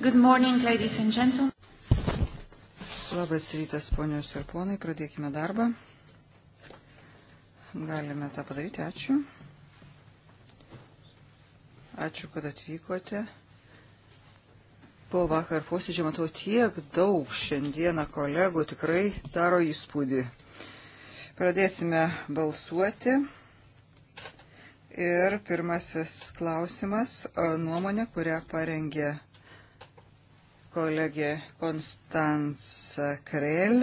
Good morning, ladies and gentlemen. Labas rytas, ponios ir ponai, pradėkime darbą. Galime tą padaryti, ačiū. Ačiū, kad atvykote. Po vakar posėdžio matau tiek daug šiandieną kolegų, tikrai daro įspūdį. Pradėsime balsuoti. Ir pirmasis klausimas - nuomonė, kurią parengė kolegė Konstanca Krell.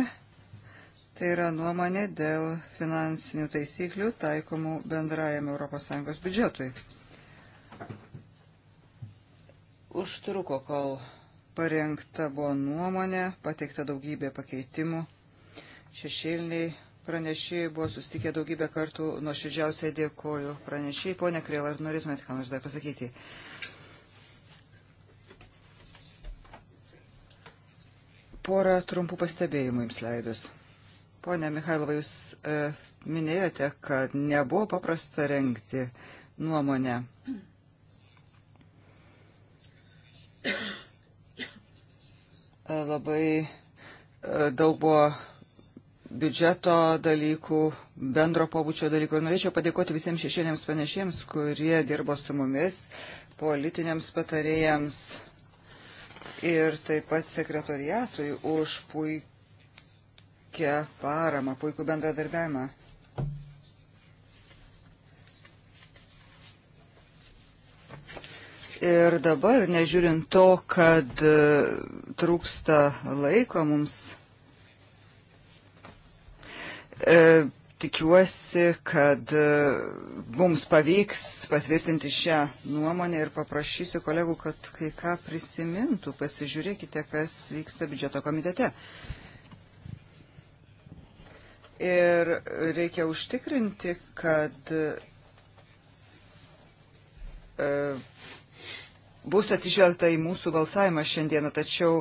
Tai yra nuomonė dėl finansinių taisyklių taikomų bendrajame ES biudžetui. Užtruko, kol parengta buvo nuomonė, pateikta daugybė pakeitimų. Šešėliniai Pranešėjai buvo sustikę daugybę kartų, nuoširdžiausiai dėkoju. Pranešėjai, ponė Krėla, ar norėtumėte ką nors dar pasakyti? Porą trumpų pastebėjimų jums leidus. Pone Mihailova, jūs e, minėjote, kad nebuvo paprasta renkti nuomonę. E, labai e, daug buvo biudžeto dalykų, bendro pabučio dalykų. Ir norėčiau padėkoti visiems šešėliams panešiems, kurie dirbo su mumis, politiniams patarėjams ir taip pat sekretoriatui už puikią paramą, puikų bendradarbiavimą. Ir dabar, nežiūrint to, kad e, trūksta laiko mums E, tikiuosi, kad e, mums pavyks patvirtinti šią nuomonę ir paprašysiu kolegų, kad kai ką prisimintų, pasižiūrėkite, kas vyksta biudžeto komitete ir reikia užtikrinti, kad e, bus atsižvelgta į mūsų balsavimą šiandieną, tačiau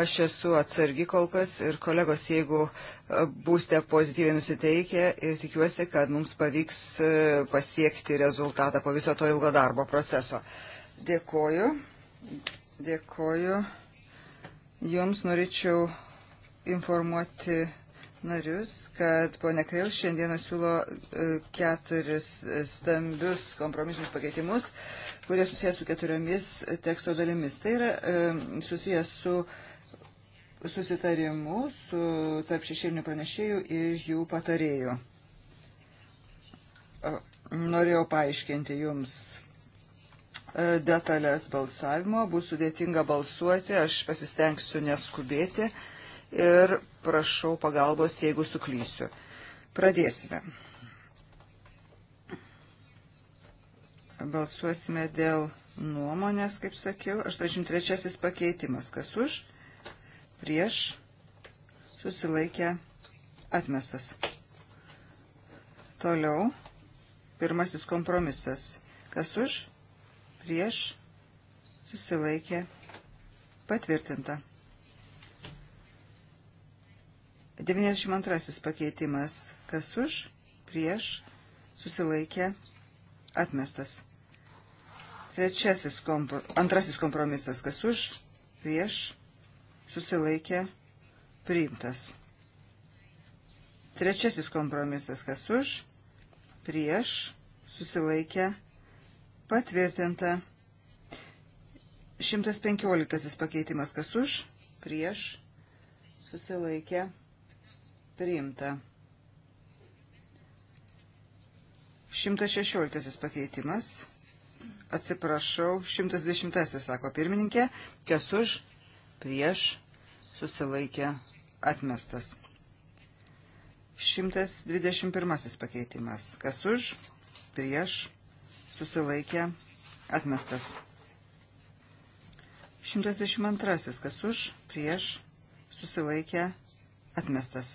aš esu atsargi kol kas ir kolegos, jeigu e, būsite pozityviai nusiteikę ir e, tikiuosi, kad mums pavyks e, pasiekti rezultatą po viso to ilgo darbo proceso. Dėkoju. Dėkoju. Jums norėčiau informuoti narius, kad ponė Kreil šiandieną siūlo e, keturis stambius kompromisinius pakeitimus, kurie susijęs su keturiomis teksto dalimis. Tai yra e, susijęs su susitarimu su tarp šešėlinių pranešėjų ir jų patarėjų. E, norėjau paaiškinti jums detalės balsavimo, bus sudėtinga balsuoti, aš pasistengsiu neskubėti ir prašau pagalbos, jeigu suklysiu. Pradėsime. Balsuosime dėl nuomonės, kaip sakiau. 83 pakeitimas. Kas už? Prieš. Susilaikę. Atmestas. Toliau. Pirmasis kompromisas. Kas už? Prieš. Susilaikė. Patvirtinta. 92 pakeitimas. Kas už, prieš, susilaikė, atmestas. Trečiasis kompro, antrasis kompromisas. Kas už, prieš, susilaikė, priimtas. Trečiasis kompromisas. Kas už, prieš, susilaikė, patvirtinta. 115 pakeitimas. Kas už, prieš, susilaikė, priimtas susilaikė Priimta. 116 pakeitimas. Atsiprašau, 110 sako pirmininkė, kas už, prieš, susilaikė, atmestas. 121 pakeitimas, kas už, prieš, susilaikė, atmestas. 122 kas už, prieš, susilaikė, atmestas.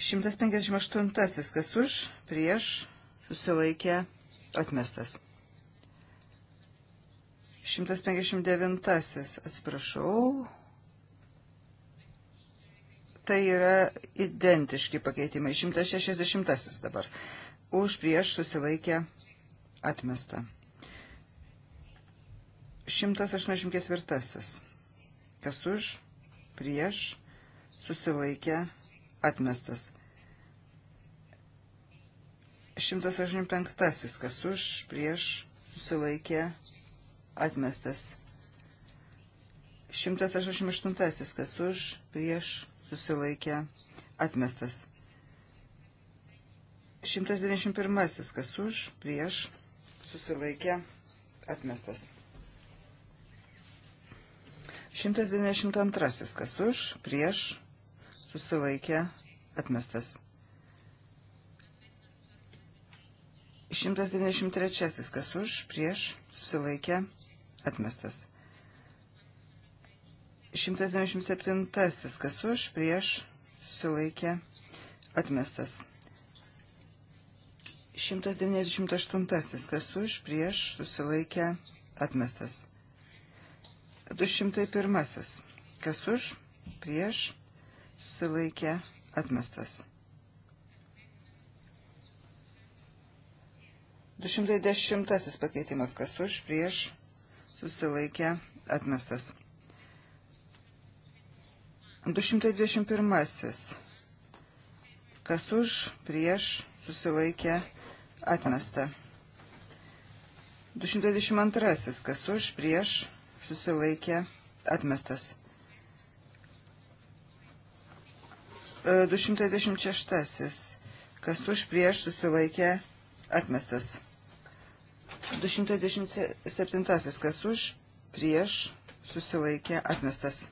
158. Kas už, prieš, susilaikė, atmestas. 159. Atsiprašau. Tai yra identiški pakeitimai. 160. dabar. Už, prieš, susilaikė, atmesta. 184. Kas už, prieš, susilaikė, atmesta atmestas. 185. Kas už, prieš, susilaikė, atmestas. 188. Kas už, prieš, susilaikė, atmestas. 191. Kas už, prieš, susilaikė, atmestas. 192. Kas už, prieš, susilaikė, atmestas. 193. Kas už, prieš, susilaikė, atmestas. 197. Kas už, prieš, susilaikė, atmestas. 198. Kas už, prieš, susilaikė, atmestas. 201. Kas už, prieš, susilaikė atmestas. 210 pakeitimas kas už prieš susilaikė atmestas. 221 kas už prieš susilaikė atmesta. 222 kas už prieš susilaikė atmestas. 226. E, Kas už prieš susilaikė atmestas. 227. Kas už prieš susilaikė atmestas.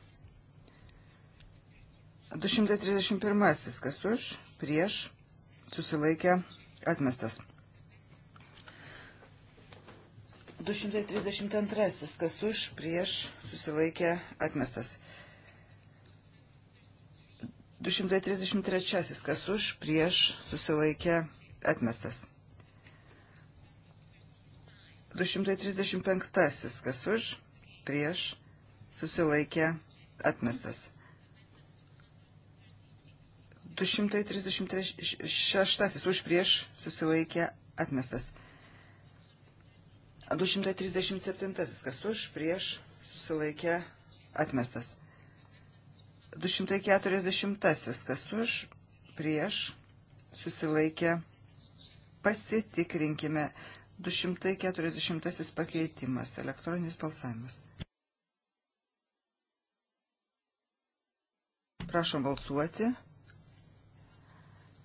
231. Kas už prieš susilaikė atmestas. 232. Kas už prieš susilaikė atmestas. 233. Kas už, prieš, susilaikė, atmestas. 235. Kas už, prieš, susilaikė, atmestas. 236. Už, prieš, susilaikė, atmestas. 237. Kas už, prieš, susilaikė, atmestas. 240. Kas už, prieš, susilaikė. Pasitikrinkime. 240 pakeitimas. Elektroninis balsavimas. Prašom balsuoti.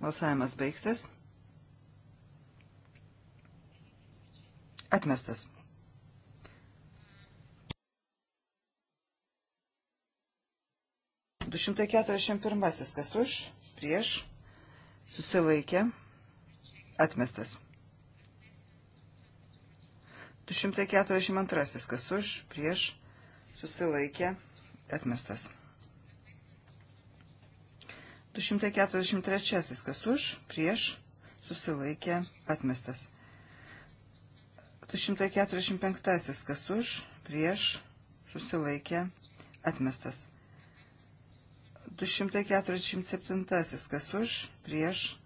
Balsavimas baigtas. Atmestas. 241. Kas už? Prieš. Susilaikė. Atmestas. 242. Kas už? Prieš. Susilaikė. Atmestas. 243. Kas už? Prieš. Susilaikė. Atmestas. 245. Kas už? Prieš. Susilaikė. Atmestas. 247. Kas už, prieš,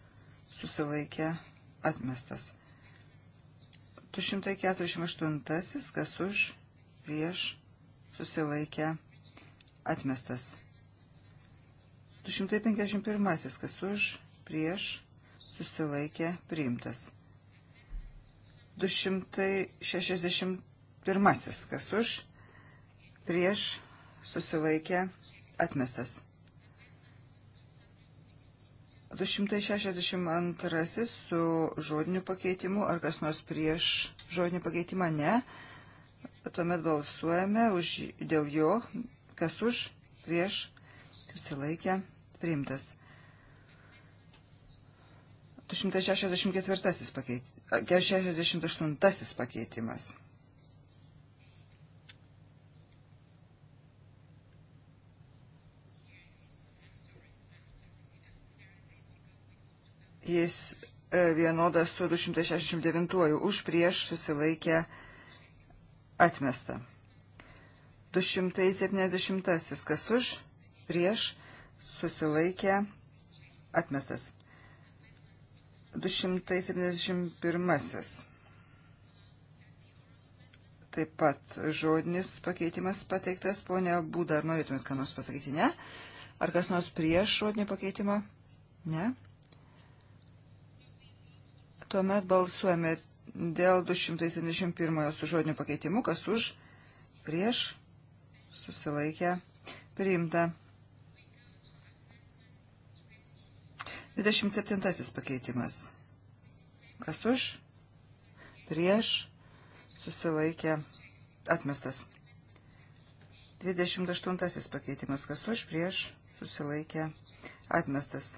susilaikė, atmestas. 248. Kas už, prieš, susilaikė, atmestas. 251. Kas už, prieš, susilaikė, priimtas. 261. Kas už, prieš, susilaikė, atmestas. 262 su žodiniu pakeitimu, ar kas nors prieš žodinį pakeitimą, ne. Tuomet balsuojame už, dėl jo, kas už, prieš, susilaikė, priimtas. 264 pakeitimas. 68 pakeitimas. jis e, vienodas su 269 už prieš susilaikę atmesta. 270 kas už prieš susilaikę atmestas. 271 taip pat žodinis pakeitimas pateiktas. Pone Būda, ar norėtumėt ką nors pasakyti? Ne. Ar kas nors prieš žodinį pakeitimą? Ne. Tuomet balsuojame dėl 271 su žodiniu pakeitimu, kas už, prieš, susilaikę, priimta. 27 pakeitimas. Kas už, prieš, susilaikę, atmestas. 28 pakeitimas. Kas už, prieš, susilaikę, atmestas.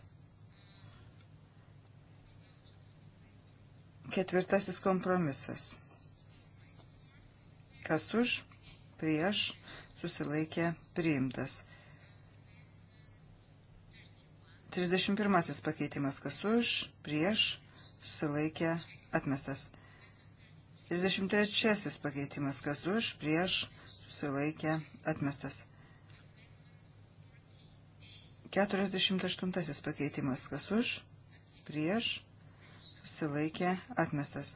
Ketvirtasis kompromisas. Kas už, prieš, susilaikė, priimtas. 31 pakeitimas. Kas už, prieš, susilaikė, atmestas. 33 pakeitimas. Kas už, prieš, susilaikė, atmestas. 48 pakeitimas. Kas už, prieš, susilaikė atmestas.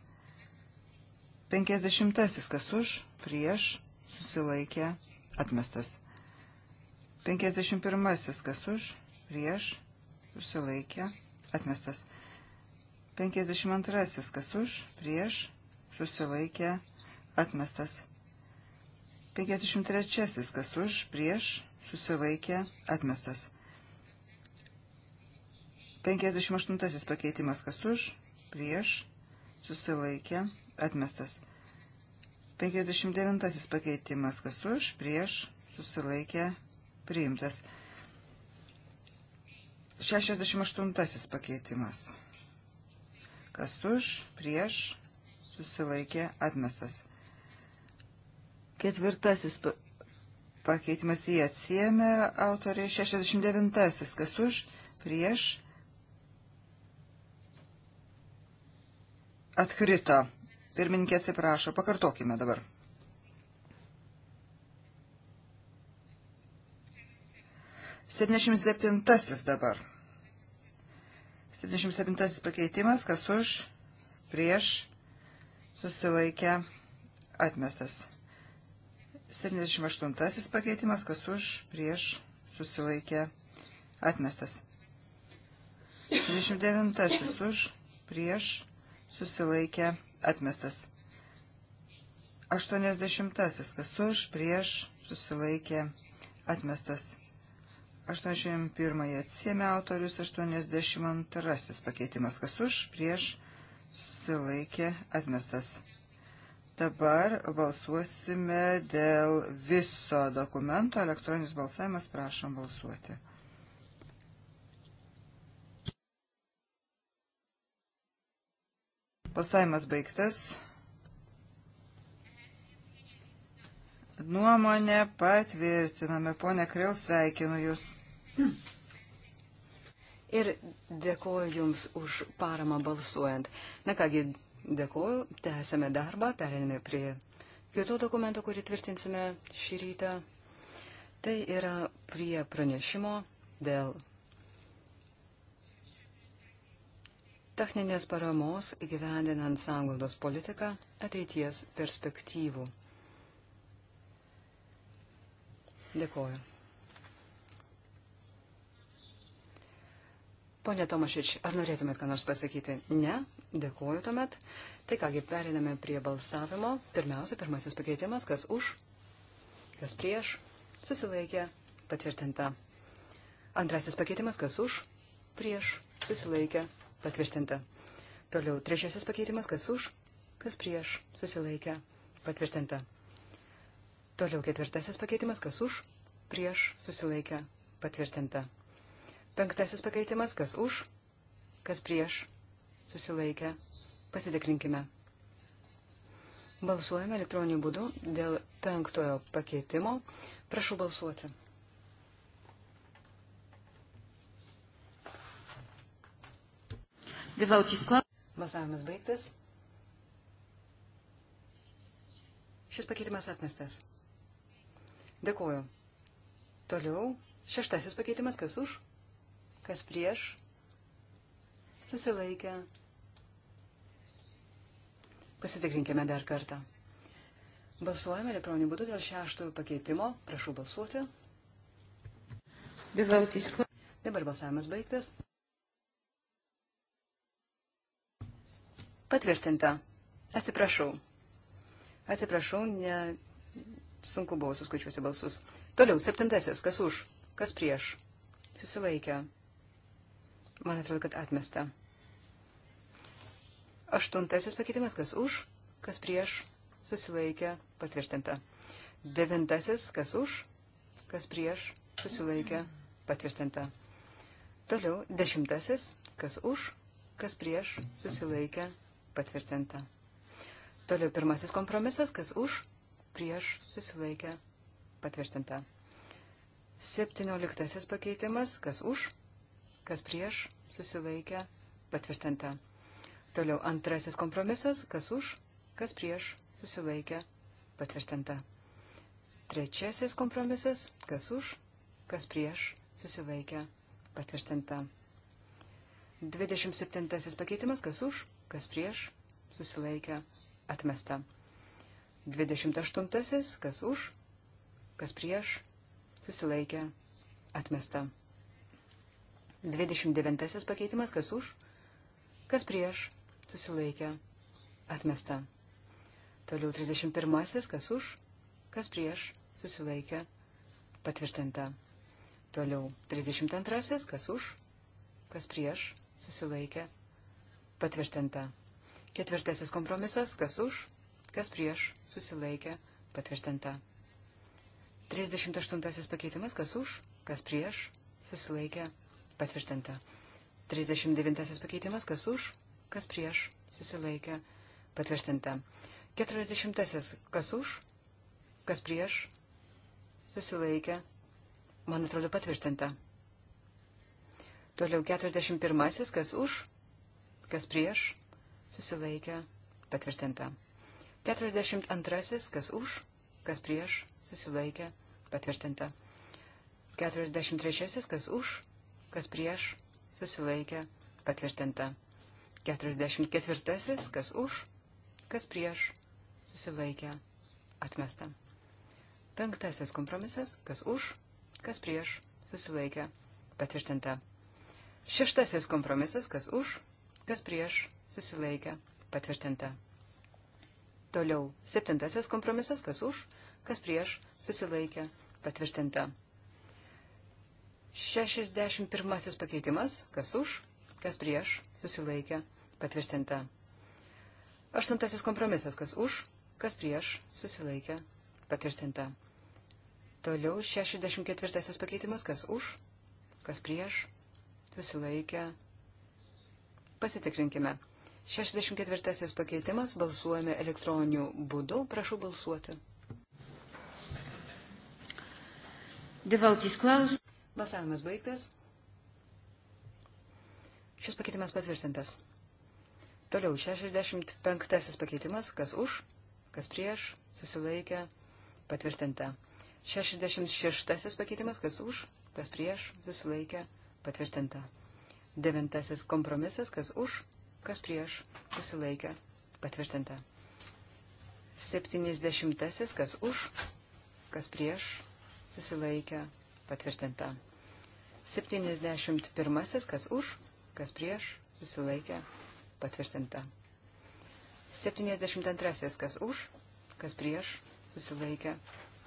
50. Kas už, prieš, susilaikė atmestas. 51. Kas už, prieš, susilaikė atmestas. 52. Kas už, prieš, susilaikė atmestas. 53. Kas už, prieš, susilaikė atmestas. 58 pakeitimas kas už, prieš, susilaikė, atmestas. 59 pakeitimas, kas už, prieš, susilaikė, priimtas. 68 pakeitimas, kas už, prieš, susilaikė, atmestas. Ketvirtasis pakeitimas jį atsiemė autoriai 69, kas už, prieš, atkrito. Pirmininkė atsiprašo, pakartokime dabar. Septyniasdešimt septintasis dabar. Septyniasdešimt septintasis pakeitimas, kas už, prieš, susilaikę, atmestas. Septyniasdešimt aštuntasis pakeitimas, kas už, prieš, susilaikę, atmestas. Septyniasdešimt devintasis už, prieš, susilaikę susilaikė atmestas. 80. Kas už, prieš, susilaikė atmestas. 81. Atsiemė autorius 82. Pakeitimas. Kas už, prieš, susilaikė atmestas. Dabar balsuosime dėl viso dokumento. Elektroninis balsavimas. Prašom balsuoti. Balsavimas baigtas. Nuomonę patvirtiname. Pone Kril, sveikinu Jūs. Ir dėkoju Jums už paramą balsuojant. Na kągi, dėkoju, tęsėme darbą, perėmėme prie kito dokumento, kurį tvirtinsime šį rytą. Tai yra prie pranešimo dėl techninės paramos įgyvendinant sąnglaudos politiką ateities perspektyvų. Dėkuoju. Pone Tomašič, ar norėtumėt ką nors pasakyti? Ne, dėkuoju tuomet. Tai kągi, periname prie balsavimo. Pirmiausia, pirmasis pakeitimas, kas už, kas prieš, susilaikė, patvirtinta. Antrasis pakeitimas, kas už, prieš, susilaikė, patvirtinta. Toliau trečiasis pakeitimas, kas už, kas prieš, susilaikė, patvirtinta. Toliau ketvirtasis pakeitimas, kas už, prieš, susilaikė, patvirtinta. Penktasis pakeitimas, kas už, kas prieš, susilaikė, pasitikrinkime. Balsuojame elektroniniu būdu dėl penktojo pakeitimo. Prašau balsuoti. Balsavimas baigtas. Šis pakeitimas atmestas. Dėkuoju. Toliau šeštasis pakeitimas, kas už, kas prieš, susilaikę. Pasitikrinkime dar kartą. Balsuojame elektroniniu būdu dėl šeštojo pakeitimo. Prašau balsuoti. Dabar balsavimas baigtas. Patvirtinta. Atsiprašau. Atsiprašau, ne... sunku buvo suskaičiuoti balsus. Toliau, septintasis. Kas už? Kas prieš? Susilaikė. Man atrodo, kad atmesta. Aštuntasis pakeitimas. Kas už? Kas prieš? Susilaikė. Patvirtinta. Devintasis. Kas už? Kas prieš? Susilaikė. Patvirtinta. Toliau, dešimtasis. Kas už? Kas prieš? Susilaikė patvirtinta. Toliau pirmasis kompromisas, kas už, prieš susilaikė patvirtinta. Septynioliktasis pakeitimas, kas už, kas prieš susilaikė patvirtinta. Toliau antrasis kompromisas, kas už, kas prieš susilaikė patvirtinta. Trečiasis kompromisas, kas už, kas prieš susilaikė patvirtinta. 27 pakeitimas, kas už, kas prieš, susilaikė, atmesta. 28. kas už, kas prieš, susilaikė, atmesta. 29. pakeitimas, kas už, kas prieš, susilaikė, atmesta. Toliau 31. kas už, kas prieš, susilaikė, patvirtinta. Toliau 32. kas už, kas prieš, susilaikė, patvirtinta. Ketvirtasis kompromisas, kas už, kas prieš, susilaikė, patvirtinta. 38 pakeitimas, kas už, kas prieš, susilaikė, patvirtinta. 39 pakeitimas, kas už, kas prieš, susilaikė, patvirtinta. 40 kas už, kas prieš, susilaikė, man atrodo patvirtinta. Toliau 41 kas už, kas prieš, susilaikė, patvirtinta. 42, kas už, kas prieš, susilaikė, patvirtinta. 43, kas už, kas prieš, susilaikė, patvirtinta. 44, kas už, kas prieš, susilaikė, atmesta. Penktasis kompromisas, kas už, kas prieš, susilaikė, patvirtinta. Šeštasis kompromisas, kas už, kas prieš, susilaikė, patvirtinta. Toliau, septintasis kompromisas, kas už, kas prieš, susilaikė, patvirtinta. 61 pakeitimas, kas už, kas prieš, susilaikė, patvirtinta. Aštuntasis kompromisas, kas už, kas prieš, susilaikė, patvirtinta. Toliau 64 pakeitimas, kas už, kas prieš, susilaikė, Pasitikrinkime. 64 pakeitimas balsuojame elektroniniu būdu. Prašau balsuoti. Devaltis klaus. Balsavimas baigtas. Šis pakeitimas patvirtintas. Toliau 65 pakeitimas, kas už, kas prieš, susilaikė, patvirtinta. 66 pakeitimas, kas už, kas prieš, susilaikė, patvirtinta. Devintasis kompromisas, kas už, kas prieš, susilaikė, patvirtinta. Septynisdešimtasis, kas už, kas prieš, susilaikė, patvirtinta. Septynisdešimt pirmasis, kas už, kas prieš, susilaikė, patvirtinta. Septynisdešimt antrasis, kas už, kas prieš, susilaikė,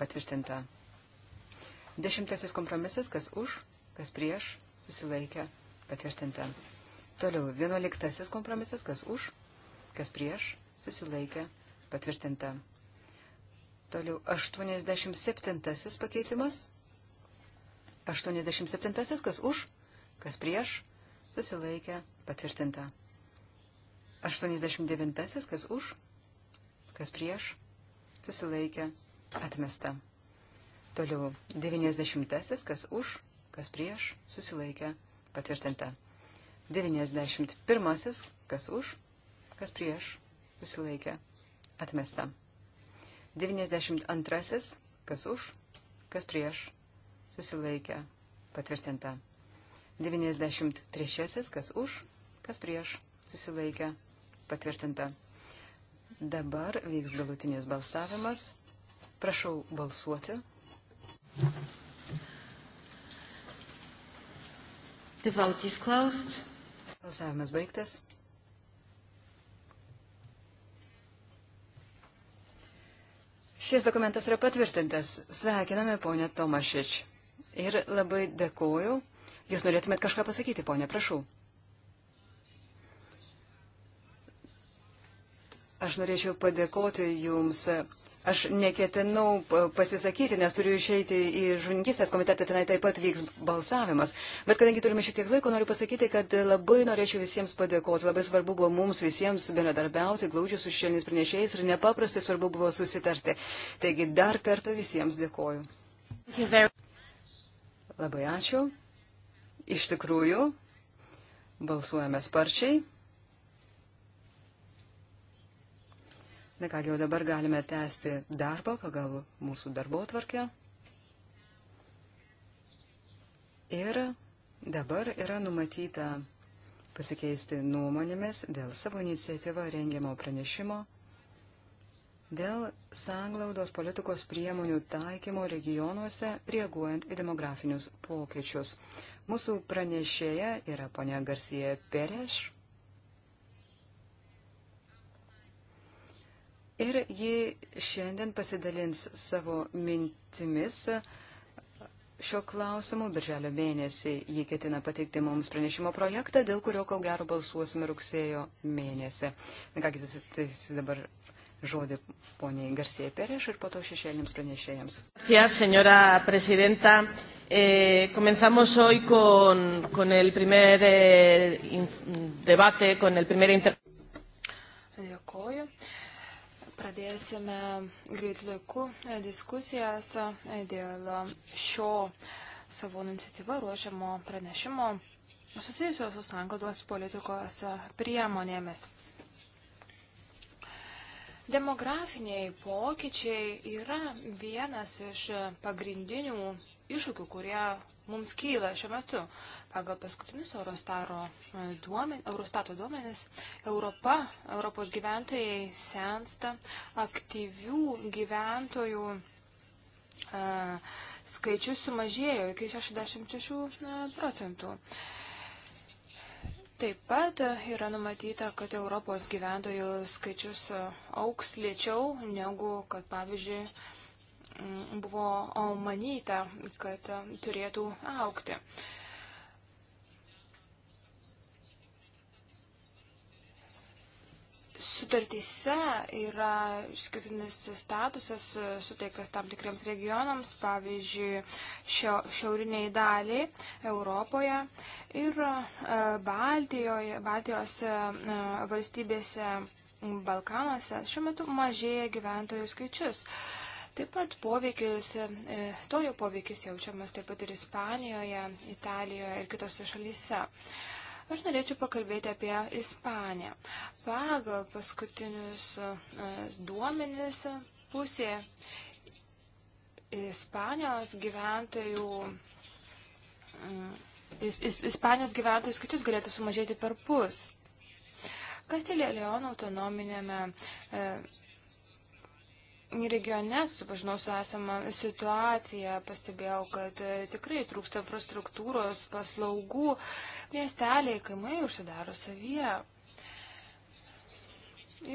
patvirtinta. Dešimtasis kompromisas, kas už, kas prieš, susilaikė, patvirtinta Patvirtinta. Toliau, vienuoliktasis kompromisas, kas už, kas prieš, susilaikė, patvirtinta. Toliau, 87 pakeitimas. 87 kas už, kas prieš, susilaikė, patvirtinta. 89 kas už, kas prieš, susilaikė, atmesta. Toliau, 90 kas už, kas prieš, susilaikė, patvirtinta. 91. Kas už, kas prieš, susilaikė, atmesta. 92. Kas už, kas prieš, susilaikė, patvirtinta. 93. Kas už, kas prieš, susilaikė, patvirtinta. Dabar vyks galutinis balsavimas. Prašau balsuoti. The vote is closed. Balsavimas baigtas. Šis dokumentas yra patvirtintas. Sveikiname, ponė Tomašič. Ir labai dėkoju. Jūs norėtumėt kažką pasakyti, ponė, prašau. Aš norėčiau padėkoti Jums. Aš neketinau pasisakyti, nes turiu išeiti į žuvininkistės komitetą, tenai taip pat vyks balsavimas. Bet kadangi turime šiek tiek laiko, noriu pasakyti, kad labai norėčiau visiems padėkoti. Labai svarbu buvo mums visiems bendradarbiauti, glaudžiai su šešėliniais pranešėjais ir nepaprastai svarbu buvo susitarti. Taigi dar kartą visiems dėkoju. Labai ačiū. Iš tikrųjų, balsuojame sparčiai. Na kągi, o dabar galime tęsti darbą pagal mūsų darbo tvarkę. Ir dabar yra numatyta pasikeisti nuomonėmis dėl savo iniciatyvą rengiamo pranešimo dėl sanglaudos politikos priemonių taikymo regionuose reaguojant į demografinius pokyčius. Mūsų pranešėja yra ponia Garcija Pereš. Ir ji šiandien pasidalins savo mintimis šio klausimu. Birželio mėnesį ji ketina pateikti mums pranešimo projektą, dėl kurio, ko gero, balsuosime rugsėjo mėnesį. Na kągi, jis dabar žodį poniai Garsėje Pereš ir po to šešėlėms pranešėjams. Gracias, señora presidenta. Eh, comenzamos hoy con, con el primer eh, in, debate, con el primer intercambio. Dėkoju. Eh, pradėsime greit laiku e, diskusijas e, dėl e, šio savo iniciatyvą ruošiamo pranešimo susijusio su sankodos politikos priemonėmis. Demografiniai pokyčiai yra vienas iš pagrindinių iššūkių, kurie mums kyla šiuo metu. Pagal paskutinius e, duomen, Eurostato duomenis, Europa, Europos gyventojai sensta aktyvių gyventojų. E, skaičius sumažėjo iki 66 e, procentų. Taip pat yra numatyta, kad Europos gyventojų skaičius auks lėčiau negu, kad pavyzdžiui, Mm, buvo manyta, kad um, turėtų aukti. Sutartyse yra išskirtinis statusas e, suteiktas tam tikriems regionams, pavyzdžiui, šio, šiauriniai daliai Europoje ir e, Baltijoje, Baltijos e, valstybėse Balkanuose šiuo metu mažėja gyventojų skaičius. Taip pat poveikis, e, to jau poveikis jaučiamas taip pat ir Ispanijoje, Italijoje ir kitose šalyse. Aš norėčiau pakalbėti apie Ispaniją. Pagal paskutinius e, duomenis pusė Ispanijos gyventojų. Mm, is, is, Ispanijos gyventojų skaičius galėtų sumažėti per pus. Kastilė Leono autonominėme e, regione supažinau su esamą situaciją, pastebėjau, kad e, tikrai trūksta infrastruktūros, paslaugų, miesteliai, kaimai užsidaro savyje.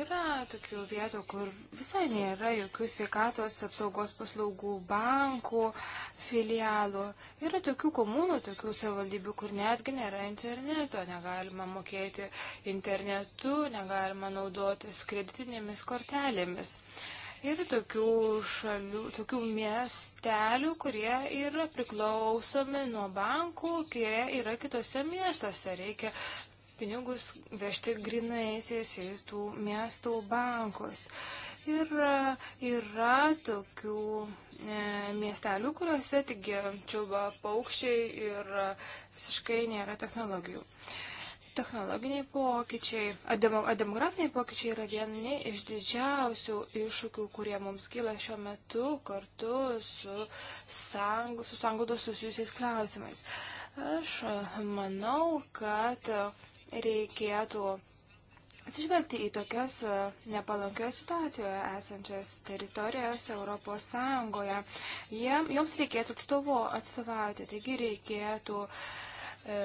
Yra tokių vietų, kur visai nėra jokių sveikatos apsaugos paslaugų, bankų, filialų. Yra tokių komunų, tokių savivaldybių, kur netgi nėra interneto, negalima mokėti internetu, negalima naudotis kreditinėmis kortelėmis. Uh, Ir tokių šalių, tokių miestelių, kurie yra priklausomi nuo bankų, kurie yra kitose miestuose. Reikia pinigus vežti grinaisiais į tų miestų bankus. Ir yra tokių e, miestelių, kuriuose tik čiulba paukščiai ir e, visiškai nėra technologijų. E, Technologiniai pokyčiai, demografiniai pokyčiai yra vieni iš didžiausių iššūkių, kurie mums kyla šiuo metu kartu su, sang, su sanglaudos susijusiais klausimais. Aš manau, kad reikėtų atsižvelgti į tokias nepalankioje situacijoje esančias teritorijas Europos Sąjungoje. Jie, joms reikėtų atstovo, atstovauti, taigi reikėtų uh, E,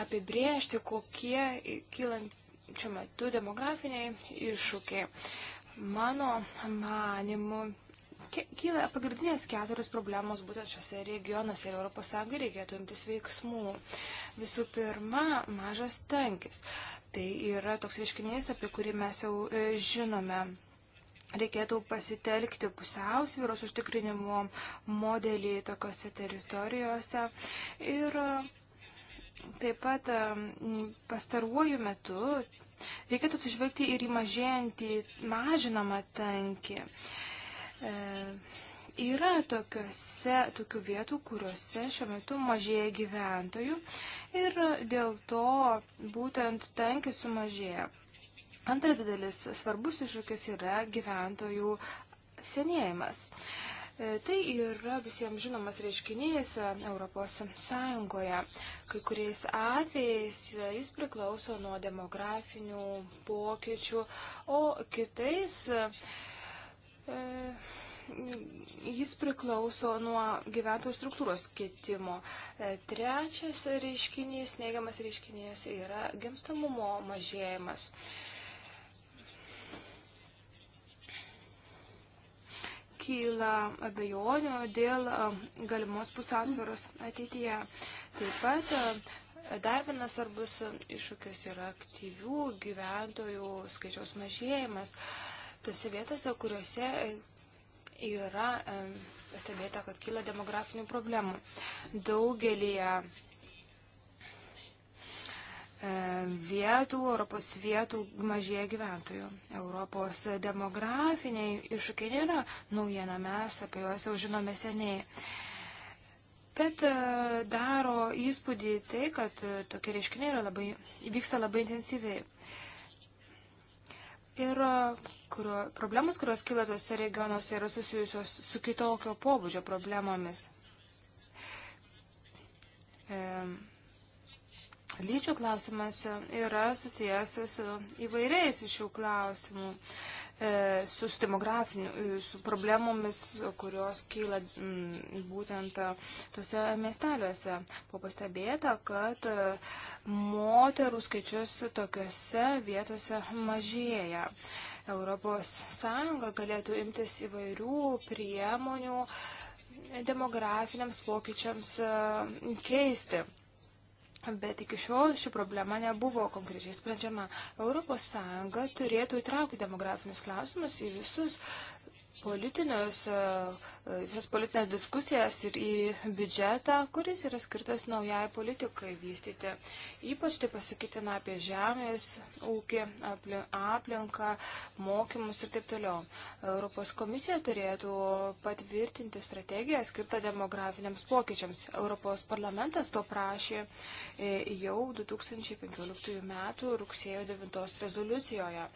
apibriežti, kokie kylančių metų demografiniai iššūkiai. Mano manimu, kyla pagrindinės keturios problemos būtent šiuose regionuose ir Europos Sąjungai reikėtų imtis veiksmų. Visų pirma, mažas tankis. Tai yra toks reiškinys, apie kurį mes jau e, žinome. Reikėtų pasitelkti pusiausvyros užtikrinimo modelį tokiuose teritorijuose ir Taip pat pastaruoju metu reikėtų atsižvelgti ir į mažėjantį, mažinamą tankį. E, yra tokiuose, tokių vietų, kuriuose šiuo metu mažėja gyventojų ir dėl to būtent tankis sumažėja. Antras didelis svarbus iššūkis yra gyventojų senėjimas. E, E, tai yra visiems žinomas reiškinys e, Europos Sąjungoje. Kai kuriais atvejais e, jis priklauso nuo demografinių pokyčių, o kitais e, jis priklauso nuo gyventojų struktūros kitimo. Trečias reiškinys, neigiamas reiškinys, yra gimstamumo mažėjimas. E, kyla abejonių dėl galimos pusiausvėros ateityje. Taip pat Dar vienas svarbus iššūkis yra aktyvių gyventojų skaičiaus mažėjimas. Tose vietose, kuriuose yra pastebėta, kad kyla demografinių problemų. Daugelį E, vietų, Europos vietų mažėja gyventojų. Europos demografiniai iššūkiai nėra naujiena, mes apie juos jau žinome seniai. Bet e, daro įspūdį tai, kad e, tokie reiškiniai labai, vyksta labai intensyviai. Ir kurio, problemus, kurios kyla tose regionuose, yra susijusios su kitokio pobūdžio problemomis. E, Lyčių klausimas yra susijęs su įvairiais iš šių klausimų, e, su demografiniu, e, su problemomis, kurios kyla mm, būtent tose miesteliuose. Buvo pastebėta, kad e, moterų skaičius tokiuose vietose mažėja. Europos Sąjunga galėtų imtis įvairių priemonių demografiniams pokyčiams keisti. Bet iki šiol ši problema nebuvo konkrečiai sprendžiama. ES turėtų įtraukti demografinius klausimus į visus politinius, e, vis politinės diskusijas ir į biudžetą, kuris yra skirtas naujai politikai vystyti. Ypač tai pasakytina apie žemės, ūkį, aplinką, mokymus ir taip toliau. Europos komisija turėtų patvirtinti strategiją skirtą demografiniams pokyčiams. Europos parlamentas to prašė e, jau 2015 m. rugsėjo 9 rezoliucijoje.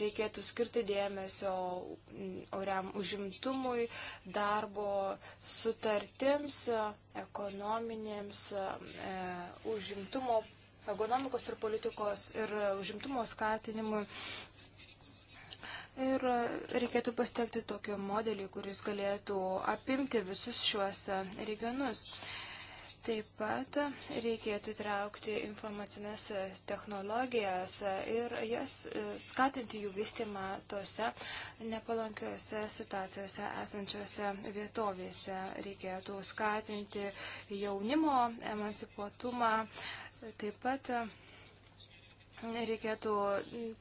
Reikėtų skirti dėmesio oriam užimtumui, darbo sutartims, ekonominėms, e, užimtumo, ekonomikos ir politikos ir užimtumo skatinimui. Ir reikėtų pastelgti tokio modelį, kuris galėtų apimti visus šiuos regionus. Taip pat reikėtų įtraukti informacinės technologijas ir jas e, skatinti jų vystimą tose nepalankiose situacijose esančiose vietovėse. Reikėtų skatinti jaunimo emancipuotumą. Taip pat e, reikėtų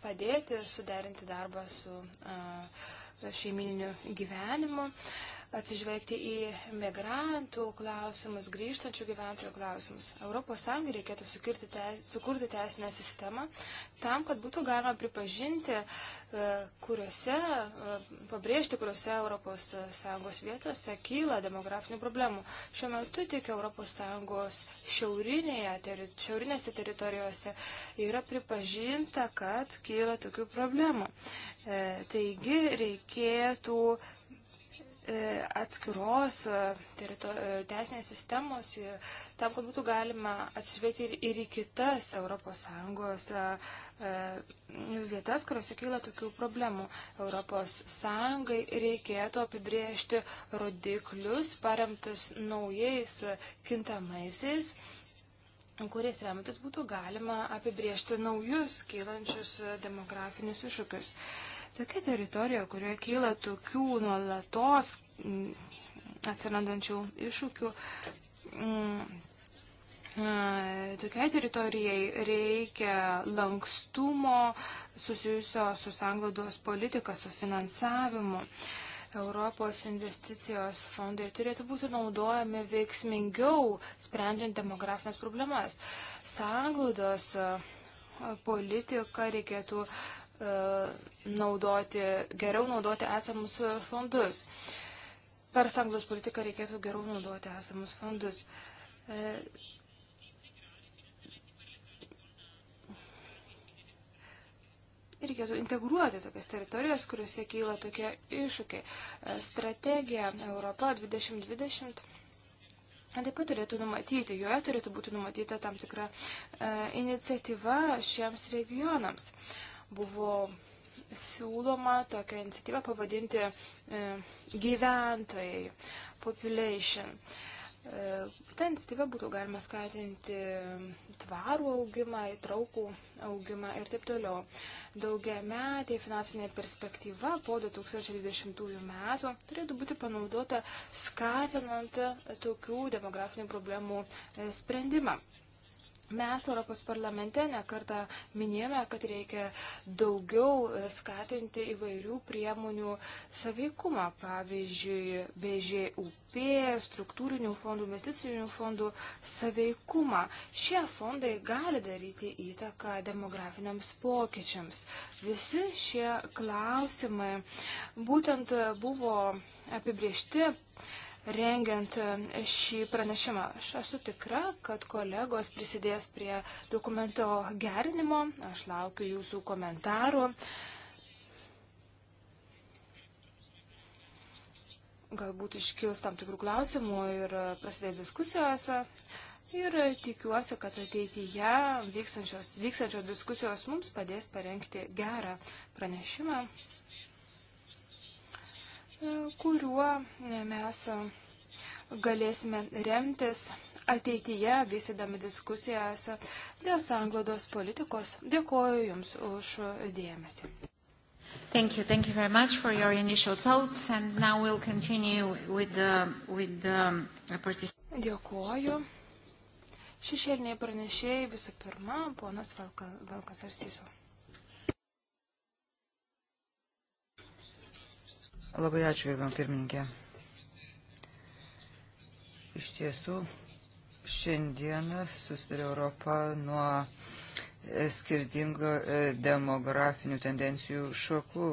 padėti suderinti darbą su e, šeimininiu gyvenimu. Uh, atsižvelgti į migrantų klausimus, grįžtančių gyventojų klausimus. ES reikėtų te, sukurti teisinę sistemą tam, kad būtų galima pripažinti, e, kuriuose, e, pabrėžti, kuriuose ES vietose kyla demografinių problemų. Šiuo metu tik ES šiaurinėje, teri, šiaurinėse teritorijose yra pripažinta, kad kyla tokių problemų. E, taigi reikėtų E, atskiros e, terito, e, teisinės sistemos, tam, kad būtų galima atsižvelgti ir, ir į kitas ES vietas, kuriuose kyla tokių problemų. ES reikėtų apibriežti rodiklius paremtus naujais kintamaisiais kuriais remiantis būtų galima apibriežti naujus kylančius demografinius iššūkius. E, Tokia teritorija, kurioje kyla tokių nuolatos mm, atsirandančių iššūkių, mm, tokiai teritorijai reikia lankstumo susijusio su sanglaudos politika, su finansavimu. Europos investicijos fondai turėtų būti naudojami veiksmingiau, sprendžiant demografinės problemas. Sanglaudos politiką reikėtų naudoti, geriau naudoti esamus fondus. Per sanglos politiką reikėtų geriau naudoti esamus fondus. E, reikėtų integruoti tokias teritorijas, kuriuose kyla tokie iššūkiai. E, strategija Europa 2020. E, taip pat turėtų numatyti, joje turėtų būti numatyta tam tikra e, iniciatyva šiems regionams. E, buvo siūloma tokią iniciatyvą pavadinti e, gyventojai, population. E, Ta iniciatyva būtų galima skatinti tvarų augimą, įtraukų augimą ir taip toliau. Daugia metai finansinė perspektyva po 2020 metų turėtų būti panaudota skatinant tokių demografinių problemų e, sprendimą. Mes Europos parlamente nekartą minėjome, kad reikia daugiau e, skatinti įvairių priemonių saveikumą, pavyzdžiui, BŽUP, struktūrinių fondų, investicinių fondų saveikumą. Šie fondai gali daryti įtaką demografiniams pokyčiams. Visi šie klausimai būtent buvo apibriešti rengiant e, šį pranešimą. Aš esu tikra, kad kolegos prisidės prie dokumento gerinimo. Aš laukiu jūsų komentarų. Galbūt iškils tam tikrų klausimų ir prasidės diskusijos. Ir tikiuosi, kad ateityje vykstančios, vykstančios diskusijos mums padės parengti gerą pranešimą kuriuo mes galėsime remtis ateityje vystydami diskusijas dėl sanglodos politikos. Dėkoju Jums už dėmesį. Thank you. Thank you very much for your initial thoughts. And now we'll continue with the, with the um, participants. Dėkoju. Šešėliniai pranešėjai visų pirma, ponas Valkas Arsiso. Labai ačiū, gerbam pirmininkė. Iš tiesų, šiandieną susidarė Europą nuo e, skirtingų e, demografinių tendencijų šokų.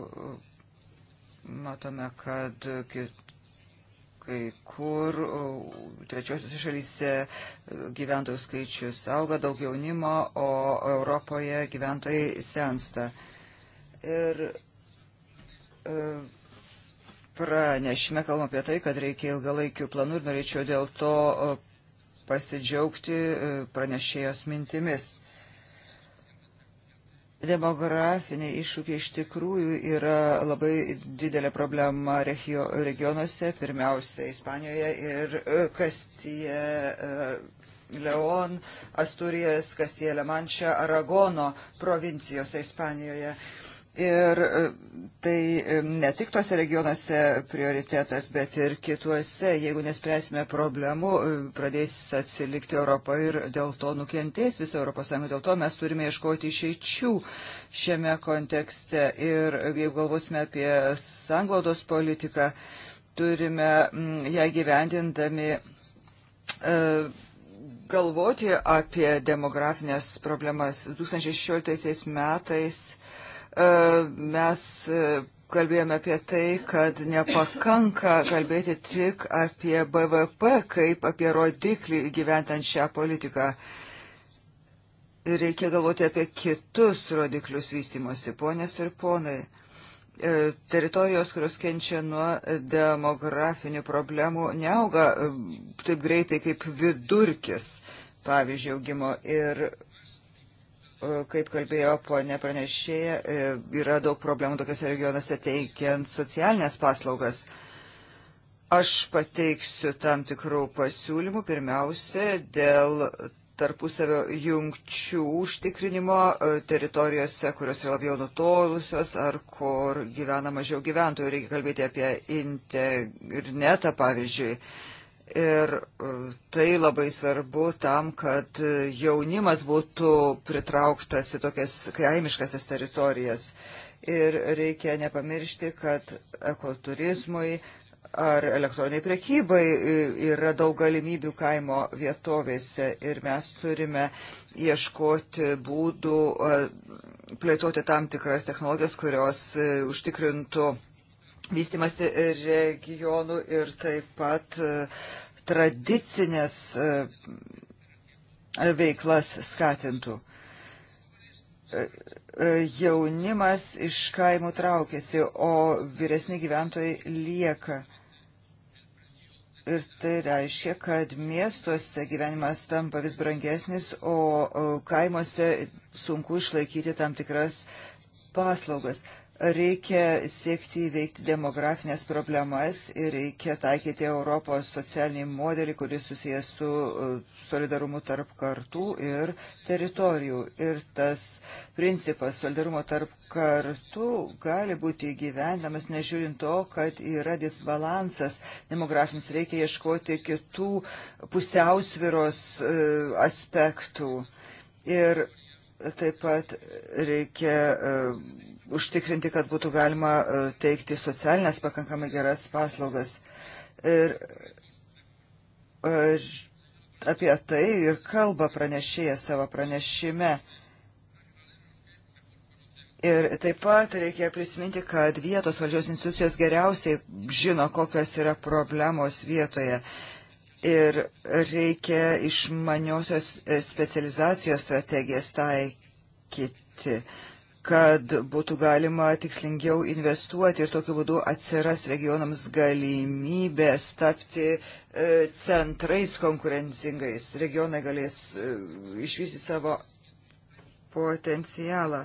Matome, kad kai kur trečiosios šalyse e, gyventojų skaičius auga daug jaunimo, o Europoje gyventojai sensta. Ir pranešime kalbam apie tai, kad reikia ilgalaikių planų ir norėčiau dėl to pasidžiaugti e, pranešėjos mintimis. Demografiniai iššūkiai iš tikrųjų yra labai didelė problema regio, regionuose, pirmiausia Ispanijoje ir e, Kastije, Leon, Asturijas, Kastije, Lemančia, Aragono provincijose Ispanijoje. Uh, Ir e, tai e, ne tik tuose regionuose prioritetas, bet ir kituose. Jeigu nespręsime problemų, e, pradės atsilikti Europą ir dėl to nukentės visą ES. Dėl to mes turime ieškoti išeičių šiame kontekste. Ir jeigu galvosime apie sanglaudos politiką, turime mm, ją gyvendindami. Uh, galvoti apie demografinės problemas. 2016 metais E, mes e, kalbėjome apie tai, kad nepakanka kalbėti tik apie BVP kaip apie rodiklį gyventant šią politiką. Reikia galvoti apie kitus rodiklius vystimosi, ponės ir ponai e, teritorijos, kurios kenčia nuo demografinių problemų, neauga taip greitai kaip vidurkis, pavyzdžiui, augimo. Ir E, kaip kalbėjo ponė pranešėja, e, yra daug problemų tokiuose regionuose teikiant socialinės paslaugas. Aš pateiksiu tam tikrų pasiūlymų, pirmiausia, dėl tarpusavio jungčių užtikrinimo e, teritorijose, kurios yra labiau nutolusios ar kur gyvena mažiau gyventojų. Reikia kalbėti apie internetą, pavyzdžiui. Ir e, tai labai svarbu tam, kad jaunimas būtų pritrauktas į tokias kaimiškasias teritorijas. Ir reikia nepamiršti, kad ekoturizmui ar elektroniniai prekybai yra daug galimybių kaimo vietovėse ir mes turime ieškoti būdų e, plėtoti tam tikras technologijas, kurios e, užtikrintų vystimasi regionų ir taip pat e, tradicinės e, veiklas skatintų. E, jaunimas iš kaimų traukėsi, o vyresni gyventojai lieka. Ir tai reiškia, kad miestuose gyvenimas tampa vis brangesnis, o kaimuose sunku išlaikyti tam tikras paslaugas. Reikia siekti įveikti demografinės problemas ir reikia taikyti Europos socialinį modelį, kuris susijęs su e, solidarumu tarp kartų ir teritorijų. Ir tas principas solidarumo tarp kartų gali būti gyvendamas, nežiūrint to, kad yra disbalansas demografinis. Reikia ieškoti kitų pusiausviros e, aspektų. Ir taip pat reikia e, užtikrinti, kad būtų galima e, teikti socialinės pakankamai geras paslaugas. Ir, ir e, apie tai ir kalba pranešėja savo pranešime. Ir taip pat reikia prisiminti, kad vietos valdžios institucijos geriausiai žino, kokios yra problemos vietoje. Ir reikia išmaniosios e, specializacijos strategijas taikyti kad būtų galima tikslingiau investuoti ir tokiu būdu atsiras regionams galimybės tapti e, centrais konkurencingais. Regionai galės e, išvysti savo potencialą.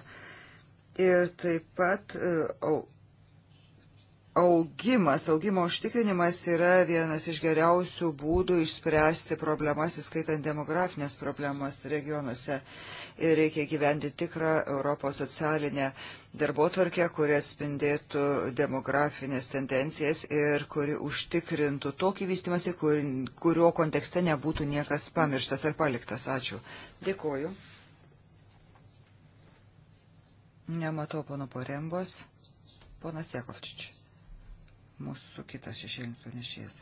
Ir taip pat e, augimas, augimo užtikrinimas yra vienas iš geriausių būdų išspręsti problemas, įskaitant demografinės problemas regionuose ir reikia gyventi tikrą Europos socialinę darbotvarkę, kuri atspindėtų demografinės tendencijas ir kuri užtikrintų tokį vystimąsi, kur, kurio kontekste nebūtų niekas pamirštas ar paliktas. Ačiū. Dėkuoju. Nematau pono Porembos. Ponas Jakovčič, mūsų kitas šešėlinis panešėjas.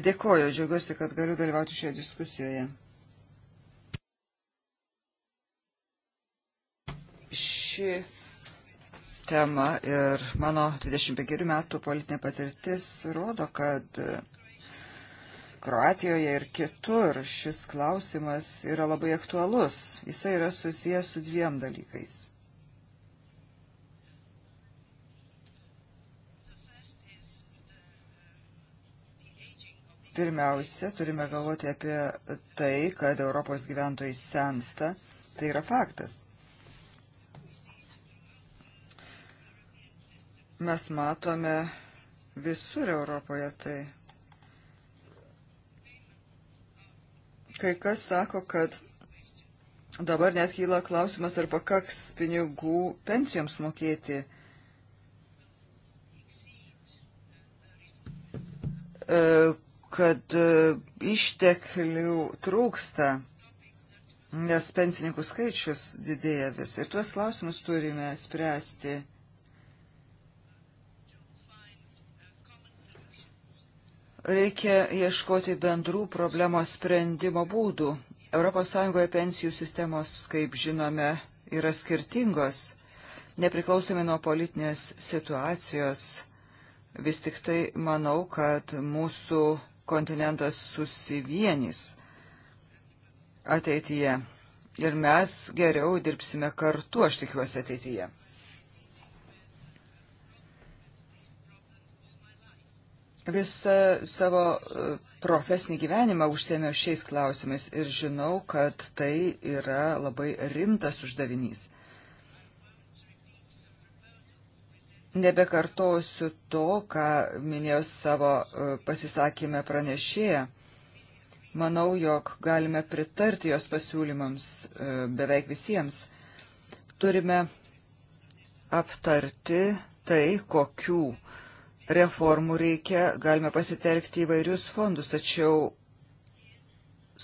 Dėkoju, džiaugiuosi, kad galiu dalyvauti šioje diskusijoje. Ši tema ir mano 25 metų politinė patirtis rodo, kad Kroatijoje ir kitur šis klausimas yra labai aktualus. Jisai yra susijęs su dviem dalykais. Pirmiausia, turime galvoti apie tai, kad Europos gyventojai sensta. Tai yra faktas. Mes matome visur Europoje tai. Kai kas sako, kad dabar net kyla klausimas, ar pakaks pinigų pensijoms mokėti. E, kad e, išteklių trūksta, nes pensininkų skaičius didėja vis. Ir tuos klausimus turime spręsti. Reikia ieškoti bendrų problemos sprendimo būdų. ES pensijų sistemos, kaip žinome, yra skirtingos. Nepriklausomai nuo politinės situacijos, vis tik tai manau, kad mūsų kontinentas susivienys ateityje. Ir mes geriau dirbsime kartu, aš tikiuosi, ateityje. Visą savo e, profesinį gyvenimą užsėmiau šiais klausimais ir žinau, kad tai yra labai rimtas uždavinys. Nebekartosiu to, ką minėjo savo e, pasisakymę pranešėja. Manau, jog galime pritarti jos pasiūlymams e, beveik visiems. Turime aptarti tai, kokių reformų reikia. Galime pasitelkti įvairius fondus, tačiau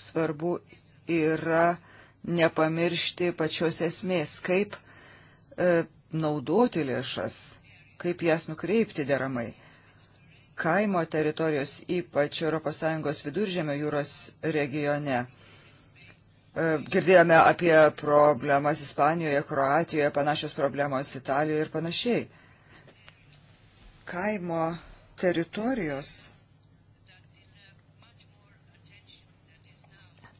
svarbu yra nepamiršti pačios esmės, kaip e, naudoti lėšas kaip jas nukreipti deramai. Kaimo teritorijos, ypač ES viduržėmio jūros regione. E, girdėjome apie problemas Ispanijoje, Kroatijoje, panašios problemos Italijoje ir panašiai. Kaimo teritorijos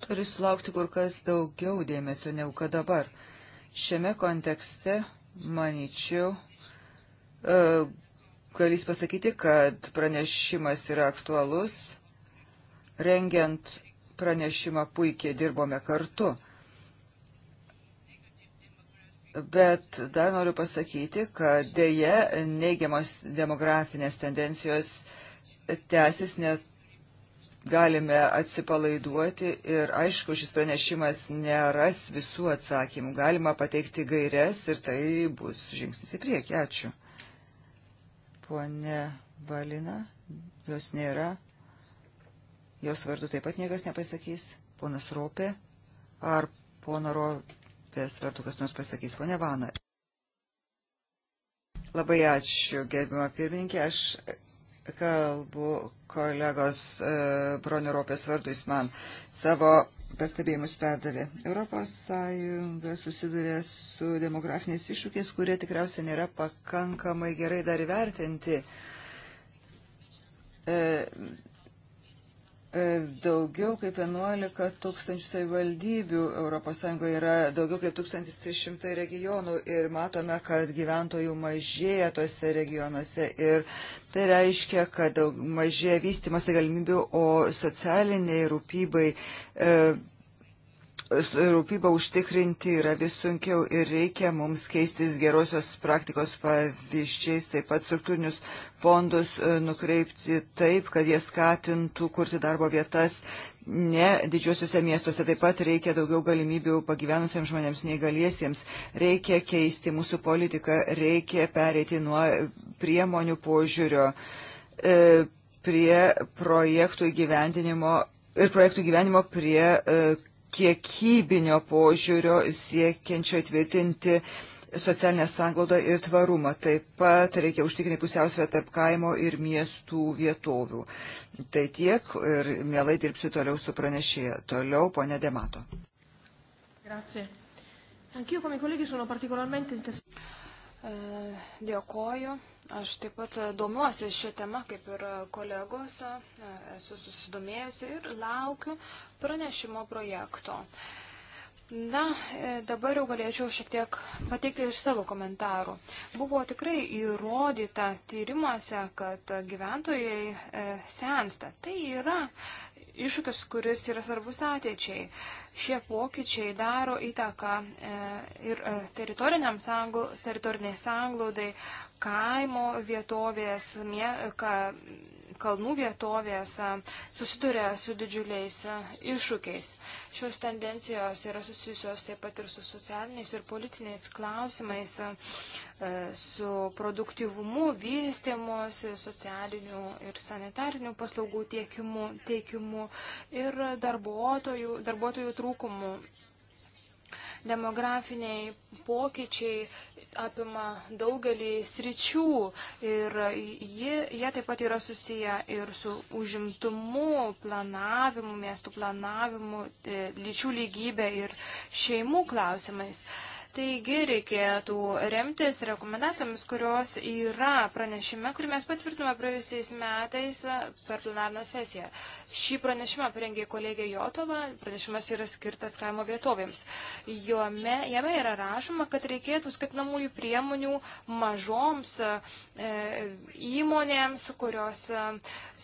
turi sulaukti kur kas daugiau dėmesio negu kad dabar. Šiame kontekste, manyčiau, E, galės pasakyti, kad pranešimas yra aktualus. Rengiant pranešimą puikiai dirbome kartu. Bet dar noriu pasakyti, kad dėje neigiamos demografinės tendencijos tęsis net galime atsipalaiduoti ir aišku, šis pranešimas neras visų atsakymų. Galima pateikti gairias ir tai bus žingsnis į priekį. Ačiū. Pone Balina, jos nėra. Jos vardu taip pat niekas nepasakys. Ponas Ropė. Ar pono Ropės vardu kas nors pasakys? Pone Vana. Labai ačiū, gerbimo pirmininkė. Aš kalbu kolegos e, Bronio Ropės vardu, jis man savo pastebėjimus perdavė. Europos Sąjunga susiduria su demografiniais iššūkiais, kurie tikriausiai nėra pakankamai gerai dar įvertinti. E, E, daugiau kaip 11 tūkstančių savivaldybių ES yra daugiau kaip 1300 regionų ir matome, kad gyventojų mažėja tose regionuose ir tai reiškia, kad daug, mažėja vystimosi galimybių, o socialiniai rūpybai e, rūpybą užtikrinti yra vis sunkiau ir reikia mums keistis gerosios praktikos pavyzdžiais, taip pat struktūrinius fondus e, nukreipti taip, kad jie skatintų kurti darbo vietas ne didžiosiuose miestuose. Taip pat reikia daugiau galimybių pagyvenusiems žmonėms neįgaliesiems. Reikia keisti mūsų politiką, reikia pereiti nuo priemonių požiūrio e, prie projektų įgyvendinimo ir projektų gyvenimo prie e, kiekybinio požiūrio siekiančio įtvirtinti socialinę sanglaudą ir tvarumą. Taip pat reikia užtikrinti pusiausvę tarp kaimo ir miestų vietovių. Tai tiek ir mielai dirbsiu toliau su pranešėja. Toliau, ponė Demato. Grazie. Anch'io come colleghi sono particolarmente interessato. E, dėkoju. Aš taip pat e, domiuosi šią temą, kaip ir e, kolegos, esu susidomėjusi ir laukiu pranešimo projekto. Na, dabar jau galėčiau šiek tiek pateikti iš savo komentarų. Buvo tikrai įrodyta tyrimuose, kad gyventojai sensta. Tai yra iššūkis, kuris yra svarbus ateičiai. Šie pokyčiai daro įtaką e, ir e, teritoriniai sanglaudai, kaimo vietovės, ka, kalnų vietovės susiduria su didžiuliais e, iššūkiais. Šios tendencijos yra susijusios taip pat ir su socialiniais ir politiniais klausimais, e, su produktyvumu, vystimus, socialinių ir sanitarinių paslaugų tiekimu, teikimu ir darbuotojų, darbuotojų trūkumu Demografiniai pokyčiai apima daugelį sričių ir jie, jie taip pat yra susiję ir su užimtumu, planavimu, miestų planavimu, e, lyčių lygybė ir šeimų klausimais. E, Taigi reikėtų remtis rekomendacijomis, kurios yra pranešime, kurį mes patvirtinome praėjusiais metais per plenarną sesiją. Šį pranešimą parengė kolegė Jotova, pranešimas yra skirtas kaimo vietovėms. Jome, jame yra rašoma, kad reikėtų skatinamųjų priemonių mažoms e, įmonėms, kurios e,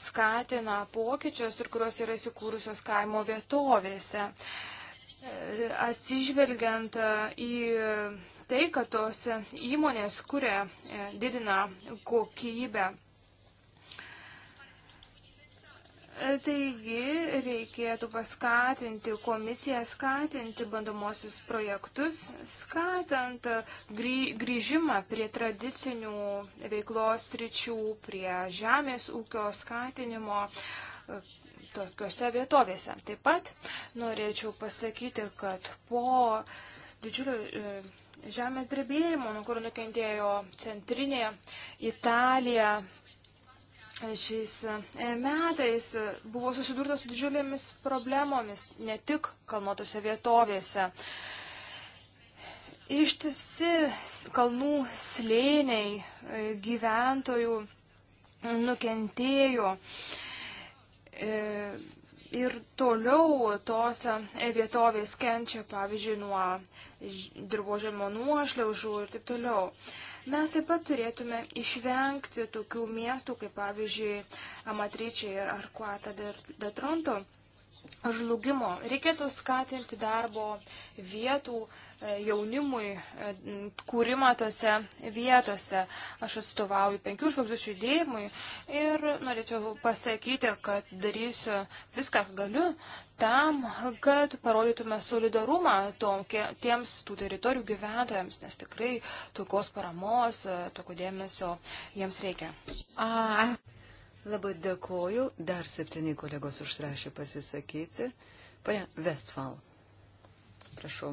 skatina pokyčius ir kurios yra įsikūrusios kaimo vietovėse. E, atsižvelgiant e, į tai, kad tos įmonės kuria, e, didina kokybę. E, taigi reikėtų paskatinti komisiją, skatinti bandomosius projektus, skatant grįžimą prie tradicinių veiklos ryčių, prie žemės ūkio skatinimo, tokiuose vietovėse. Taip pat norėčiau pasakyti, kad po didžiulio e, žemės drebėjimo, nuo kurio nukentėjo centrinė Italija, šiais e, metais buvo susidurta su didžiulėmis problemomis, ne tik kalnuotose vietovėse. Ištisi kalnų slėniai e, gyventojų nukentėjo. Uh, E, ir toliau tos vietovės kenčia, pavyzdžiui, nuo dirbožėmo nuošliaužų ir taip toliau. Mes taip pat turėtume išvengti tokių miestų, kaip pavyzdžiui, Amatričiai ar Kuata de Tronto. De žlugimo. Reikėtų skatinti darbo vietų e, jaunimui e, kūrimą tose vietose. Aš atstovauju penkių žvaigždučių judėjimui ir norėčiau pasakyti, kad darysiu viską, ką galiu, tam, kad parodytume solidarumą tiems tų teritorijų gyventojams, nes tikrai tokios paramos, e, tokio dėmesio jiems reikia. A. Labai dėkoju. Dar septyni kolegos užsirašė pasisakyti. Pane Westfall. Prašau.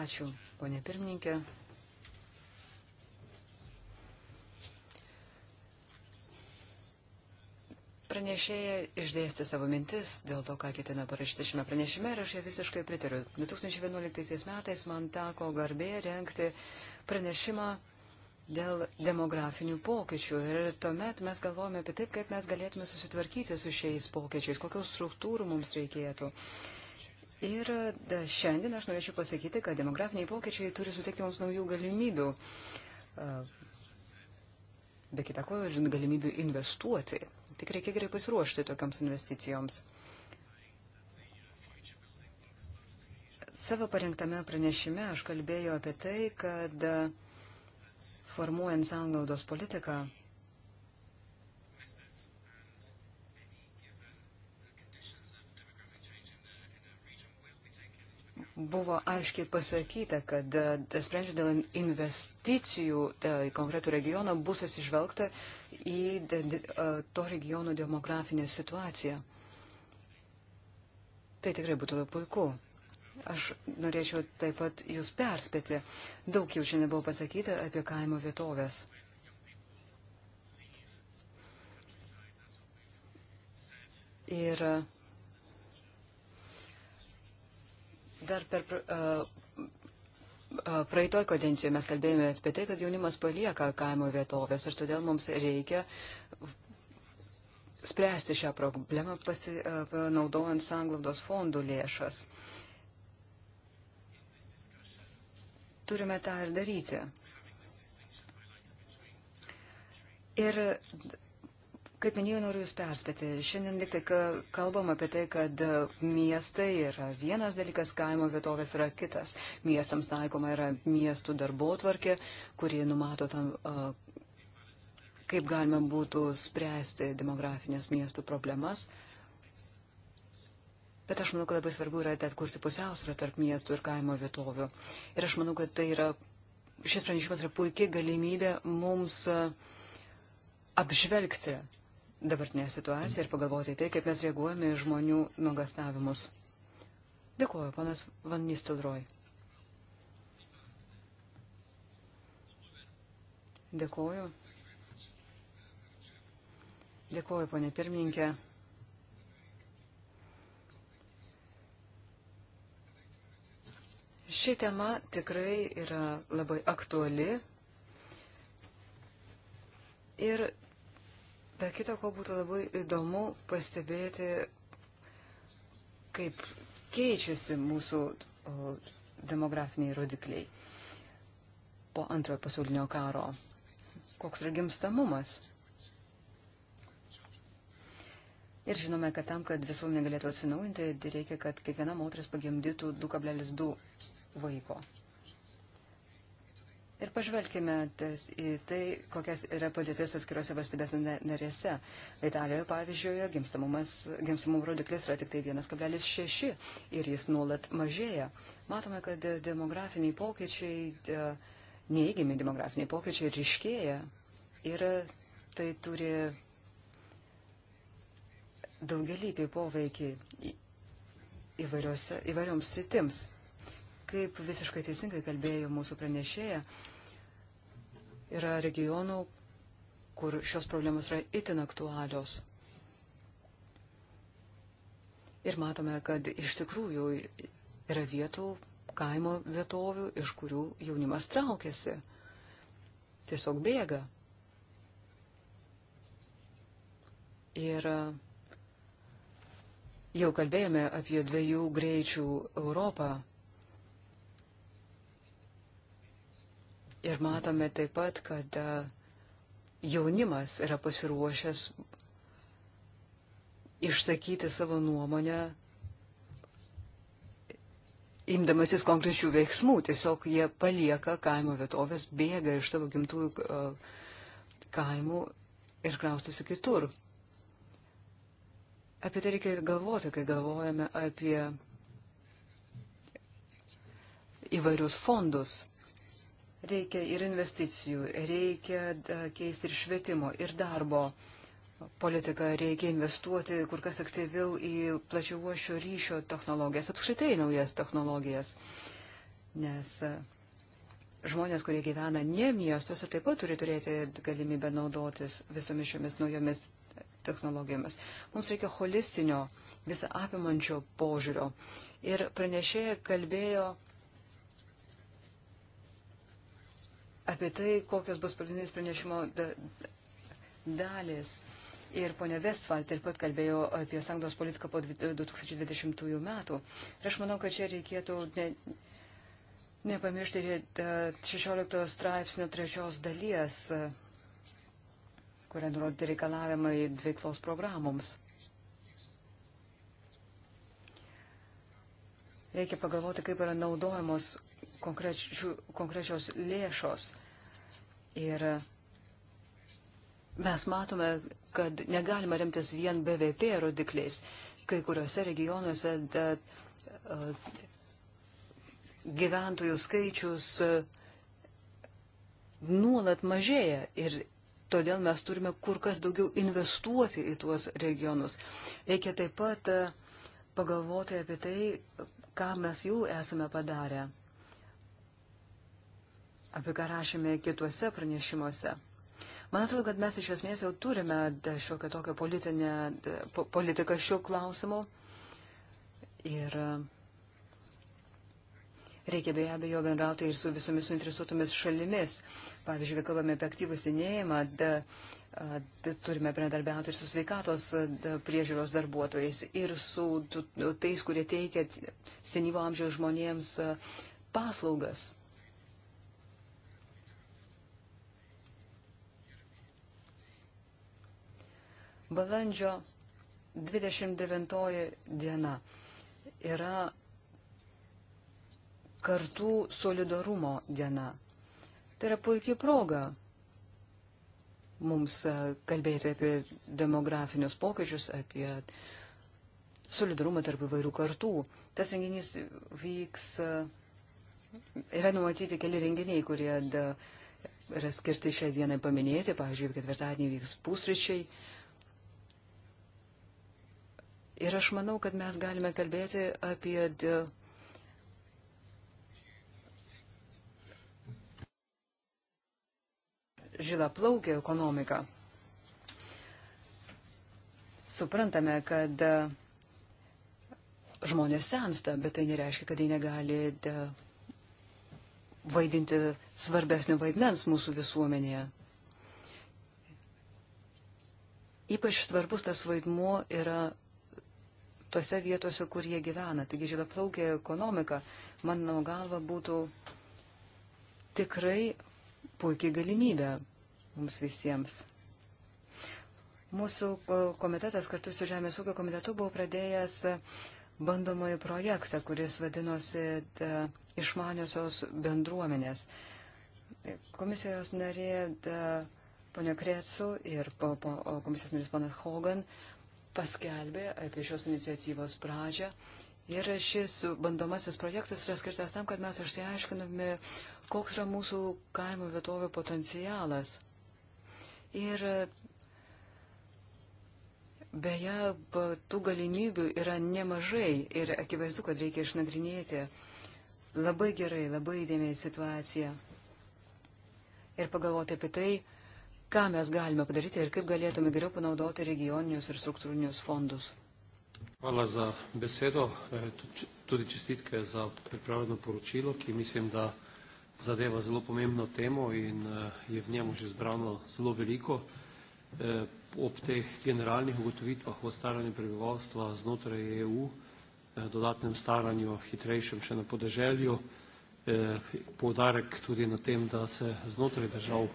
Ačiū, ponė pirmininkė. Pranešėja išdėstė savo mintis dėl to, ką ketina parašyti šiame pranešime ir aš ją visiškai pritariu. 2011 metais man teko garbė renkti pranešimą dėl demografinių pokyčių. Ir tuomet mes galvojame apie taip, kaip mes galėtume susitvarkyti su šiais pokyčiais, kokios struktūrų mums reikėtų. Ir šiandien aš norėčiau pasakyti, kad demografiniai pokyčiai turi suteikti mums naujų galimybių. Be kita ko, galimybių investuoti. Tik reikia gerai pasiruošti tokiams investicijoms. Savo parengtame pranešime aš kalbėjau apie tai, kad formuojant sanglaudos politiką, buvo aiškiai pasakyta, kad e, sprendžiant dėl investicijų e, į konkretų regioną bus atsižvelgta į e, to regiono demografinę situaciją. Tai tikrai būtų puiku. Aš norėčiau taip pat jūs perspėti. Daug jau šiandien buvo pasakyta apie kaimo vietovės. Ir uh, dar per uh, uh, praeitoj kadencijoje mes kalbėjome apie tai, kad jaunimas palieka kaimo vietovės ir todėl mums reikia spręsti šią problemą pasinaudojant sanglaudos fondų lėšas. turime tą ir daryti. Ir, kaip minėjau, noriu Jūs perspėti. Šiandien tik tai kalbam apie tai, kad e, miestai yra vienas dalykas, kaimo vietovės yra kitas. Miestams taikoma yra miestų darbo tvarkė, kuri numato tam, e, kaip galima būtų spręsti demografinės miestų problemas. Bet aš manau, kad labai svarbu yra tai atkurti pusiausvyrą tarp miestų ir kaimo vietovių. Ir aš manau, kad tai yra, šis pranešimas yra puikiai galimybė mums e, apžvelgti dabartinę situaciją ir pagalvoti tai, kaip mes reaguojame į žmonių nuogastavimus. Dėkuoju, panas Van Nistelroj. Dėkuoju. Dėkuoju, ponė pirmininkė. Ši tema tikrai yra labai aktuali ir be kito ko būtų labai įdomu pastebėti, kaip keičiasi mūsų demografiniai rodikliai po antrojo pasaulinio karo. Koks yra gimstamumas? Ir žinome, kad tam, kad visuomenė galėtų atsinaujinti, reikia, kad kiekviena moteris pagimdytų 2,2 vaiko. Ir pažvelkime tas, į tai, kokias yra padėtis atskiriuose valstybės narėse. Italijoje, pavyzdžiui, gimstamumo rodiklis yra tik tai 1,6 ir jis nuolat mažėja. Matome, kad demografiniai pokyčiai, neįgimi demografiniai pokyčiai ryškėja ir tai turi daugelįpį poveikį įvairioms sritims kaip visiškai teisingai kalbėjo mūsų pranešėja, yra regionų, kur šios problemos yra itin aktualios. Ir matome, kad iš tikrųjų yra vietų, kaimo vietovių, iš kurių jaunimas traukiasi. Tiesiog bėga. Ir e, jau kalbėjome apie dviejų greičių Europą Ir matome taip pat, kad e, jaunimas yra pasiruošęs išsakyti savo nuomonę, imdamasis konkrečių veiksmų. Tiesiog jie palieka kaimo vietovės, bėga iš savo gimtųjų e, kaimų ir kraustusi kitur. Apie tai reikia galvoti, kai galvojame apie įvairius fondus. Reikia ir investicijų, reikia e, keisti ir švietimo, ir darbo politiką, reikia investuoti kur kas aktyviau į plačiuošio ryšio technologijas, apskritai naujas technologijas. Nes e, žmonės, kurie gyvena ne miestuose, taip pat turi turėti galimybę naudotis visomis šiomis naujomis technologijomis. Mums reikia holistinio, visą apimančio požiūrio. Ir pranešėja kalbėjo apie tai, kokios bus pagrindinės pranešimo dalis. Ir ponia Westfalt taip pat kalbėjo apie sanglos politiką po 2020 metų. Ir aš manau, kad čia reikėtų ne, nepamiršti 16 straipsnio trečios dalies, kuria nurodyti reikalavimai veiklos programoms. Reikia pagalvoti, kaip yra naudojamos konkrečios lėšos. Ir mes matome, kad negalima remtis vien BVP rodikliais. Kai kuriuose regionuose da, gyventojų skaičius nuolat mažėja ir todėl mes turime kur kas daugiau investuoti į tuos regionus. Reikia taip pat pagalvoti apie tai, ką mes jau esame padarę apie ką rašėme kituose pranešimuose. Man atrodo, kad mes iš esmės jau turime šiokią tokią politinę po, politiką šiuo klausimu. Ir e, reikia be abejo bendrauti ir su visomis suinteresuotomis šalimis. Pavyzdžiui, kai kalbame apie aktyvų senėjimą, turime bendradarbiauti ir su sveikatos da, priežiūros darbuotojais, ir su tais, kurie teikia senyvo amžiaus žmonėms paslaugas. Balandžio 29 diena yra kartų solidarumo diena. Tai yra puikiai proga mums e, kalbėti apie demografinius pokyčius, apie solidarumą tarp įvairių kartų. Tas renginys vyks, e, yra numatyti keli renginiai, kurie da, yra skirti šią dieną paminėti. Pavyzdžiui, ketvirtadienį vyks pusryčiai, Ir aš manau, kad mes galime kalbėti apie žilaplaukę ekonomiką. Suprantame, kad žmonės sensta, bet tai nereiškia, kad jie negali vaidinti svarbesnio vaidmens mūsų visuomenėje. Ypač svarbus tas vaidmuo yra tose vietose, kur jie gyvena. Taigi žilaplaukė ekonomika, mano galva, būtų tikrai puikiai galimybė mums visiems. Mūsų e, komitetas kartu su Žemės ūkio komitetu buvo pradėjęs e, bandomąjį projektą, kuris vadinosi e, išmaniosios bendruomenės. Komisijos narė ponia Krecu ir po, po, komisijos narys ponas Hogan uh, paskelbė apie šios iniciatyvos pradžią. Ir šis bandomasis projektas yra skirtas tam, kad mes išsiaiškinome, koks yra mūsų kaimo vietovių potencialas. Ir beje, tų galimybių yra nemažai ir akivaizdu, kad reikia išnagrinėti labai gerai, labai įdėmiai situaciją ir pagalvoti apie tai, ką mes galime padaryti ir kaip galėtume geriau panaudoti regioninius ir struktūrinius fondus. Hvala za besedo, e, tudi čestitke za pripravljeno poročilo, ki mislim, da zadeva zelo pomembno temo in e, je v njemu že zbrano zelo veliko. E, ob teh generalnih ugotovitvah o staranju prebivalstva znotraj EU, dodatnem staranju, hitrejšem še na podeželju, Eh, poudarek tudi na tem, da se znotraj držav eh,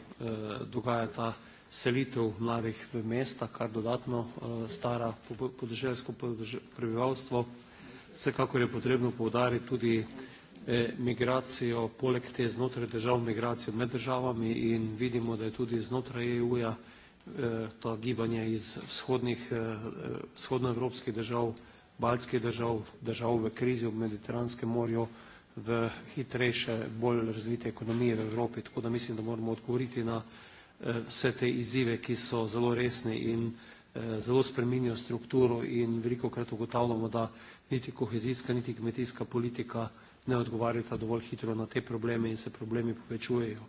dogaja ta selitev mladih v mesta, kar dodatno eh, stara podeželsko prebivalstvo. Vsekakor je potrebno poudariti tudi migracijo, poleg te znotraj držav migracijo med državami in vidimo, da je tudi znotraj EU-ja to gibanje iz vzhodnih, vzhodnoevropskih držav, baltskih držav, držav v krizi ob Mediteranskem morju v hitrejše, bolj razvite ekonomije v Evropi. Tako da mislim, da moramo odgovoriti na eh, vse te izzive, ki so zelo resni in eh, zelo spreminjajo strukturo in veliko krat ugotavljamo, da niti kohezijska, niti kmetijska politika ne odgovarjata dovolj hitro na te probleme in se problemi povečujejo.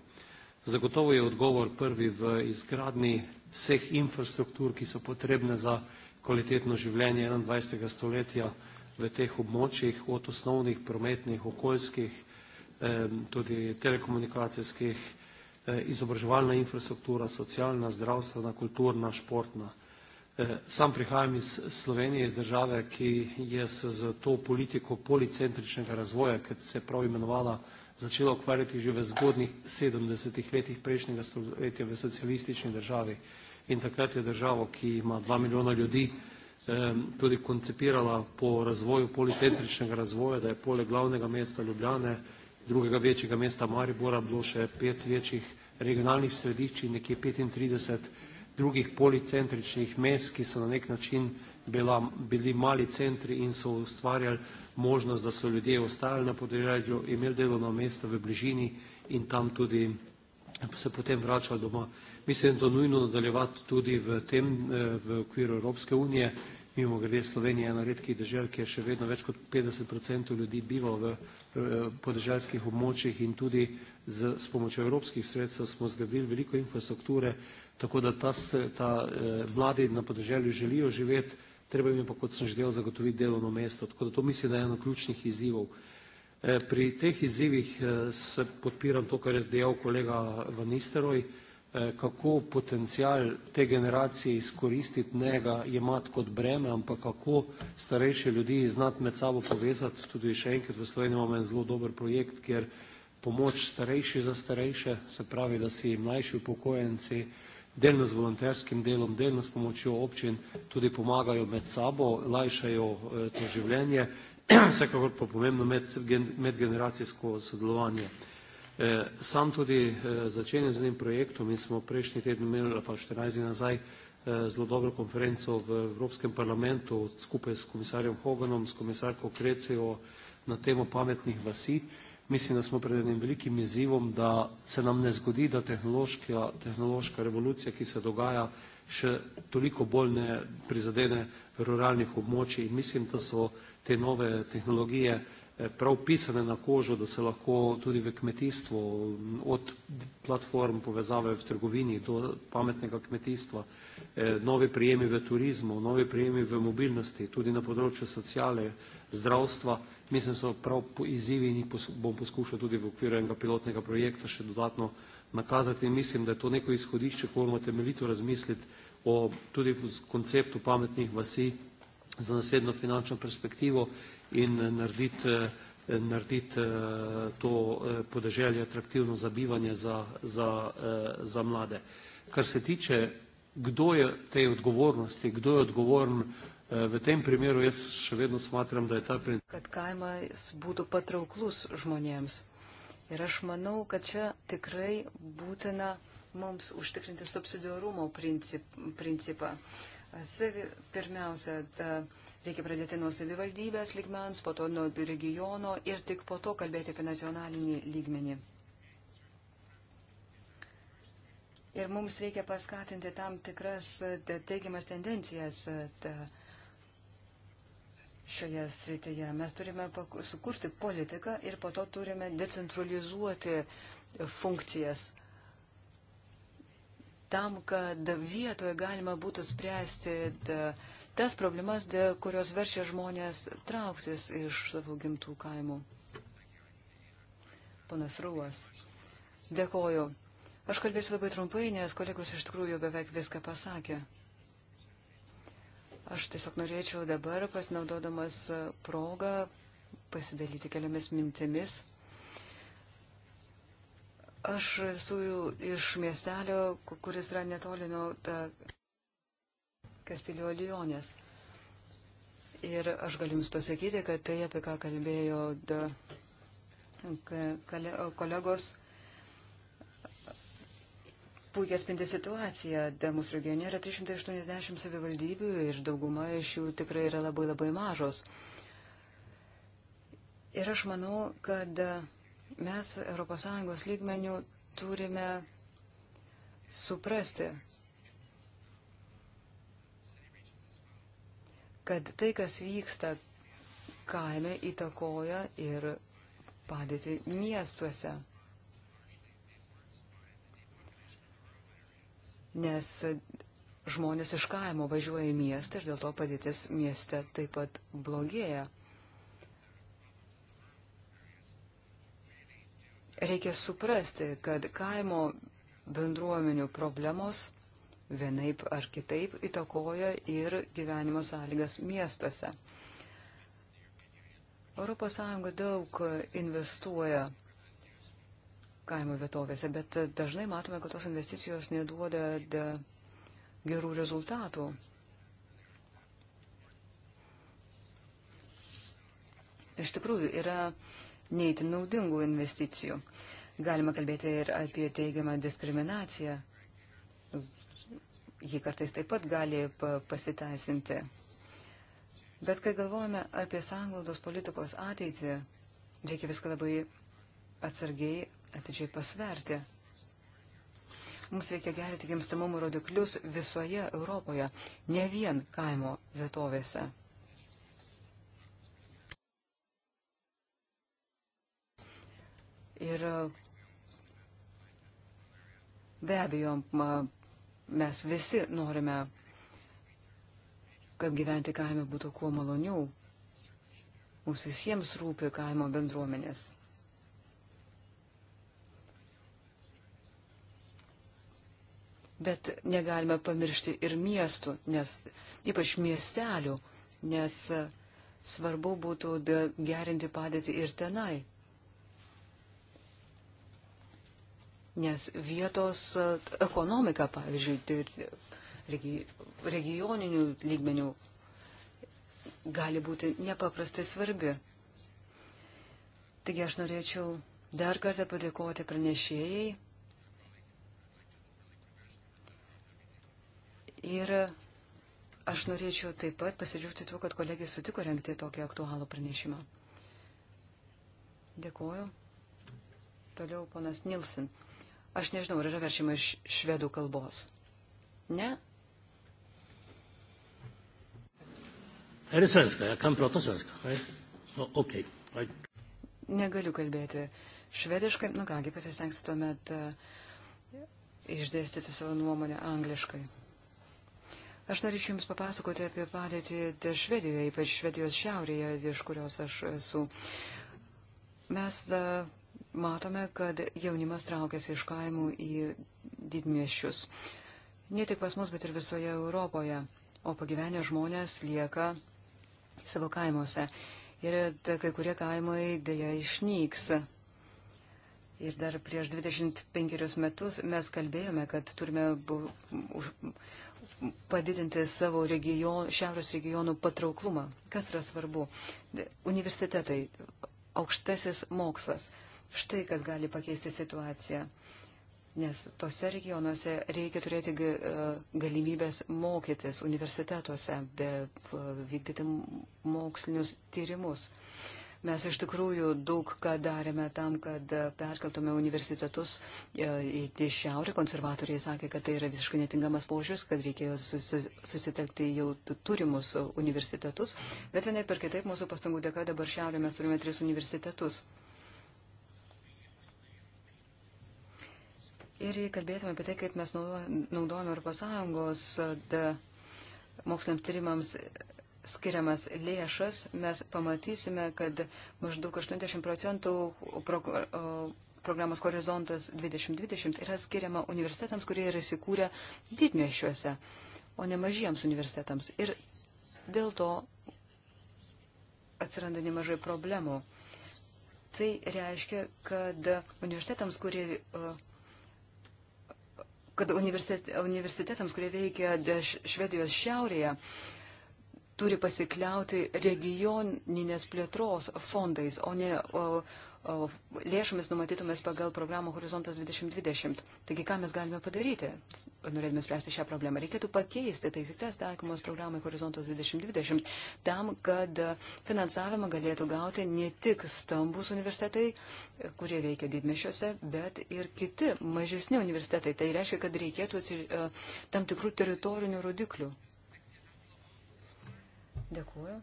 Zagotovo je odgovor prvi v izgradni vseh infrastruktur, ki so potrebne za kvalitetno življenje 21. stoletja, v teh območjih od osnovnih prometnih, okoljskih, tudi telekomunikacijskih, eh, izobraževalna infrastruktura, socialna, zdravstvena, kulturna, športna. Eh, sam prihajam iz Slovenije, iz države, ki je se z to politiko policentričnega razvoja, ker se je prav imenovala, začela ukvarjati že v zgodnih 70-ih letih prejšnjega stoletja v socialistični državi. In takrat je državo, ki ima 2 milijona ljudi, tudi koncipirala po razvoju policentričnega razvoja, da je poleg glavnega mesta Ljubljane, drugega večjega mesta Maribora bilo še pet večjih regionalnih središč in nekje 35 drugih policentričnih mest, ki so na nek način bila, bili mali centri in so ustvarjali možnost, da so ljudje ostajali na podeželju, imeli delovno mesto v bližini in tam tudi se potem vračali doma. Mislim, da je to nujno nadaljevati tudi v tem, eh, v okviru Evropske unije, Mimo grede Slovenija je ena redkih držav, kjer še vedno več kot 50% ljudi biva v podeželskih območjih in tudi z, s pomočjo evropskih sredstev smo zgradili veliko infrastrukture, tako da ta, ta eh, mladi na podeželju želijo živeti, treba jim je pa, kot sem želel, zagotoviti delovno mesto. Tako da to mislim, da je eno ključnih izzivov. Eh, pri teh izzivih eh, se podpiram to, kar je dejal kolega Van Nisteroj, eh, E, kako potencial te generacije izkoristiti, ne ga jemati kot breme, ampak kako starejše ljudi znati med sabo povezati. Tudi še enkrat v Sloveniji imamo en zelo dober projekt, kjer pomoč starejši za starejše, se pravi, da si mlajši upokojenci delno z volonterskim delom, delno s pomočjo občin tudi pomagajo med sabo, lajšajo e, to življenje, vsekakor pa pomembno med, medgeneracijsko sodelovanje. E, sam tudi e, začenjam z enim projektom in smo prejšnji teden imeli, pa 14 dni nazaj, e, zelo dobro konferenco v Evropskem parlamentu skupaj s komisarjem Hoganom, s komisarko Krecijo na temo pametnih vasi. Mislim, da smo pred enim velikim izzivom, da se nam ne zgodi, da tehnološka, tehnološka revolucija, ki se dogaja, še toliko bolj ne prizadene ruralnih območij in mislim, da so te nove tehnologije Eh, prav pisane na kožo, da se lahko tudi v kmetijstvu, od platform povezave v trgovini do pametnega kmetijstva, eh, novi prijemi v turizmu, novi prijemi v mobilnosti, tudi na področju sociale, zdravstva, mislim, so prav po izzivi in bom poskušal tudi v okviru enega pilotnega projekta še dodatno nakazati in mislim, da je to neko izhodišče, ko moramo temeljito razmisliti o tudi konceptu pametnih vasi za naslednjo finančno perspektivo in eh, narediti, eh, narediti eh, to podeželje atraktivno za bivanje za, za, za mlade. Kar se tiče, kdo je tej odgovornosti, kdo je odgovoren V tem primeru jaz še vedno smatram, da je ta princip. Kad kaimas būtų patrauklus žmonėms. Ir aš manau, kad čia tikrai būtina mums užtikrinti subsidiarumo princip, principą. Pirmiausia, ta, Reikia pradėti nuo savivaldybės ligmens, po to nuo regiono ir tik po to kalbėti apie nacionalinį lygmenį. Ir mums reikia paskatinti tam tikras e, teigiamas tendencijas e, šioje srityje. Mes turime sukurti politiką ir po to turime decentralizuoti funkcijas tam, kad vietoje galima būtų spręsti e, tas problemas, dė, kurios verčia žmonės trauktis iš savo gimtų kaimų. Ponas Rūvas, dėkoju. Aš kalbėsiu labai trumpai, nes kolegos iš tikrųjų beveik viską pasakė. Aš tiesiog norėčiau dabar, pasinaudodamas progą, pasidalyti keliomis mintimis. Aš esu iš miestelio, kuris yra netolino. Ta... Kastilio Lionės. Ir aš galiu Jums pasakyti, kad tai, apie ką kalbėjo da, kolegos, puikiai spindi situaciją. Da, mūsų regione yra 380 savivaldybių ir dauguma iš jų tikrai yra labai labai mažos. Ir aš manau, kad mes ES lygmenių turime suprasti, kad tai, kas vyksta kaime, įtakoja ir padėti miestuose. Nes žmonės iš kaimo važiuoja į miestą ir dėl to padėtis mieste taip pat blogėja. Reikia suprasti, kad kaimo bendruomenių problemos vienaip ar kitaip įtakoja ir gyvenimo sąlygas miestuose. ES daug investuoja kaimo vietovėse, bet dažnai matome, kad tos investicijos neduoda gerų rezultatų. Iš tikrųjų, yra neįtin naudingų investicijų. Galima kalbėti ir apie teigiamą diskriminaciją ji kartais taip pat gali pasiteisinti. Bet kai galvojame apie sanglaudos politikos ateitį, reikia viską labai atsargiai, atidžiai pasverti. Mums reikia gerinti gimstamumo rodiklius visoje Europoje, ne vien kaimo vietovėse. Ir be abejo, Mes visi norime, kad gyventi kaime būtų kuo maloniau. Mums visiems rūpi kaimo bendruomenės. Bet negalime pamiršti ir miestų, nes ypač miestelių, nes svarbu būtų gerinti padėtį ir tenai. nes vietos e, ekonomika, pavyzdžiui, tai regioninių lygmenių gali būti nepaprastai svarbi. Taigi aš norėčiau dar kartą padėkoti pranešėjai ir aš norėčiau taip pat pasidžiaugti tuo, kad kolegija sutiko rengti tokį aktualų pranešimą. Dėkuoju. Toliau ponas Nilsen. Aš nežinau, ar yra veršima iš švedų kalbos. Ne? Är det svenska? Jag kan prata svenska. Nej. No, Okej. Okay. I... Negaliu kalbėti švediškai. Nu kągi, pasistengsiu tuomet uh, išdėstyti savo nuomonę angliškai. Aš norėčiau Jums papasakoti apie padėtį Švedijoje, ypač Švedijos šiaurėje, iš kurios aš esu. Mes uh, matome, kad jaunimas traukiasi iš kaimų į didmiešius. Ne tik pas mus, bet ir visoje Europoje. O pagyvenę žmonės lieka savo kaimuose. Ir kai kurie kaimai dėja išnyks. Ir dar prieš 25 metus mes kalbėjome, kad turime padidinti savo region, šiaurės regionų patrauklumą. Kas yra svarbu? Universitetai, aukštasis mokslas štai kas gali pakeisti situaciją. Nes tose regionuose reikia turėti e, galimybės mokytis universitetuose, vykdyti mokslinius tyrimus. Mes iš tikrųjų daug ką darėme tam, kad e, perkeltume universitetus e, į šiaurę. Konservatoriai sakė, kad tai yra visiškai netinkamas požiūris, kad reikėjo susitelkti jau turimus universitetus. Bet vienai per kitaip mūsų pastangų dėka dabar šiaurė mes turime tris universitetus. ir kalbėtume apie tai, kaip mes naudojame ES moksliniams tyrimams skiriamas lėšas, mes pamatysime, kad maždaug 80 procentų pro, programos horizontas 2020 yra skiriama universitetams, kurie yra įsikūrę didmiešiuose, o ne mažiems universitetams. Ir dėl to atsiranda nemažai problemų. Tai reiškia, kad universitetams, kurie uh, kad universitetams, kurie veikia Švedijos šiaurėje, turi pasikliauti regioninės plėtros fondais, o ne o, lėšomis numatytomis pagal programą Horizontas 2020. Taigi, ką mes galime padaryti, norėdami spręsti šią problemą? Reikėtų pakeisti taisyklės taikomos programai Horizontas 2020 tam, kad finansavimą galėtų gauti ne tik stambus universitetai, kurie veikia didmešiuose, bet ir kiti mažesni universitetai. Tai reiškia, kad reikėtų e, tam tikrų teritorinių rodiklių. Dėkuoju.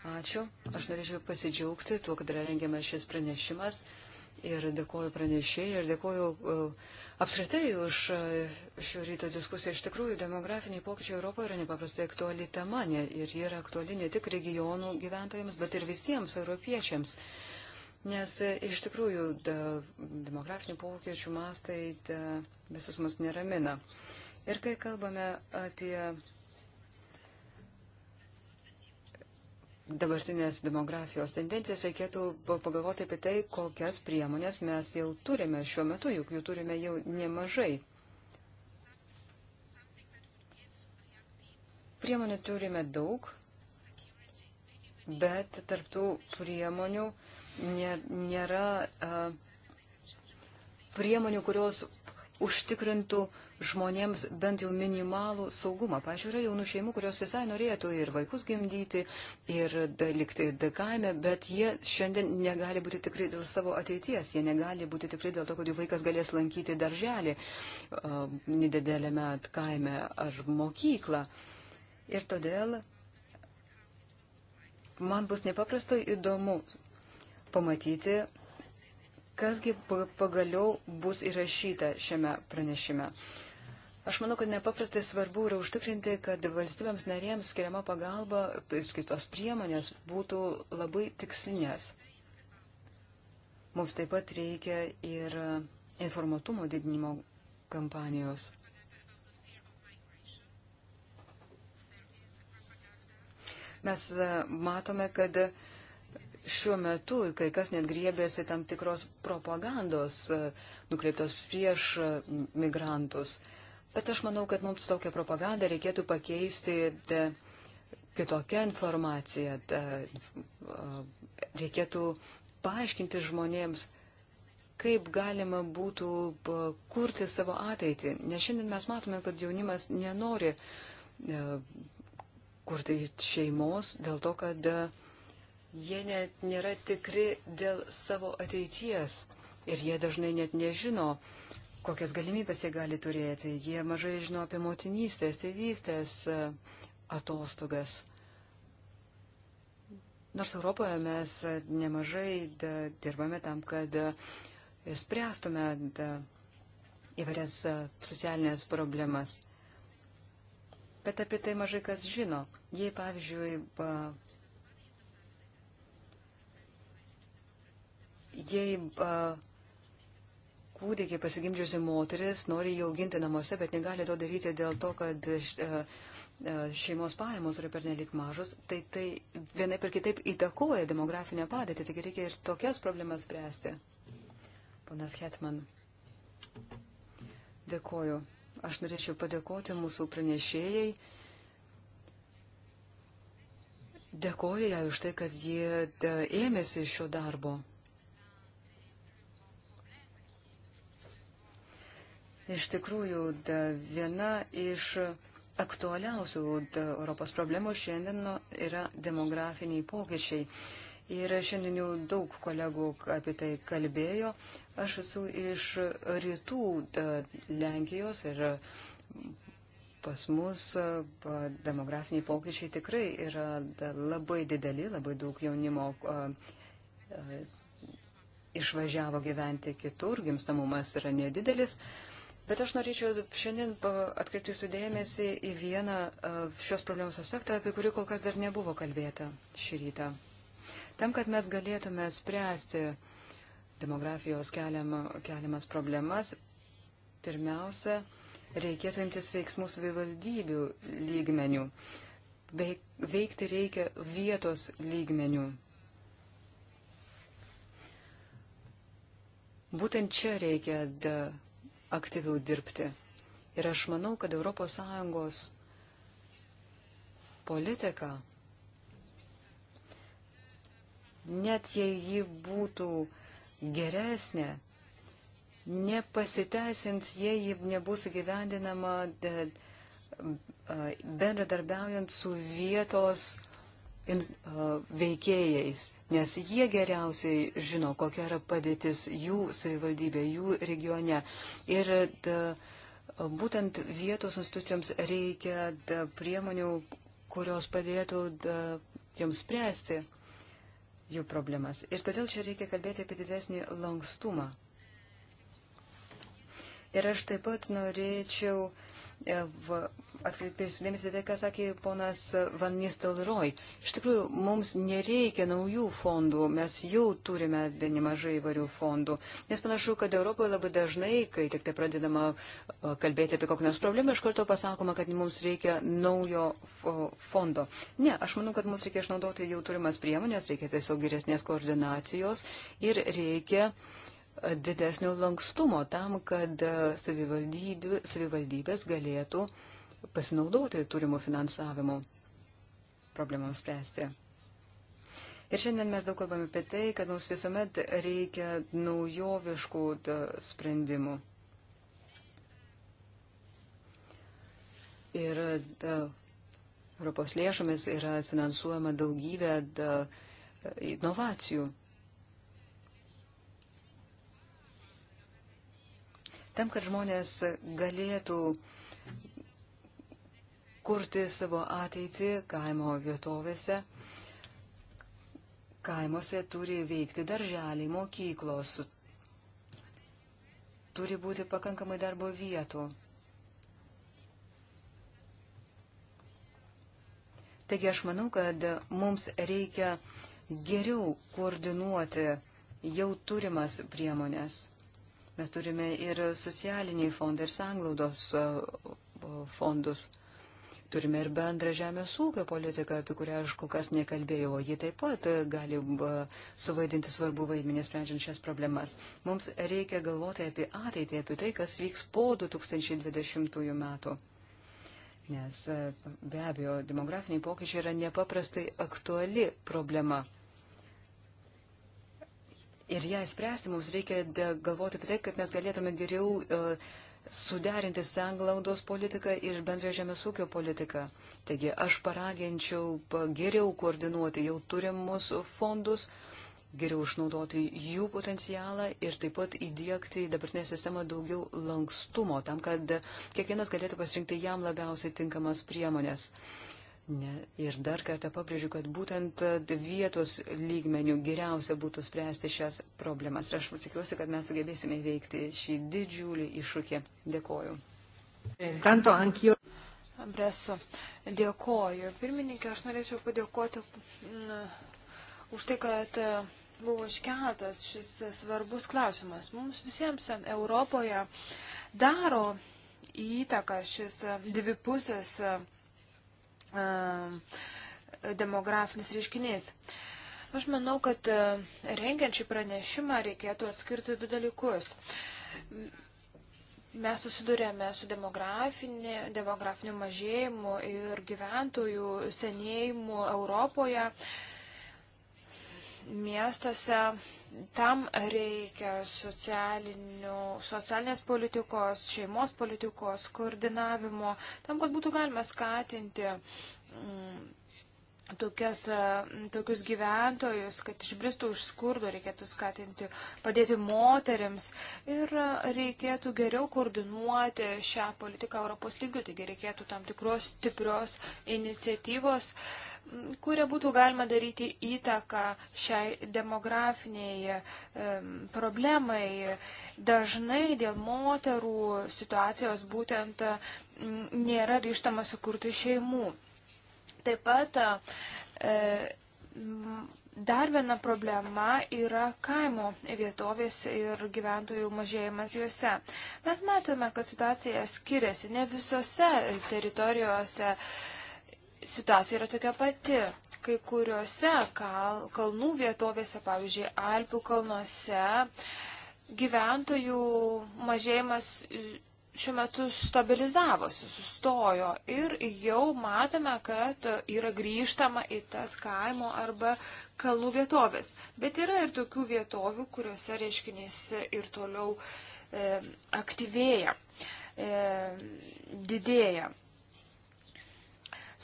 Ačiū. Aš norėčiau pasidžiaugti tuo, kad yra rengiamas šis pranešimas. Ir dėkoju pranešėjai, ir dėkoju uh, apskritai už uh, šio ryto diskusiją. Iš tikrųjų, demografiniai pokyčiai Europoje yra nepaprastai aktuali tema, ne, ir ji yra aktuali ne tik regionų gyventojams, bet ir visiems europiečiams. Nes e, iš tikrųjų da, demografinių pokyčių mastai da, visus mus neramina. Ir kai kalbame apie dabartinės demografijos tendencijas, reikėtų pagalvoti apie tai, kokias priemonės mes jau turime šiuo metu, juk jų turime jau nemažai. Priemonių turime daug, bet tarptų priemonių nėra a, priemonių, kurios užtikrintų a, žmonėms bent jau minimalų saugumą. Pavyzdžiui, yra jaunų šeimų, kurios visai norėtų ir vaikus gimdyti, ir likti kaime, bet jie šiandien negali būti tikrai dėl savo ateities, jie negali būti tikrai dėl to, kad jų vaikas galės lankyti darželį uh, nedidelėme kaime ar mokyklą. Ir todėl man bus nepaprastai įdomu pamatyti, kasgi pagaliau bus įrašyta šiame pranešime. Aš manau, kad nepaprastai svarbu yra užtikrinti, kad valstybėms narėms skiriama pagalba, skirtos priemonės būtų labai tikslinės. Mums taip pat reikia ir informatumo didinimo kampanijos. Mes e, matome, kad šiuo metu kai kas net griebėsi tam tikros propagandos e, nukreiptos prieš e, migrantus. Bet aš manau, kad mums tokią propagandą reikėtų pakeisti de, kitokią informaciją. De, reikėtų paaiškinti žmonėms, kaip galima būtų kurti savo ateitį. Nes šiandien mes matome, kad jaunimas nenori e, kurti šeimos dėl to, kad e, jie net nėra tikri dėl savo ateities. Ir jie dažnai net nežino, uh, kokias galimybės jie gali turėti. Jie mažai žino apie motinystės, tėvystės e, atostogas. Nors Europoje mes e, nemažai da, dirbame tam, kad e, spręstume da, įvairias socialinės problemas. Bet apie tai mažai kas žino. Jei, pavyzdžiui, ba, jei ba, kūdikį pasigimdžiusi moteris nori jį auginti namuose, bet negali to daryti dėl to, kad e, e, šeimos pajamos yra pernelik mažos, tai tai vienai per kitaip įtakoja demografinę padėtį, taigi reikia ir tokias problemas spręsti. Ponas Hetman, dėkoju. Aš norėčiau padėkoti mūsų pranešėjai. Dėkoju ją už tai, kad ji e, ėmėsi šio darbo. Iš tikrųjų, da, viena iš aktualiausių da, Europos problemų šiandien nu, yra demografiniai pokyčiai. Ir šiandien jau daug kolegų apie tai kalbėjo. Aš esu iš rytų da, Lenkijos ir pas mus demografiniai pokyčiai tikrai yra da, labai dideli, labai daug jaunimo a, a, išvažiavo gyventi kitur, gimstamumas yra nedidelis. A, Bet aš norėčiau šiandien atkreipti sudėmėsi į vieną šios problemos aspektą, apie kurį kol kas dar nebuvo kalbėta šį rytą. Tam, kad mes galėtume spręsti demografijos keliamą, keliamas problemas, pirmiausia, reikėtų imtis veiksmų savivaldybių lygmenių. Veik, veikti reikia vietos lygmenių. Būtent čia reikia aktyviau dirbti. Ir aš manau, kad ES politika, net jei ji būtų geresnė, nepasiteisins, jei ji nebus gyvendinama bendradarbiaujant su vietos veikėjais, nes jie geriausiai žino, kokia yra padėtis jų savivaldybė, jų regione. Ir da, būtent vietos institucijoms reikia da, priemonių, kurios padėtų da, jiems spręsti jų problemas. Ir todėl čia reikia kalbėti apie didesnį lankstumą. Ir aš taip pat norėčiau e, atkreipėsiu dėmesį tai, ką sakė ponas Van Nistelrooy. Iš tikrųjų, mums nereikia naujų fondų, mes jau turime nemažai įvairių fondų. Nes panašu, kad Europoje labai dažnai, kai tik tai pradedama kalbėti apie kokią nors problemą, iš karto pasakoma, kad mums reikia naujo fondo. Ne, aš manau, kad mums reikia išnaudoti jau turimas priemonės, reikia tiesiog geresnės koordinacijos ir reikia didesnio lankstumo tam, kad savivaldybės galėtų uh, pasinaudoti turimų finansavimų problemams spręsti. Ir šiandien mes daug kalbame apie tai, kad mums visuomet reikia naujoviškų sprendimų. Ir da, Europos lėšomis yra finansuojama daugybė da, inovacijų. Tam, kad žmonės galėtų uh, kurti savo ateitį kaimo vietovėse. Kaimuose turi veikti darželiai, mokyklos, turi būti pakankamai darbo vietų. Taigi aš manau, kad mums reikia geriau koordinuoti jau turimas priemonės. Mes turime ir socialinį fondą, ir sanglaudos fondus. Turime ir bendrą žemės ūkio politiką, apie kurią aš kol kas nekalbėjau. Ji taip pat e, gali suvaidinti svarbu vaidmenį sprendžiant šias problemas. Mums reikia galvoti apie ateitį, apie tai, kas vyks po 2020 metų. Nes e, be abejo, demografiniai pokyčiai yra nepaprastai aktuali problema. Ir ją spręsti mums reikia galvoti apie tai, kaip mes galėtume geriau uh, suderinti sanglaudos politiką ir bendrą žemės ūkio politiką. Taigi aš paraginčiau geriau koordinuoti jau turimus fondus, geriau išnaudoti jų potencialą ir taip pat įdėkti į dabartinę sistemą daugiau lankstumo, tam, kad kiekvienas galėtų pasirinkti jam labiausiai tinkamas priemonės. Uh, Ne, ir dar kartą pabrėžiu, kad būtent e, vietos lygmenių geriausia būtų spręsti šias problemas. Ir aš tikiuosi, kad mes sugebėsime veikti šį didžiulį iššūkį. Dėkoju. Bresu, dėkoju. Pirmininkė, aš norėčiau padėkoti už tai, kad e, buvo iškeltas šis svarbus klausimas. Mums visiems Europoje daro įtaką šis dvipusis. Uh, E, demografinis reiškinys. Aš manau, kad e, rengiant šį pranešimą reikėtų atskirti du dalykus. Mes susidurėme su demografiniu mažėjimu ir gyventojų senėjimu Europoje, miestuose, Tam reikia socialinės politikos, šeimos politikos, koordinavimo, tam, kad būtų galima skatinti mm, tokias, e, tokius gyventojus, kad išbristų iš skurdo, reikėtų skatinti, padėti moteriams ir e, reikėtų geriau koordinuoti šią politiką Europos lygių, taigi reikėtų tam tikros stiprios iniciatyvos, kuria būtų galima daryti įtaką šiai demografiniai e, problemai. Dažnai dėl moterų situacijos būtent nėra ryštama sukurti šeimų. Taip pat e, dar viena problema yra kaimo vietovės ir gyventojų mažėjimas juose. Mes matome, kad situacija skiriasi. Ne visose teritorijose situacija yra tokia pati. Kai kuriuose kal, kalnų vietovėse, pavyzdžiui, Alpių kalnuose, gyventojų mažėjimas šiuo metu stabilizavosi, sustojo ir jau matome, kad yra grįžtama į tas kaimo arba kalnų vietovės. Bet yra ir tokių vietovių, kuriuose reiškinys ir toliau e, aktyvėja, e, didėja.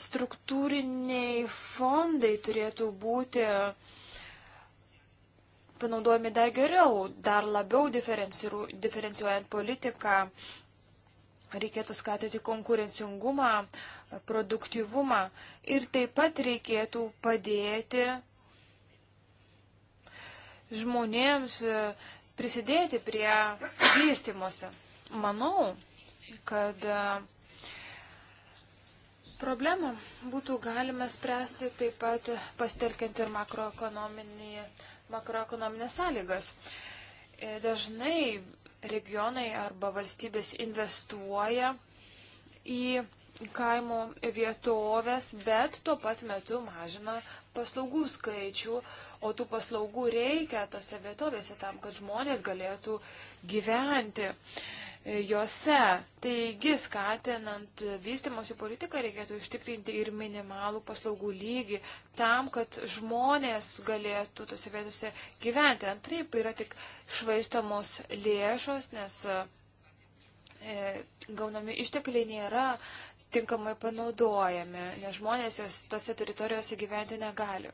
Struktūriniai fondai turėtų būti panaudojami dar geriau, dar labiau diferencijuojant politiką reikėtų skatinti konkurencingumą, produktivumą ir taip pat reikėtų padėti žmonėms e, prisidėti prie vystimuose. Manau, kad e, problemą būtų galima spręsti taip pat pasitelkiant ir makroekonominės sąlygas. E, dažnai regionai arba valstybės investuoja į kaimo vietovės, bet tuo pat metu mažina paslaugų skaičių, o tų paslaugų reikia tose vietovėse tam, kad žmonės galėtų gyventi. Uh, E, juose. Taigi, skatinant vystimosi politiką, reikėtų ištikrinti ir minimalų paslaugų lygį tam, kad žmonės galėtų tose vietose gyventi. Antraip yra tik švaistamos lėšos, nes e, gaunami ištekliai nėra tinkamai panaudojami, nes žmonės jos tose teritorijose gyventi negali.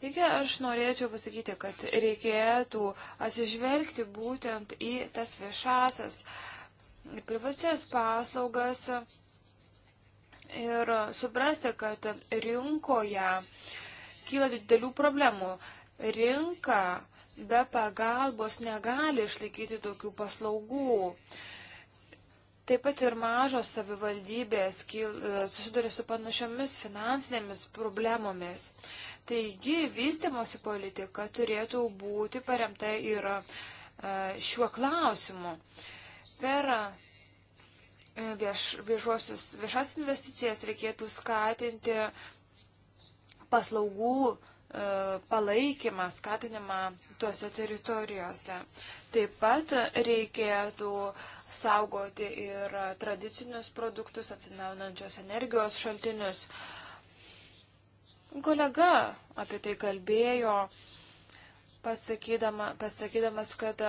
Taigi aš norėčiau pasakyti, kad reikėtų atsižvelgti būtent į tas viešasias uh, privačias paslaugas ir suprasti, kad rinkoje kyla didelių problemų. Rinka be pagalbos negali išlaikyti tokių paslaugų. Taip pat ir mažos savivaldybės e, susiduria su panašiomis finansinėmis problemomis. Taigi, vystimosi politika turėtų būti paremta ir e, šiuo klausimu. Uh, Per e, vieš, viešuosius, viešas investicijas reikėtų skatinti paslaugų e, palaikymą, skatinimą tuose teritorijose. Taip pat reikėtų saugoti ir tradicinius produktus, atsinaunančios energijos šaltinius. Kolega apie tai kalbėjo, pasakydama, pasakydamas, kad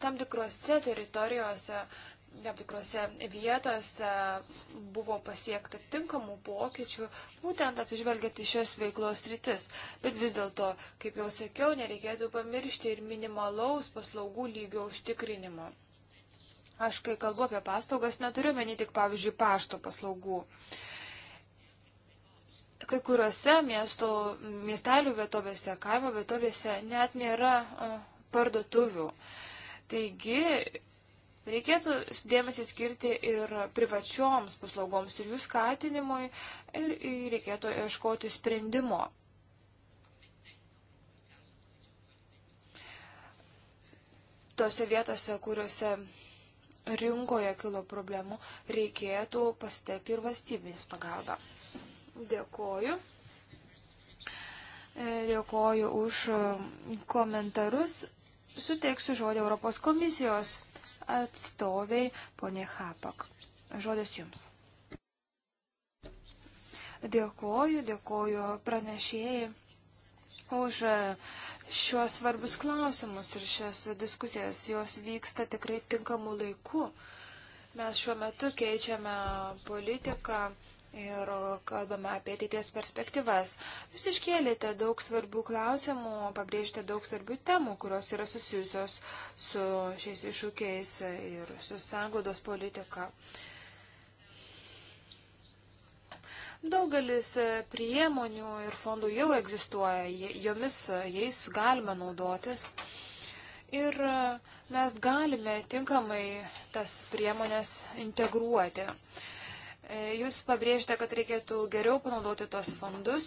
tam tikrose teritorijose, tam tikrose vietose buvo pasiekta tinkamų pokyčių, būtent atsižvelgiant į šias veiklos rytis. Bet vis dėlto, kaip jau sakiau, nereikėtų pamiršti ir minimalaus paslaugų lygio užtikrinimo. Aš, kai kalbu apie paslaugas, neturiu meni tik, pavyzdžiui, pašto paslaugų kai kuriuose miesto, miestelių vietovėse, kaimo vietovėse net nėra parduotuvių. Taigi, reikėtų dėmesį skirti ir privačioms paslaugoms ir jų skatinimui ir reikėtų ieškoti sprendimo. Tose vietose, kuriuose rinkoje kilo problemų, reikėtų pasitekti ir valstybės pagalbą. Dėkoju. E, dėkoju už komentarus suteiksiu žodį Europos komisijos atstoviai, ponė Hapak. Žodis jums. Dėkoju, dėkoju pranešėjai už šiuos svarbius klausimus ir šias diskusijas. Jos vyksta tikrai tinkamu laiku. Mes šiuo metu keičiame politiką ir kalbame apie ateities perspektyvas. Jūs iškėlėte daug svarbių klausimų, pabrėžėte daug svarbių temų, kurios yra susijusios su šiais iššūkiais ir su sąngodos politika. Daugelis priemonių ir fondų jau egzistuoja, jomis jais galime naudotis. Ir mes galime tinkamai tas priemonės integruoti. Uh, E, jūs pabrėžite, kad reikėtų geriau panaudoti tos fondus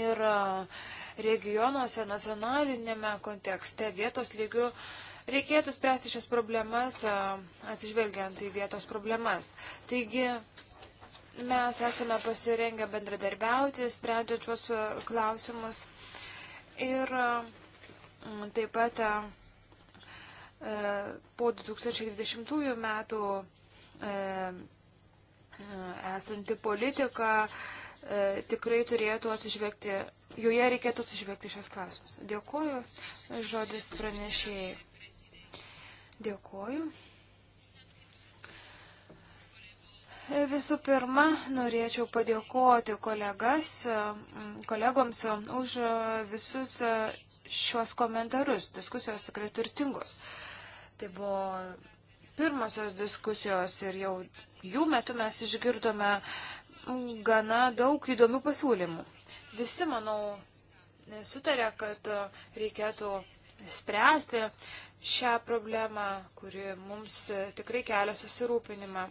ir e, regionuose, nacionalinėme kontekste, vietos lygių reikėtų spręsti šias problemas, e, atsižvelgiant į vietos problemas. Taigi, mes esame pasirengę bendradarbiauti, sprendžiant šios klausimus. Ir taip pat po 2020 metų esanti politika e, tikrai turėtų atsižvelgti, joje reikėtų atsižvelgti šios klausimus. Dėkuoju, žodis pranešėjai. Dėkuoju. Visų pirma, norėčiau padėkoti kolegas, kolegoms už visus šios komentarus. Diskusijos tikrai turtingos. Tai buvo pirmosios diskusijos ir jau jų metu mes išgirdome gana daug įdomių pasiūlymų. Visi, manau, sutarė, kad reikėtų spręsti šią problemą, kuri mums tikrai kelia susirūpinimą.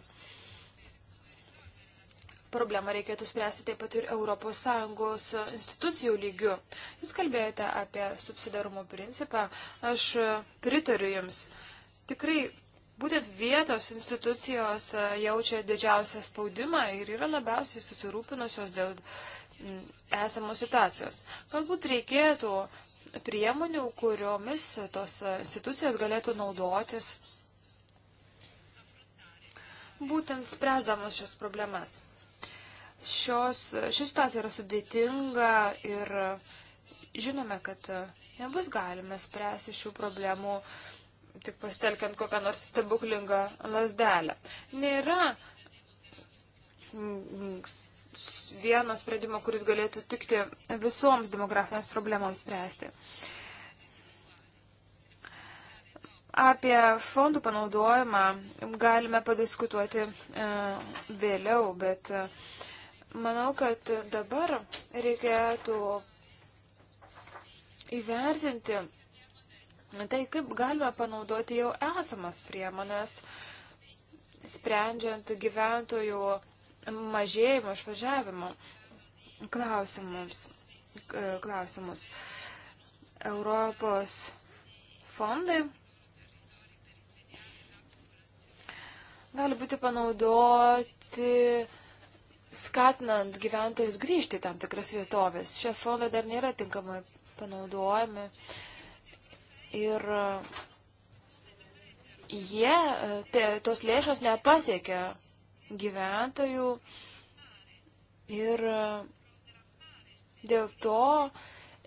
Problemą reikėtų spręsti taip pat ir ES institucijų lygių. Jūs kalbėjote apie subsidarumo principą. Aš pritariu Jums. Tikrai Būtent vietos institucijos e, jaučia didžiausią spaudimą ir yra labiausiai susirūpinusios dėl esamos situacijos. Galbūt reikėtų priemonių, kuriomis tos e, institucijos galėtų naudotis būtent spręsdamas šios problemas. Šios, ši situacija yra sudėtinga ir e, žinome, kad nebus galime spręsti šių problemų tik pasitelkiant kokią nors stebuklingą lasdelę. Nėra mm, vieno sprendimo, kuris galėtų tikti visoms demografinėms problemams spręsti. Apie fondų panaudojimą galime padiskutuoti e, vėliau, bet e, manau, kad dabar reikėtų įvertinti Tai kaip galime panaudoti jau esamas priemonės, sprendžiant gyventojų mažėjimo, išvažiavimo klausimus. klausimus. Europos fondai gali būti panaudoti skatinant gyventojus grįžti į tam tikras vietovės. Šie fondai dar nėra tinkamai panaudojami. Uh, Ir e, jie, e, te, tos lėšos nepasiekia gyventojų ir e, dėl to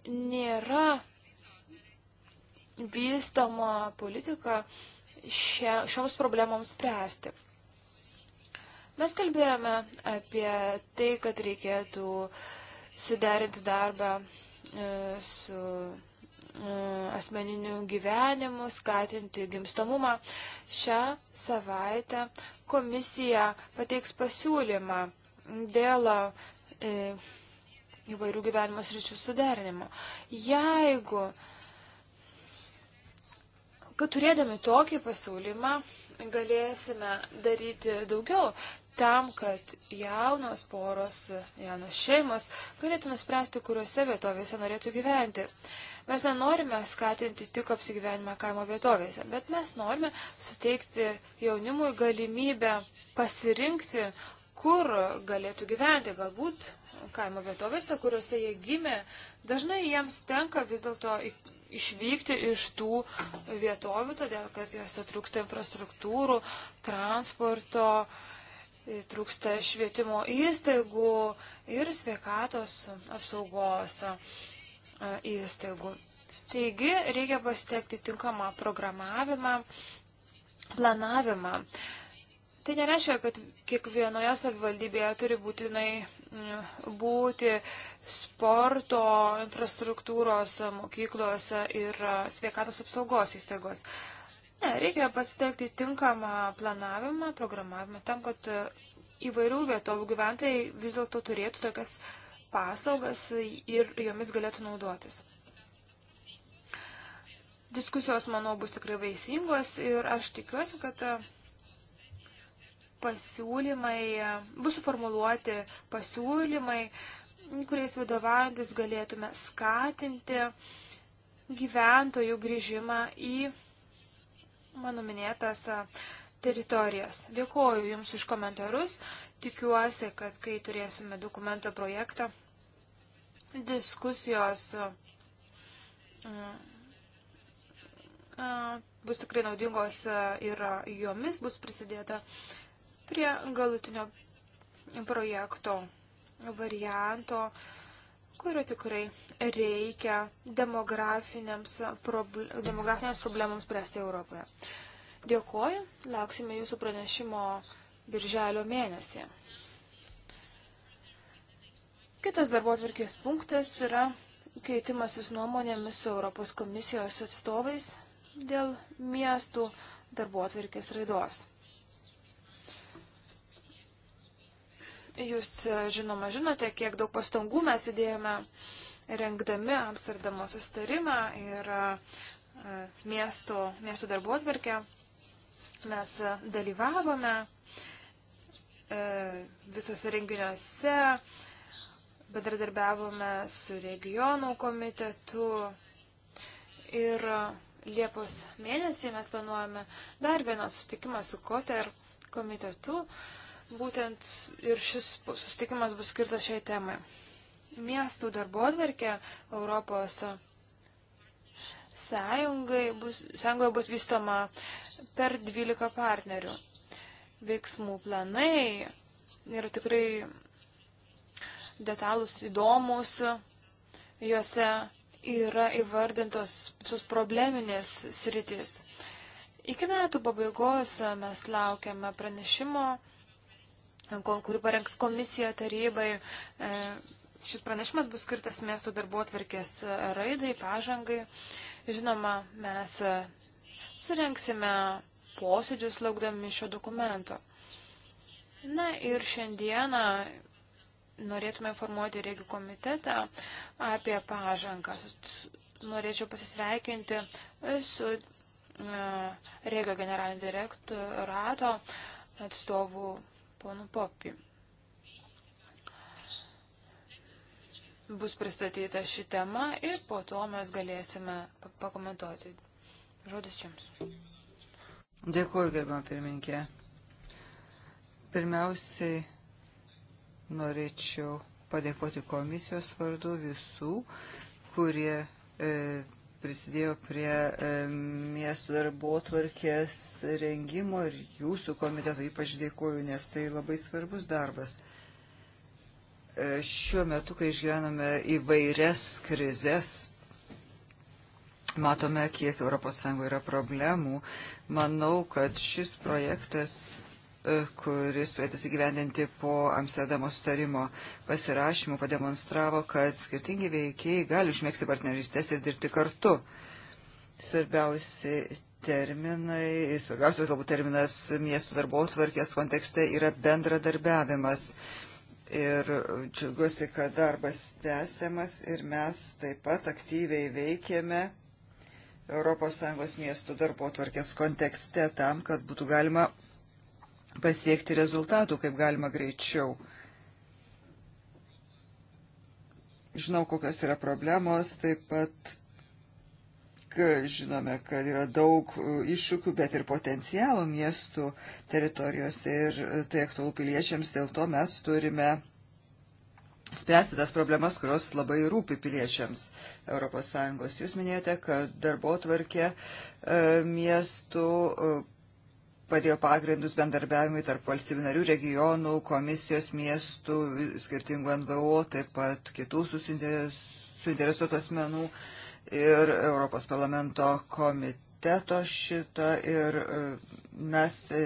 nėra vystama politika šia, šioms problemoms spręsti. Mes kalbėjome apie tai, kad reikėtų suderinti darbą su Mm, asmeniniu gyvenimu, skatinti gimstamumą. Šią savaitę komisija pateiks pasiūlymą dėl e, įvairių gyvenimo sričių suderinimo. Jeigu, kad turėdami tokį pasiūlymą, galėsime daryti daugiau, tam, kad jaunos poros, jaunos šeimos galėtų nuspręsti, kuriuose vietovėse norėtų gyventi. Mes nenorime skatinti tik apsigyvenimą kaimo vietovėse, bet mes norime suteikti jaunimui galimybę pasirinkti, kur galėtų gyventi, galbūt kaimo vietovėse, kuriuose jie gimė. Dažnai jiems tenka vis dėlto išvykti iš tų vietovių, todėl kad juose trūksta infrastruktūrų, transporto, uh, trūksta švietimo įstaigų ir sveikatos apsaugos įstaigų. Taigi reikia pasitekti tinkamą programavimą, planavimą. Tai nereiškia, kad kiekvienoje savivaldybėje turi būtinai mm, būti sporto infrastruktūros mokyklose ir sveikatos apsaugos įstaigos. Ne, reikia pasitelkti tinkamą planavimą, programavimą tam, kad e, įvairių vietovų gyventojai vis dėlto turėtų tokias paslaugas ir jomis galėtų naudotis. Diskusijos, manau, bus tikrai vaisingos ir aš tikiuosi, kad e, pasiūlymai, e, bus suformuluoti pasiūlymai, kuriais vadovaujantis galėtume skatinti gyventojų grįžimą į mano minėtas teritorijas. Dėkuoju Jums už komentarus. Tikiuosi, kad kai turėsime dokumento projektą, diskusijos bus tikrai naudingos ir jomis bus prisidėta prie galutinio projekto varianto, kurio tikrai reikia demografiniams, proble demografiniams problemams spręsti Europoje. Dėkoju, lauksime jūsų pranešimo birželio mėnesį. Kitas darbo atvirkės punktas yra keitimasis nuomonėmis su Europos komisijos atstovais dėl miestų darbo atvirkės raidos. Jūs e, žinoma žinote, kiek daug pastangų mes įdėjome rengdami Amsterdamo sustarimą ir e, miesto, miesto darbuotvarkę. Mes e, dalyvavome visose renginiuose, bedradarbiavome su regionų komitetu ir Liepos mėnesį mes planuojame dar vieną sustikimą su Koter komitetu. Uh, Būtent ir šis susitikimas bus skirtas šiai temai. Miestų darbotverkė Europos sąjungai bus, sąjungoje bus vystoma per 12 partnerių. Veiksmų planai yra tikrai detalus, įdomus. Juose yra įvardintos visos probleminės sritis. Iki metų pabaigos mes laukiame pranešimo kurį parengs komisija tarybai. E, šis pranešimas bus skirtas miesto darbuotvarkės raidai, pažangai. Žinoma, mes e, surenksime posėdžius laukdami šio dokumento. Na ir šiandieną norėtume informuoti Rėgių komitetą apie pažangą. Norėčiau pasisveikinti su e, Rėgio generalinio direktorato atstovų ponu Popi. Bus pristatyta ši tema ir po to mes galėsime pakomentuoti. Žodis jums. Dėkuoju, gerbama pirminkė. Pirmiausiai norėčiau padėkoti komisijos vardu visų, kurie e, prisidėjo prie e, miestų darbo tvarkės rengimo ir jūsų komiteto ypač dėkoju, nes tai labai svarbus darbas. E, šiuo metu, kai išgyvename įvairias krizės, matome, kiek ES yra problemų. Manau, kad šis projektas E, kuris turėtas įgyvendinti po Amsterdamo sutarimo pasirašymų, pademonstravo, kad skirtingi veikiai gali užmėgsti partnerystės ir dirbti kartu. Svarbiausi terminai, svarbiausias galbūt terminas miestų darbo tvarkės kontekste yra bendradarbiavimas. Ir džiaugiuosi, kad darbas tęsiamas ir mes taip pat aktyviai veikėme ES miestų darbo tvarkės kontekste tam, kad būtų galima pasiekti rezultatų kaip galima greičiau. Žinau, kokios yra problemos, taip pat žinome, kad yra daug e, iššūkių, bet ir potencialų miestų teritorijose ir e, tai aktualu piliečiams, dėl to mes turime spręsti tas problemas, kurios labai rūpi piliečiams ES. Jūs minėjote, kad darbo tvarkė e, miestų padėjo pagrindus bendarbiavimui tarp valstybių narių, regionų, komisijos, miestų, skirtingų NVO, taip pat kitų suinteresuotų asmenų ir Europos parlamento komiteto šito ir e, mes e,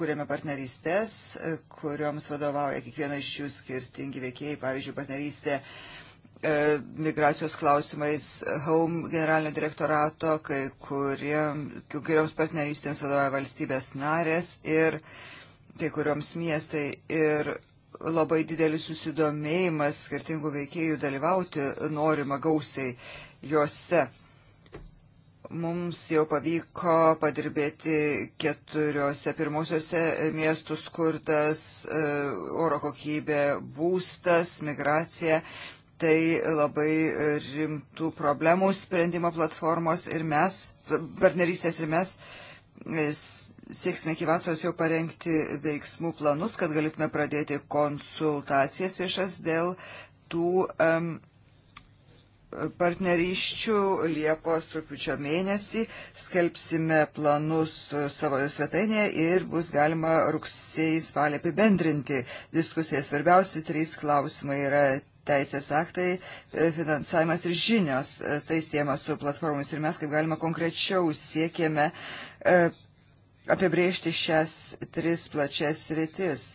kūrėme partnerystės, e, kurioms vadovauja kiekviena iš jų skirtingi veikėjai, pavyzdžiui, partnerystė E, migracijos klausimais Home generalinio direktorato, kai kuriems partnerystėms vadovauja valstybės narės ir kai kurioms miestai. Ir labai didelis susidomėjimas skirtingų veikėjų dalyvauti norima gausiai juose. Mums jau pavyko padirbėti keturiose pirmosiuose miestų skurtas, e, oro kokybė, būstas, migracija tai labai rimtų problemų sprendimo platformos ir mes, partnerystės ir mes e, sieksime iki vasaros jau parengti veiksmų planus, kad galėtume pradėti konsultacijas viešas dėl tų um, partnerysčių Liepos rūpiučio mėnesį. Skelbsime planus savo svetainėje ir bus galima rugsėjai spalį apibendrinti diskusiją. Svarbiausi trys klausimai yra teisės aktai, e, finansavimas ir žinios, e, tai siema su platformomis ir mes kaip galima konkrečiau siekėme e, apibriežti šias tris plačias rytis.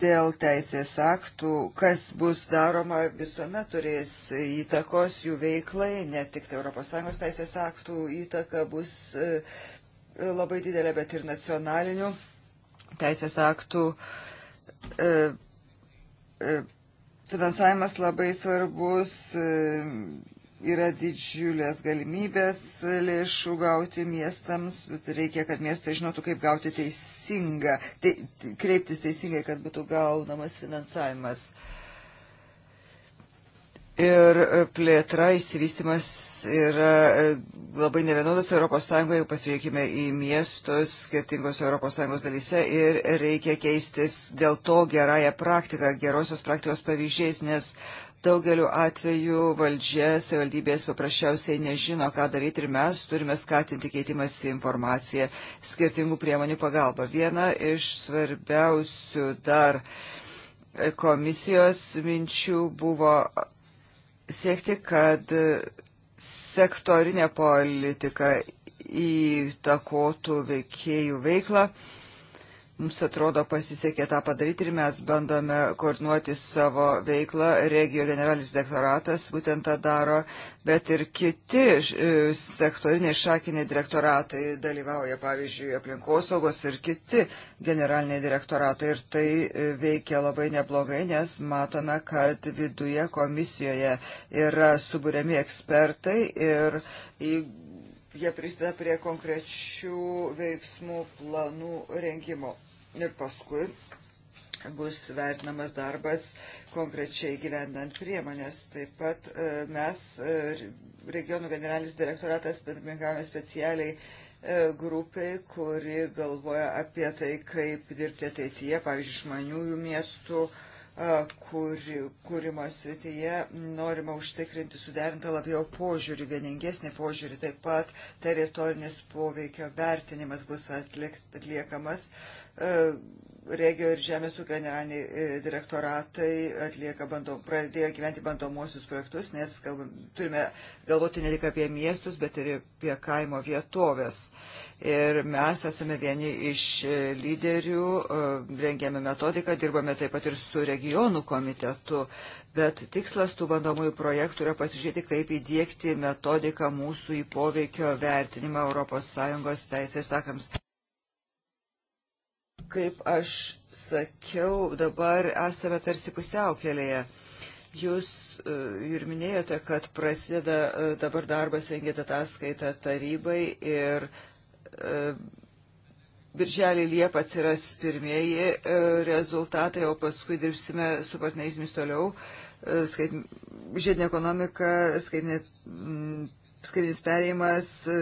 Dėl teisės aktų, kas bus daroma visuomet turės įtakos jų veiklai, ne tik tai ES teisės aktų įtaka bus labai didelė, bet ir nacionalinių teisės aktų Finansavimas labai svarbus, e, yra didžiulės galimybės lėšų gauti miestams, bet reikia, kad miestai žinotų, kaip gauti teisingą, te, kreiptis teisingai, kad būtų gaunamas finansavimas. Uh, ir e, plėtra, įsivystimas yra e, labai nevienodas ES, jeigu pasižiūrėkime į miestus skirtingos ES dalyse ir reikia keistis dėl to gerąją praktiką, gerosios praktikos pavyzdžiais, nes daugeliu atveju valdžia, savivaldybės paprasčiausiai nežino, ką daryti ir mes turime skatinti keitimąsi informaciją skirtingų priemonių pagalba. Viena iš svarbiausių dar komisijos minčių buvo siekti, kad sektorinė politika įtakotų veikėjų veiklą. Uh, Mums atrodo pasisekė tą padaryti ir mes bandome koordinuoti savo veiklą. Regio generalinis dektoratas būtent tą daro, bet ir kiti e, sektoriniai šakiniai direktoratai dalyvauja, pavyzdžiui, aplinkosaugos ir kiti generaliniai direktoratai. Ir tai e, veikia labai neblogai, nes matome, kad viduje komisijoje yra subūriami ekspertai ir į jie prisideda prie konkrečių veiksmų planų rengimo. Ir paskui bus vertinamas darbas konkrečiai gyvendant priemonės. Taip pat e, mes, e, regionų generalinis direktoratas, bendrininkavome specialiai e, grupiai, kuri galvoja apie tai, kaip dirbti ateityje, pavyzdžiui, išmaniųjų miestų kuri, kūrimo srityje norima užtikrinti suderintą labiau požiūrį, vieningesnį požiūrį, taip pat teritorinis poveikio vertinimas bus atlik, atliekamas. E, regio ir žemės ūkio generaliniai e, direktoratai atlieka bandom, pradėjo gyventi bandomuosius projektus, nes kalbam, turime galvoti ne tik apie miestus, bet ir apie kaimo vietovės. Ir mes esame vieni iš e, lyderių, e, rengėme metodiką, dirbame taip pat ir su regionų komitetu, bet tikslas tų bandomųjų projektų yra pasižiūrėti, kaip įdėkti metodiką mūsų į poveikio vertinimą ES teisės sakams. Kaip aš sakiau, dabar esame tarsi pusiaukelėje. Jūs e, ir minėjote, kad prasideda e, dabar darbas rengėte ataskaitą tarybai ir e, birželį Liepą atsiras pirmieji rezultatai, o paskui dirbsime su partnerizmis toliau. Skait, žiedinė ekonomika, skaitinė skaitinis perėjimas, e,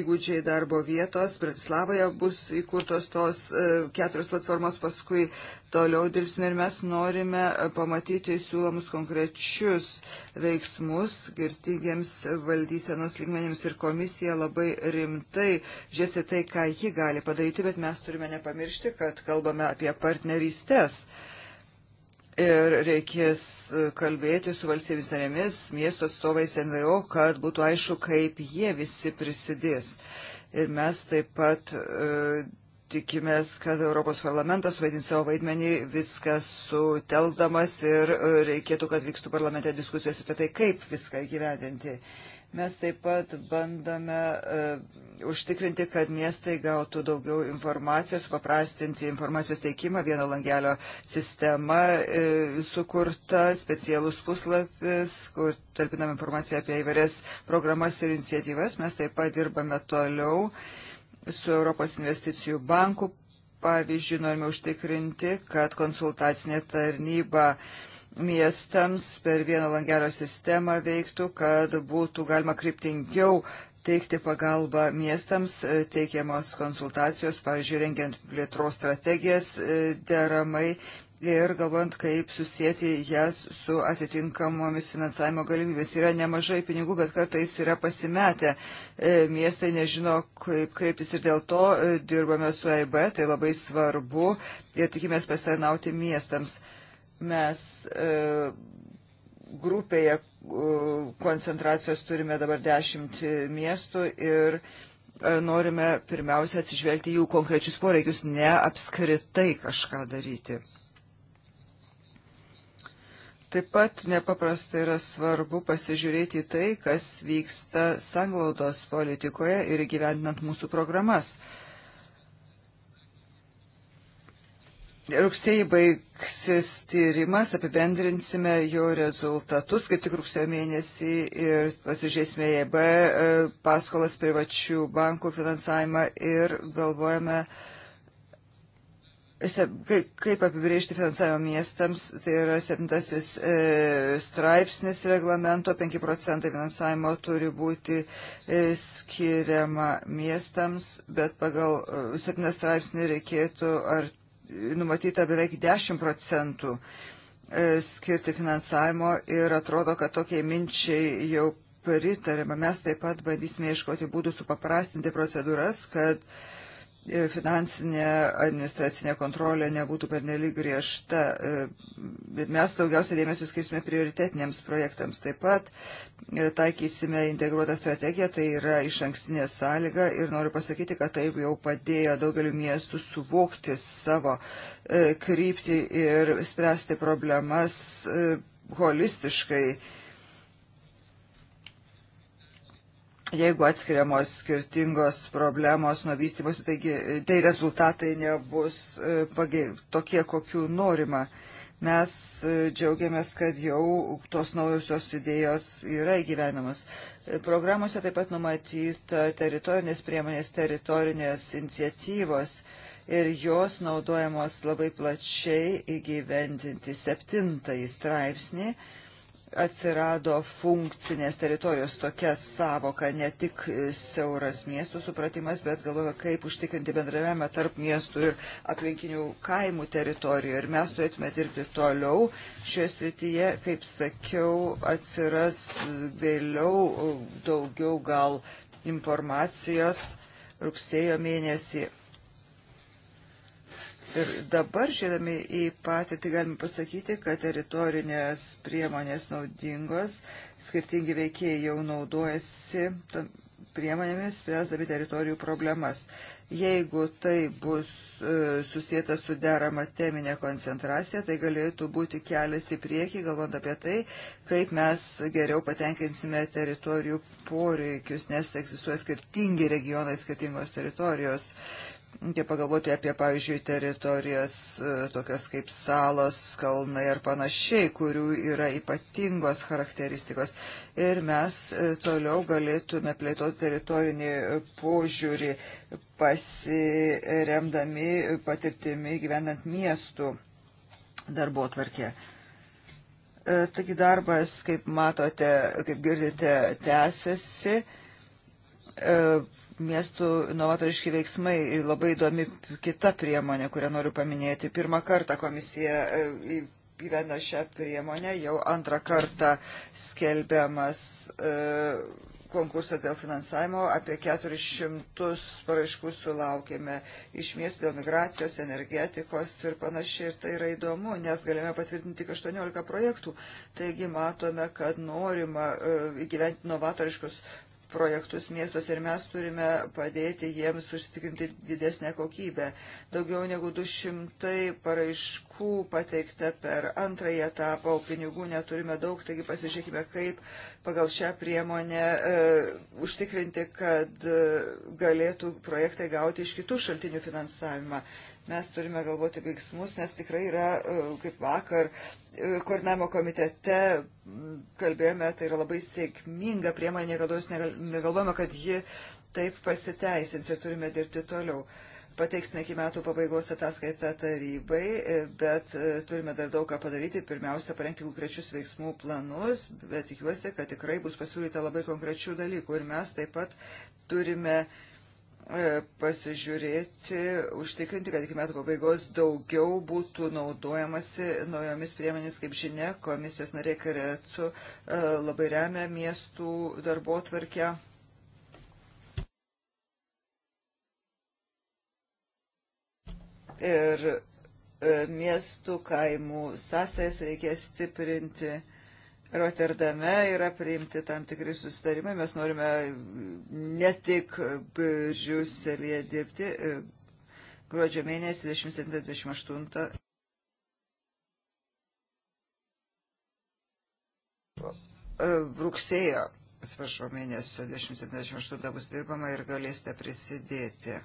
įgūdžiai darbo vietos, Bratislavoje bus įkurtos tos e, keturios platformos, paskui toliau dirbsime ir mes norime e, pamatyti siūlomus konkrečius veiksmus skirtingiems valdysenos lygmenėms ir komisija labai rimtai žiesi tai, ką ji gali padaryti, bet mes turime nepamiršti, kad kalbame apie partnerystės. Uh, Ir reikės e, kalbėti su valstybės narėmis, miesto atstovais NVO, kad būtų aišku, kaip jie visi prisidės. Ir mes taip pat e, tikimės, kad Europos parlamentas vaidins savo vaidmenį, viskas sutelkdamas ir e, reikėtų, kad vykstų parlamente diskusijos apie tai, kaip viską įgyvendinti. Mes taip pat bandome e, užtikrinti, kad miestai gautų daugiau informacijos, paprastinti informacijos teikimą, vieno langelio sistema e, sukurta, specialus puslapis, kur talpinam informaciją apie įvairias programas ir iniciatyvas. Mes taip pat dirbame toliau su Europos investicijų banku. Pavyzdžiui, norime užtikrinti, kad konsultacinė tarnyba uh, miestams per vieno langelio sistemą veiktų, kad būtų galima kryptingiau teikti pagalbą miestams, e, teikiamos konsultacijos, pavyzdžiui, rengiant plėtros strategijas e, deramai ir galvant, kaip susijęti jas su atitinkamomis finansavimo galimybės. Yra nemažai pinigų, bet kartais yra pasimetę. E, miestai nežino, kaip kreiptis ir dėl to dirbame su AIB, tai labai svarbu ir tikimės pasitarnauti miestams. Mes e, grupėje e, koncentracijos turime dabar dešimt miestų ir e, norime pirmiausia atsižvelgti jų konkrečius poreikius, ne apskritai kažką daryti. Taip pat nepaprastai yra svarbu pasižiūrėti tai, kas vyksta sanglaudos politikoje ir gyvendinant mūsų programas. Uh, Rugsėjai baigsis tyrimas, apibendrinsime jo rezultatus, kaip tik rugsėjo mėnesį ir pasižiūrėsime EIB e, paskolas privačių bankų finansavimą ir galvojame, kaip apibrėžti finansavimą miestams, tai yra septintasis e, straipsnis reglamento, 5 procentai finansavimo turi būti e, skiriama miestams, bet pagal septintą straipsnį reikėtų ar numatyta beveik 10 procentų e, skirti finansavimo ir atrodo, kad tokiai minčiai jau pritarėme. Mes taip pat bandysime iškoti būdų supaprastinti procedūras, kad uh, E, finansinė administracinė kontrolė nebūtų pernelyg griežta, e, bet mes daugiausia dėmesio skaisime prioritetiniams projektams. Taip pat e, taikysime integruotą strategiją, tai yra iš ankstinė sąlyga ir noriu pasakyti, kad taip jau padėjo daugeliu miestų suvokti savo kryptį ir spręsti problemas holistiškai jeigu atskiriamos skirtingos problemos nuo vystymosi, taigi tai rezultatai nebus e, pagė, tokie, kokių norima. Mes e, džiaugiamės, kad jau tos naujosios idėjos yra įgyvenamos. E, programuose taip pat numatyta teritorinės priemonės, teritorinės iniciatyvos ir jos naudojamos labai plačiai įgyvendinti septintąjį straipsnį. E, atsirado funkcinės teritorijos tokia savoka, ne tik siauras miestų supratimas, bet galvoja, kaip užtikrinti bendravimą tarp miestų ir aplinkinių kaimų teritorijų. Ir mes turėtume dirbti toliau šioje srityje, kaip sakiau, atsiras vėliau daugiau gal informacijos rugsėjo mėnesį Ir dabar, žiūrėdami į patirtį, tai galime pasakyti, kad teritorinės priemonės naudingos, skirtingi veikėjai jau naudojasi priemonėmis, spręsdami teritorijų problemas. Jeigu tai bus e, susijęta su derama teminė koncentracija, tai galėtų būti kelias į priekį, galvant apie tai, kaip mes geriau patenkinsime teritorijų poreikius, nes egzistuoja skirtingi regionai, skirtingos teritorijos. E, Reikia pagalvoti apie, pavyzdžiui, teritorijas e, tokias kaip salos, kalnai ar panašiai, kurių yra ypatingos charakteristikos. Ir mes e, toliau galėtume plėtoti teritorinį e, požiūrį, pasiremdami patirtimi gyvenant miestų darbo tvarkė. Taigi darbas, kaip matote, kaip girdite, tęsiasi miestų novatoriški veiksmai labai įdomi kita priemonė, kurią noriu paminėti. Pirmą kartą komisija e, įvena šią priemonę, jau antrą kartą skelbiamas e, konkursas dėl finansavimo, apie 400 paraiškų sulaukėme iš miestų dėl migracijos, energetikos ir panašiai. Ir tai yra įdomu, nes galime patvirtinti tik 18 projektų. Taigi matome, kad norima e, įgyventi novatoriškus projektus miestuose ir mes turime padėti jiems užsitikrinti didesnę kokybę. Daugiau negu 200 paraiškų pateikta per antrąjį etapą, o pinigų neturime daug, taigi pasižiūrėkime, kaip pagal šią priemonę e, užtikrinti, kad e, galėtų projektai gauti iš kitų šaltinių finansavimą. E, Mes turime galvoti veiksmus, nes tikrai yra, e, kaip vakar, e, koordinavimo komitete kalbėjome, tai yra labai sėkminga priemonė, niekada negalvojame, kad ji taip pasiteisins ir turime dirbti toliau pateiksime iki metų pabaigos ataskaitą tarybai, e, bet turime dar daug ką padaryti. Pirmiausia, parengti konkrečius veiksmų planus, bet tikiuosi, kad tikrai bus pasiūlyta labai konkrečių dalykų. Ir mes taip pat turime E, pasižiūrėti, užtikrinti, kad iki metų pabaigos daugiau būtų naudojamasi naujomis priemonėmis, kaip žinia, komisijos nariai Karecu e, labai remia miestų darbo tvarkę. Ir e, miestų kaimų sąsajas reikės stiprinti. Rotterdame yra priimti tam tikri susitarimai. Mes norime ne tik Briuselėje dirbti gruodžio mėnesį 27-28. Rugsėjo, atsiprašau, mėnesio 27-28 bus dirbama ir galėsite prisidėti.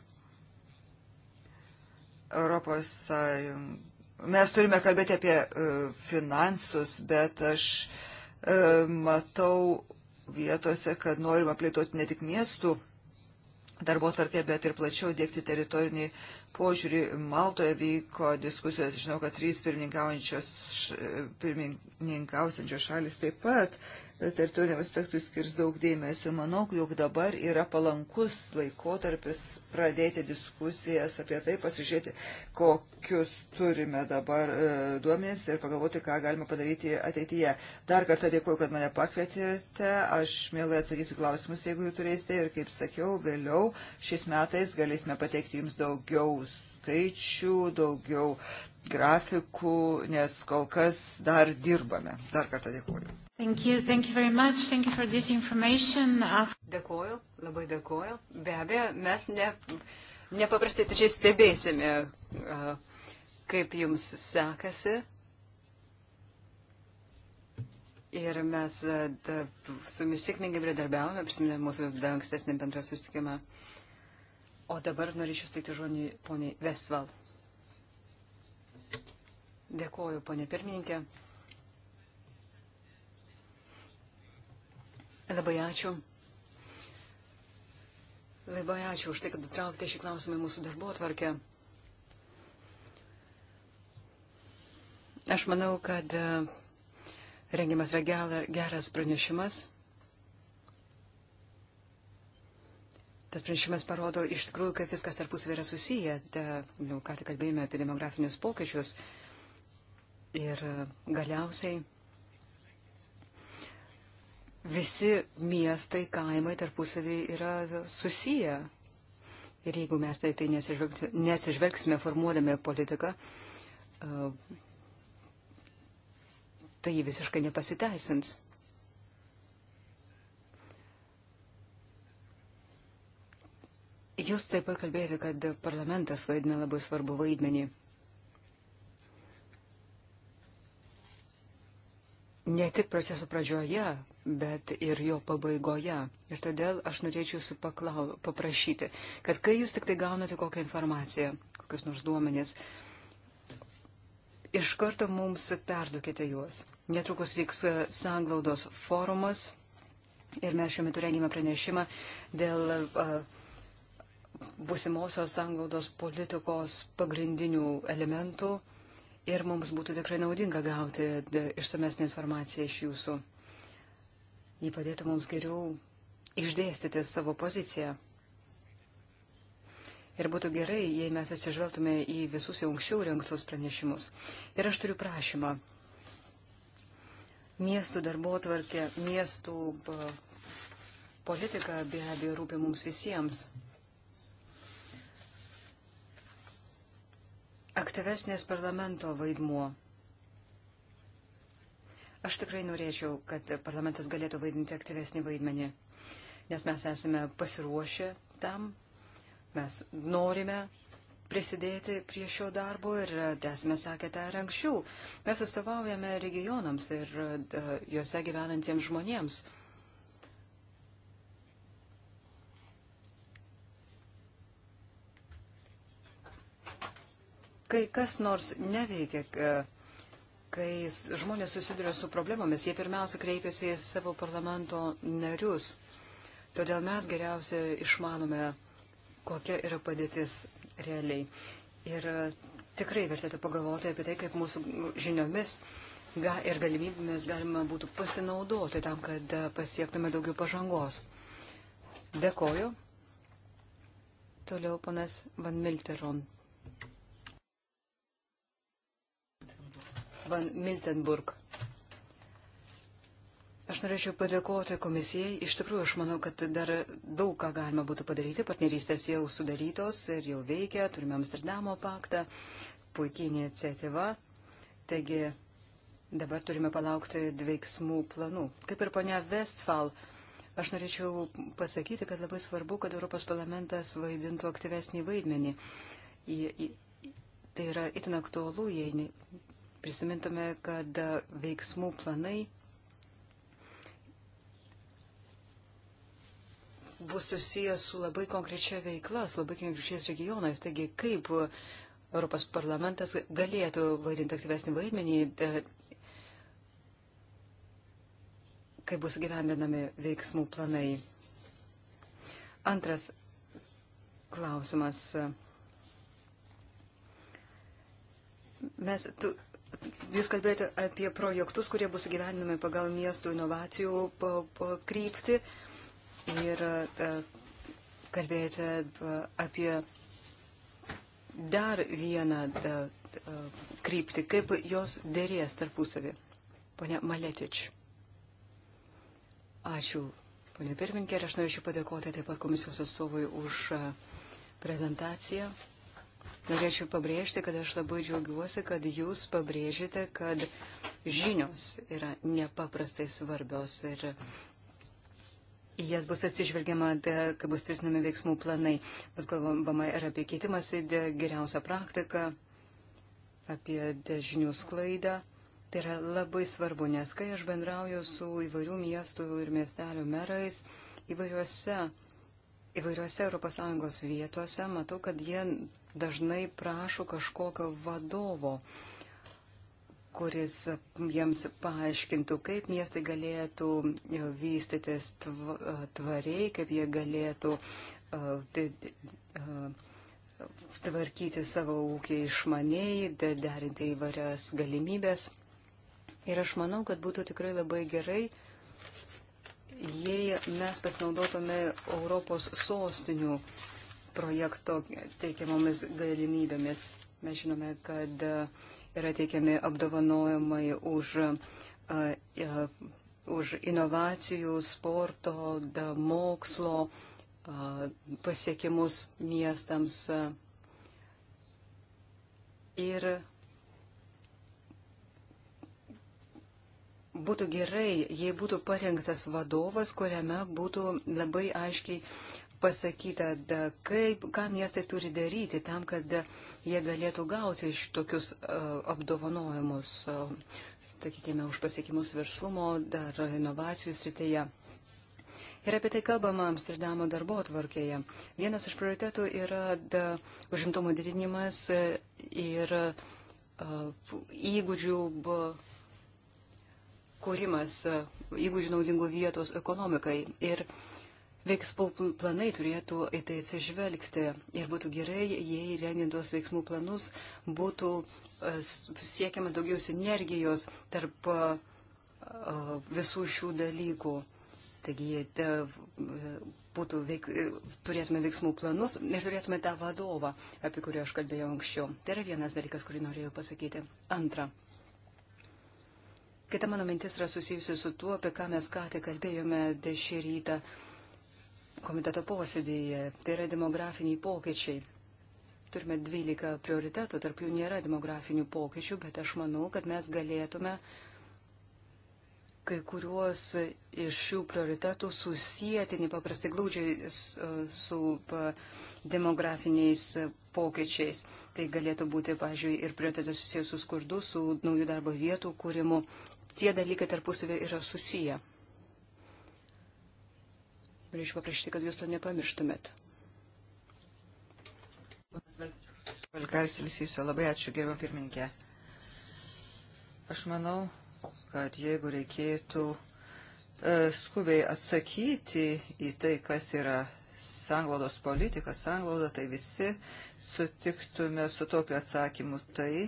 Europos Sąjungos. Mes turime kalbėti apie e, finansus, bet aš uh, E, matau vietose, kad norima plėtoti ne tik miestų darbo tarkė, bet ir plačiau dėkti teritorinį požiūrį. Maltoje vyko diskusijos, žinau, kad trys pirmininkaujančios, pirmininkausiančios šalis taip pat teritoriniam aspektui skirs daug dėmesio. Manau, jog dabar yra palankus laikotarpis pradėti diskusijas apie tai, pasižiūrėti, kokius turime dabar e, duomenys ir pagalvoti, ką galima padaryti ateityje. Dar kartą dėkuoju, kad mane pakvietėte. Aš mielai atsakysiu klausimus, jeigu jų turėsite. Ir kaip sakiau, vėliau šiais metais galėsime pateikti jums daugiau skaičių, daugiau grafikų, nes kol kas dar dirbame. Dar kartą dėkuoju. Thank you, thank you very much, thank you for this information. Uh, dėkoju, labai dėkoju. Be abejo, mes ne, nepaprastai tačiai stebėsime, uh, kaip jums sekasi. Ir mes uh, da, su jumis sėkmingai bendradarbiavome, prisiminėme mūsų ankstesnį bendrą susitikimą. O dabar norėčiau steikti žodį poniai Vestval. Dėkoju, ponė pirmininkė. Labai ačiū. Labai ačiū už tai, kad traukite šį klausimą į mūsų darbo atvarkę. Aš manau, kad e, rengimas yra geras pranešimas. Tas pranešimas parodo iš tikrųjų, kaip viskas tarpusavį yra susiję. De, jau ką tik kalbėjome apie demografinius pokyčius. Ir e, galiausiai visi miestai, kaimai tarpusavį yra susiję. Ir jeigu mes tai, tai nesižvelgsime formuodami politiką, tai visiškai nepasiteisins. Jūs taip pat kalbėjote, kad parlamentas vaidina labai svarbu vaidmenį. ne tik proceso pradžioje, bet ir jo pabaigoje. Ir todėl aš norėčiau jūsų paklau, paprašyti, kad kai jūs tik tai gaunate kokią informaciją, kokius nors duomenis, iš karto mums perdukite juos. Netrukus vyks e, sanglaudos forumas ir mes šiuo metu rengime pranešimą dėl uh, e, busimosios sanglaudos politikos pagrindinių elementų. Uh, ir mums būtų tikrai naudinga gauti e, išsamesnį informaciją iš jūsų. Ji padėtų mums geriau išdėstyti savo poziciją. Ir būtų gerai, jei mes atsižvelgtume į visus jau anksčiau rengtus pranešimus. Ir aš turiu prašymą. Miestų darbo tvarkė, miestų e, politika be abejo rūpi mums visiems. aktyvesnės parlamento vaidmuo. Aš tikrai norėčiau, kad parlamentas galėtų vaidinti aktyvesnį vaidmenį, nes mes esame pasiruošę tam, mes norime prisidėti prie šio darbo ir esame sakę tą ir anksčiau. Mes atstovaujame regionams ir e, juose gyvenantiems žmonėms. kai kas nors neveikia, e, kai žmonės susiduria su problemomis, jie pirmiausia kreipiasi į savo parlamento narius. Todėl mes geriausiai išmanome, kokia yra padėtis realiai. Ir e, tikrai vertėtų pagalvoti apie tai, kaip mūsų žiniomis ga, ir galimybėmis galima būtų pasinaudoti tam, kad e, pasiektume daugiau pažangos. Dėkoju. Toliau panas Van Milteron. van Miltenburg. Aš norėčiau padėkoti komisijai. Iš tikrųjų, aš manau, kad dar daug ką galima būtų padaryti. Partnerystės jau sudarytos ir jau veikia. Turime Amsterdamo paktą. Puikiai iniciatyva. Taigi dabar turime palaukti veiksmų planų. Kaip ir ponia Westfall, aš norėčiau pasakyti, kad labai svarbu, kad Europos parlamentas vaidintų aktyvesnį vaidmenį. Į, į, tai yra itin aktualu, jei prisimintume, kad e, veiksmų planai bus susijęs su labai konkrečia veikla, su labai konkrečiais regionais. Taigi, kaip Europos parlamentas galėtų vaidinti aktyvesnį vaidmenį, e, kai bus gyvendinami veiksmų planai. Antras klausimas. Mes tu, Jūs kalbėjote apie projektus, kurie bus gyvenami pagal miestų inovacijų krypti ir e, kalbėjote e, apie dar vieną e, kryptį, kaip jos dėrės tarpusavį. Pone Maletič. Ačiū, pone pirmininkė, ir aš norėčiau padėkoti taip pat komisijos atstovui už prezentaciją. Norėčiau pabrėžti, kad aš labai džiaugiuosi, kad jūs pabrėžite, kad žinios yra nepaprastai svarbios ir į jas bus atsižvelgiama, tai, kai bus tvirtinami veiksmų planai. Bus galvama ir apie keitimąsi geriausią praktiką, apie žinių sklaidą. Tai yra labai svarbu, nes kai aš bendrauju su įvairių miestų ir miestelių merais įvairiuose įvairiuose ES vietuose matau, kad jie dažnai prašo kažkokio vadovo, kuris jiems paaiškintų, kaip miestai galėtų e, vystytis e, tvariai, kaip jie galėtų e, tvarkyti savo ūkį išmaniai, derinti įvairias galimybės. Ir aš manau, kad būtų tikrai labai gerai, jei mes pasinaudotume Europos sostinių projekto teikiamomis galimybėmis. Mes žinome, kad e, yra teikiami apdovanojimai už, uh, už inovacijų, sporto, da, mokslo uh, pasiekimus miestams. Uh, ir būtų gerai, jei būtų parengtas vadovas, kuriame būtų labai aiškiai pasakyta, da, kaip, ką miestai turi daryti tam, kad da, jie galėtų gauti iš tokius uh, apdovanojimus, uh, sakykime, už pasiekimus verslumo dar inovacijų srityje. Ir apie tai kalbama Amsterdamo darbo atvarkėje. Vienas iš prioritetų yra da, užimtumo didinimas ir uh, įgūdžių. Uh, kūrimas e, įgūdžių naudingų vietos ekonomikai. Ir veiksmų planai turėtų į tai atsižvelgti. Ir būtų gerai, jei rengiant tuos veiksmų planus būtų e, siekiama daugiau sinergijos tarp e, visų šių dalykų. Taigi te, būtų veik, turėtume veiksmų planus ir turėtume tą vadovą, apie kurį aš kalbėjau anksčiau. Tai yra vienas dalykas, kurį norėjau pasakyti. Antra. Kita mano mintis yra susijusi su tuo, apie ką mes ką tik kalbėjome šį rytą komiteto posėdėje. Tai yra demografiniai pokyčiai. Turime 12 prioritetų, tarp jų nėra demografinių pokyčių, bet aš manau, kad mes galėtume kai kuriuos iš šių prioritetų susijęti nepaprastai glaudžiai e, su, su demografiniais pokyčiais. Tai galėtų būti, pažiūrėjau, ir prioritetas susijęs su skurdu, su naujų darbo vietų kūrimu, tie dalykai tarpusavė yra susiję. Norėčiau paprašyti, kad jūs to nepamirštumėt. Valkaris Ilsyso, labai ačiū, gerbama pirmininkė. Aš manau, kad jeigu reikėtų e, skubiai atsakyti į tai, kas yra sanglaudos politika, sanglauda, tai visi sutiktume su tokiu atsakymu tai,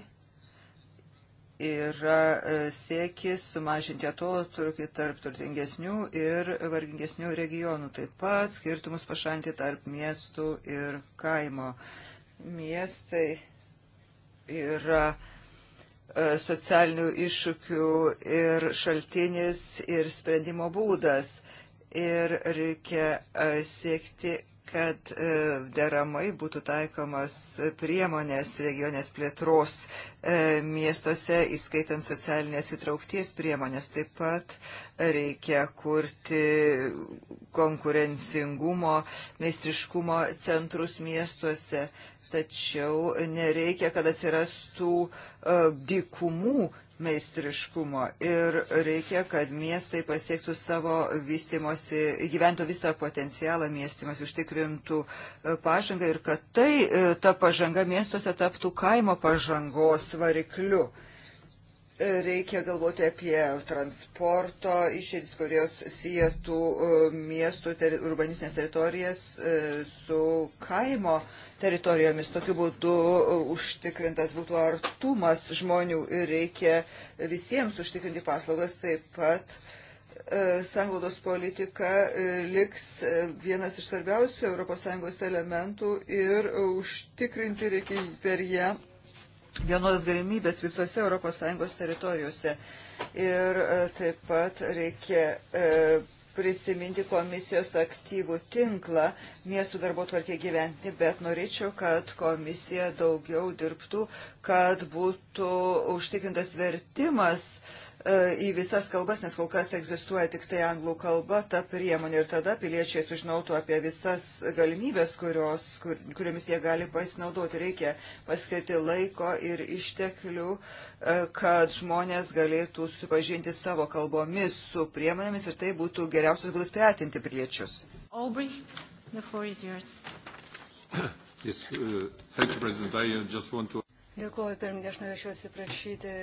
yra e, siekis sumažinti atotrukį tarp turtingesnių ir vargingesnių regionų, taip pat skirtumus pašalinti tarp miestų ir kaimo. Miestai yra e, socialinių iššūkių ir šaltinis ir sprendimo būdas. Ir reikia e, siekti, kad e, deramai būtų taikomas priemonės regionės plėtros e, miestuose, įskaitant socialinės įtraukties priemonės. Taip pat reikia kurti konkurencingumo, meistriškumo centrus miestuose tačiau nereikia, kad atsirastų uh, dykumų meistriškumo ir reikia, kad miestai pasiektų savo vystimosi, įgyventų visą potencialą miestimas, užtikrintų e, pažangą ir kad tai e, ta pažanga miestuose taptų kaimo pažangos varikliu. E, reikia galvoti apie transporto išėdis, kurios sietų miestų ter, urbanistinės teritorijas su kaimo uh, teritorijomis. Tokiu būdu uh, užtikrintas būtų artumas žmonių ir reikia visiems užtikrinti paslaugas. Taip pat uh, sanglaudos politika uh, liks vienas iš svarbiausių ES elementų ir užtikrinti reikia per ją vienodas galimybės visose ES teritorijose. Ir taip pat reikia prisiminti komisijos aktyvų tinklą miestų darbo tvarkė gyventi, bet norėčiau, kad komisija daugiau dirbtų, kad būtų užtikrintas vertimas uh, E, į visas kalbas, nes kol kas egzistuoja tik tai anglų kalba, ta priemonė ir tada piliečiai sužinotų apie visas galimybės, kurios, kur, kuriomis jie gali pasinaudoti. Reikia paskirti laiko ir išteklių, e, kad žmonės galėtų supažinti savo kalbomis su priemonėmis ir tai būtų geriausias būdas priartinti piliečius. Aubrey, the floor is yours. Yes, uh, thank you, President. I uh, just want to... Dėkuoju, pirmininkė, aš norėčiau atsiprašyti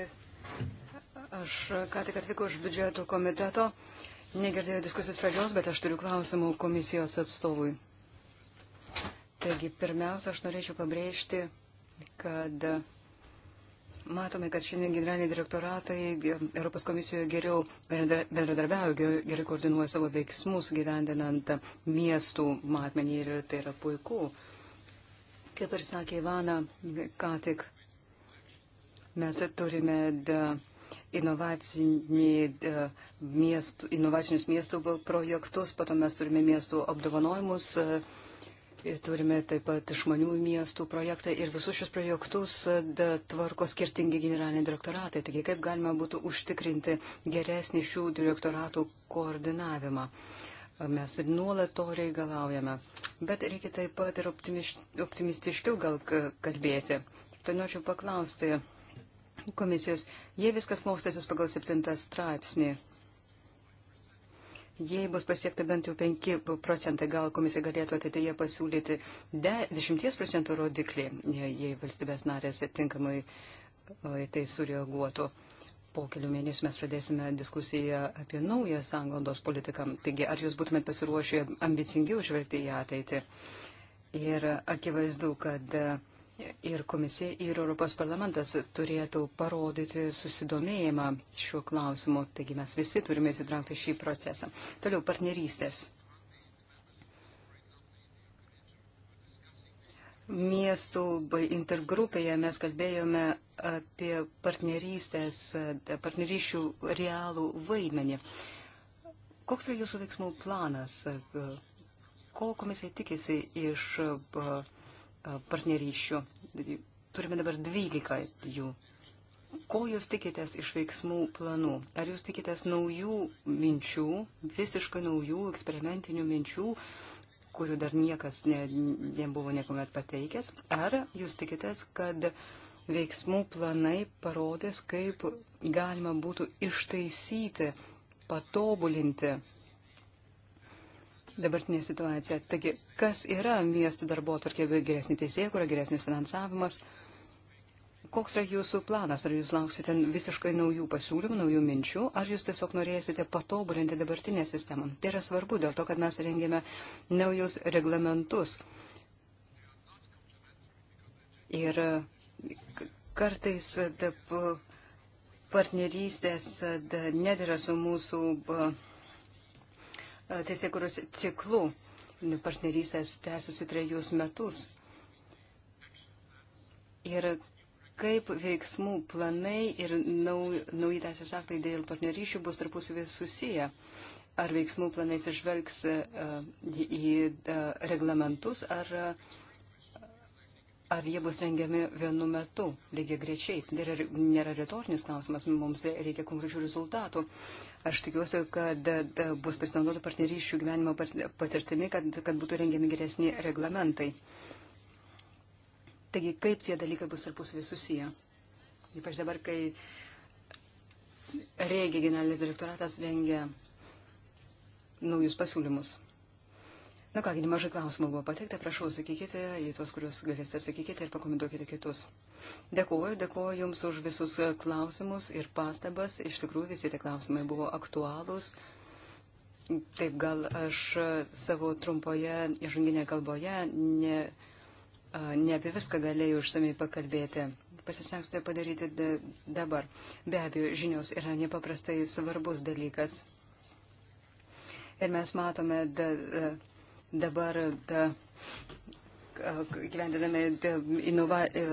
Aš ką tik atvykau iš biudžeto komiteto. Negirdėjau diskusijos pradžios, bet aš turiu klausimų komisijos atstovui. Taigi, pirmiausia, aš norėčiau pabrėžti, kad matome, kad šiandien generaliniai direktoratai Europos komisijoje geriau bendradarbiauja, geriau, geriau koordinuoja savo veiksmus gyvendinant miestų matmenį ir tai yra puiku. Kaip ir sakė Ivana, ką tik mes turime da, E, miestų, inovacinius miestų projektus, po to mes turime miestų apdovanojimus. E, ir turime taip pat išmanių miestų projektą ir visus šios projektus e, da, tvarko skirtingi generaliniai direktoratai. Taigi kaip galima būtų užtikrinti geresnį šių direktoratų koordinavimą. Mes nuolat to reikalaujame. Bet reikia taip pat ir optimistiškiau gal kalbėti. Tai norėčiau paklausti komisijos, jei viskas klostysis pagal septintą straipsnį, jei bus pasiekta bent jau 5 procentai, gal komisija galėtų ateityje pasiūlyti 10 procentų rodiklį, jei valstybės narės tinkamai į tai sureaguotų. Po kelių mėnesių mes pradėsime diskusiją apie naują sąnglaudos politiką. Taigi, ar jūs būtumėt pasiruošę ambicingiau žvelgti į ateitį? Ir akivaizdu, kad uh, ir komisija, ir Europos parlamentas turėtų parodyti susidomėjimą šiuo klausimu. Taigi mes visi turime įsitraukti šį procesą. Toliau partnerystės. Miestų intergrupėje mes kalbėjome apie partnerystės, partnerysčių realų vaidmenį. Koks yra jūsų veiksmų planas? Ko komisija tikisi iš uh, E, partnerysčių. Turime dabar 12 jų. Ko jūs tikitės iš veiksmų planų? Ar jūs tikitės naujų minčių, visiškai naujų eksperimentinių minčių, kurių dar niekas ne, nebuvo niekuomet pateikęs? Ar jūs tikitės, kad veiksmų planai parodės, kaip galima būtų ištaisyti, patobulinti dabartinė situacija. Taigi, kas yra miestų darbo atvarkė, geresnė teisėja, kur yra geresnis finansavimas? Koks yra jūsų planas? Ar jūs lauksite visiškai naujų pasiūlymų, naujų minčių, ar jūs tiesiog norėsite patobulinti dabartinę sistemą? Tai yra svarbu dėl to, kad mes rengėme naujus reglamentus. Ir kartais partnerystės nedėra su mūsų teisėkuros ciklų. Partnerystės tęsiasi trejus metus. Ir kaip veiksmų planai ir nauji, nauji teisės aktai dėl partnerysčių bus tarpusavį susiję. Ar veiksmų planai atsižvelgs e, į e, reglamentus, ar uh, ar jie bus rengiami vienu metu, lygiai grečiai. Ir nėra retorinis klausimas, mums reikia konkrečių rezultatų. Aš tikiuosi, kad e, bus pasinaudota partnerysčių gyvenimo patirtimi, kad, kad būtų rengiami geresni reglamentai. Taigi, kaip tie dalykai bus tarpusavį susiję? Ypač dabar, kai Regi generalinis direktoratas rengia naujus pasiūlymus. Na kągi, nemažai klausimų buvo pateikta, prašau, sakykite į tuos, kuriuos galėsite atsakykite ir pakomentuokite kitus. Dėkuoju, dėkuoju Jums už visus klausimus ir pastabas. Iš tikrųjų, visi tie klausimai buvo aktualūs. Taip, gal aš savo trumpoje įžanginėje kalboje ne, ne apie viską galėjau išsamei pakalbėti. Pasisengsiu tai padaryti dabar. Be abejo, žinios yra nepaprastai svarbus dalykas. Ir mes matome, da, da, dabar da, gyvendinami inova, e,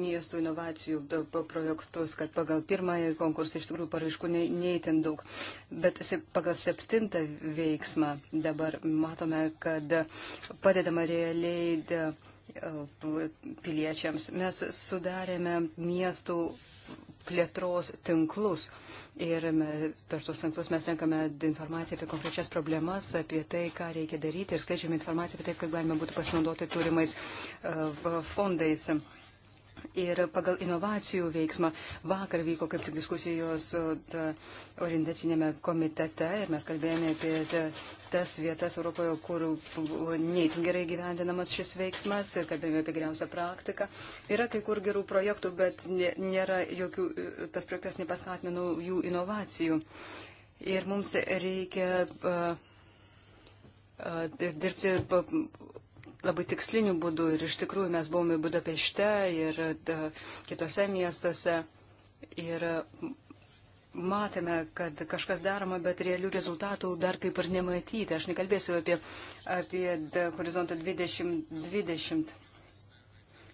miestų inovacijų projektus, kad pagal pirmąjį konkursą iš tikrųjų paraiškų ne, neįtin daug. Bet pagal septintą veiksmą dabar matome, kad padedama realiai e, piliečiams. Mes sudarėme miestų plėtros tinklus. Ir per tuos tinklus mes renkame informaciją apie konkrečias problemas, apie tai, ką reikia daryti ir skleidžiame informaciją apie tai, kaip galima būtų pasinaudoti turimais e, fondais. Uh, Ir pagal inovacijų veiksmą vakar vyko kaip tik diskusijos orientacinėme komitete ir mes kalbėjome apie tas vietas Europoje, kur neįtin gerai gyvendinamas šis veiksmas ir kalbėjome apie geriausią praktiką. Yra kai kur gerų projektų, bet nėra jokių, tas projektas nepaskatino jų inovacijų. Ir mums reikia uh, uh, dirbti. Uh, labai tiksliniu būdu ir iš tikrųjų mes buvome Budapešte ir da, kitose miestuose ir matėme, kad kažkas daroma, bet realių rezultatų dar kaip ir nematyti. Aš nekalbėsiu apie, apie da, horizontą 2020.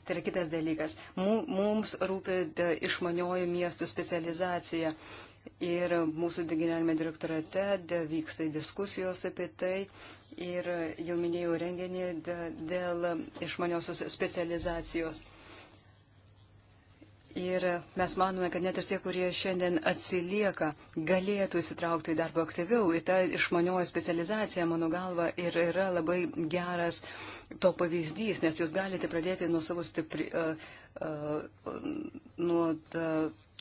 Tai yra kitas dalykas. Mums rūpi da, išmanioji miestų specializacija. Ir mūsų generalinėme direktorate vyksta diskusijos apie tai ir jau minėjau renginį dėl išmaniosios specializacijos. Ir mes manome, kad net ir tie, kurie šiandien atsilieka, galėtų įsitraukti į darbą aktyviau. Ir ta išmanioji specializacija, mano galva, ir yra labai geras to pavyzdys, nes jūs galite pradėti nuo savo stipri, uh, uh, nuo ta,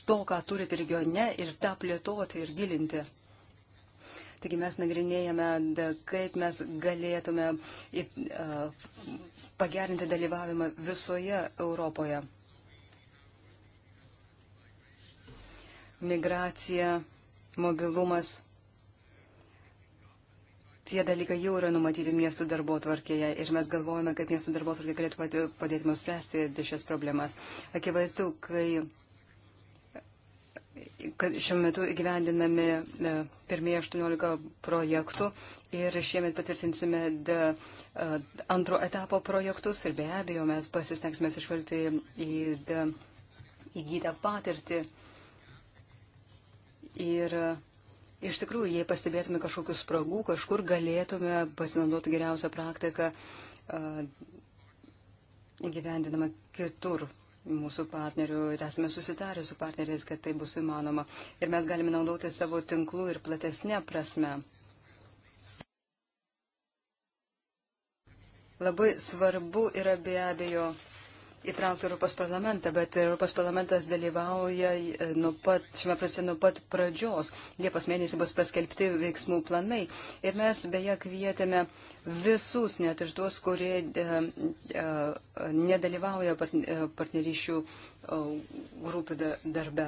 to, ką turite regione ir tą plėtoti ir gilinti. Taigi mes nagrinėjame, kaip mes galėtume pagerinti dalyvavimą visoje Europoje. Migracija, mobilumas. Tie dalykai jau yra numatyti miestų darbo tvarkėje ir mes galvojame, kaip miestų darbo tvarkė galėtų padėti mums spręsti šias problemas. Akivaizdu, kai kad šiuo metu įgyvendinami e, pirmieji 18 projektų ir šiemet patvirtinsime de, antro etapo projektus ir be abejo mes pasistengsime išvelgti į de, įgytą patirtį. Ir e, iš tikrųjų, jei pastebėtume kažkokius spragų, kažkur galėtume pasinaudoti geriausią praktiką e, įgyvendinamą kitur mūsų partnerių ir esame susitarę su partneriais, kad tai bus įmanoma. Ir mes galime naudoti savo tinklų ir platesnė prasme. Labai svarbu yra be abejo įtraukti Europos parlamentą, bet Europos parlamentas dalyvauja e, nuo pat, šiame procese nuo pat pradžios. Liepos mėnesį bus paskelbti veiksmų planai. Ir mes beje kvietėme visus, net ir tuos, kurie e, e, nedalyvauja e, partnerysčių grupių darbe,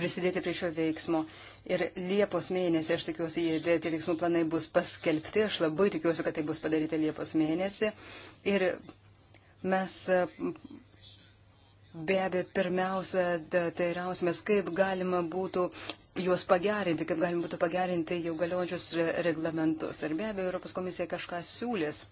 prisidėti prie šio veiksmo. Ir Liepos mėnesį, aš tikiuosi, tie veiksmų planai bus paskelbti, aš labai tikiuosi, kad tai bus padaryta Liepos mėnesį. Ir mes Be abejo, pirmiausia, teirausimės, kaip galima būtų juos pagerinti, kaip galima būtų pagerinti jau galiojančius reglamentus. Ir be abejo, Europos komisija kažką siūlės.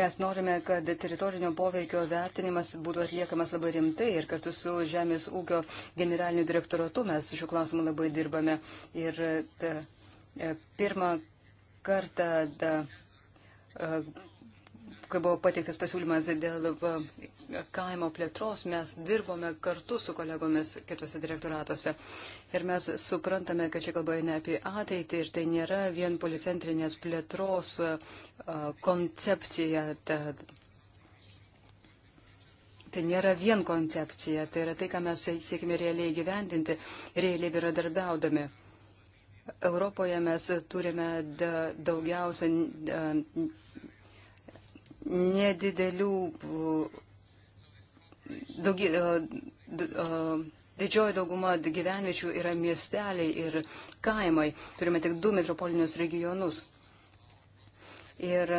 Mes norime, kad teritorinio poveikio vertinimas būtų atliekamas labai rimtai ir kartu su Žemės ūkio generaliniu direktoratu mes šiuo klausimu labai dirbame. Ir ta, e, pirmą kartą, da, e, kai buvo pateiktas pasiūlymas dėl kaimo plėtros mes dirbome kartu su kolegomis kitose direktoratuose. Ir mes suprantame, kad čia kalba eina apie ateitį ir tai nėra vien policentrinės plėtros koncepcija. Ta, Tai nėra vien koncepcija, tai yra tai, ką mes siekime realiai gyvendinti, realiai bendradarbiaudami. Europoje mes turime da, daugiausia da, nedidelių daugi, e, e, didžioji dauguma gyvenviečių yra miesteliai ir kaimai. Turime tik du metropolinius regionus. Ir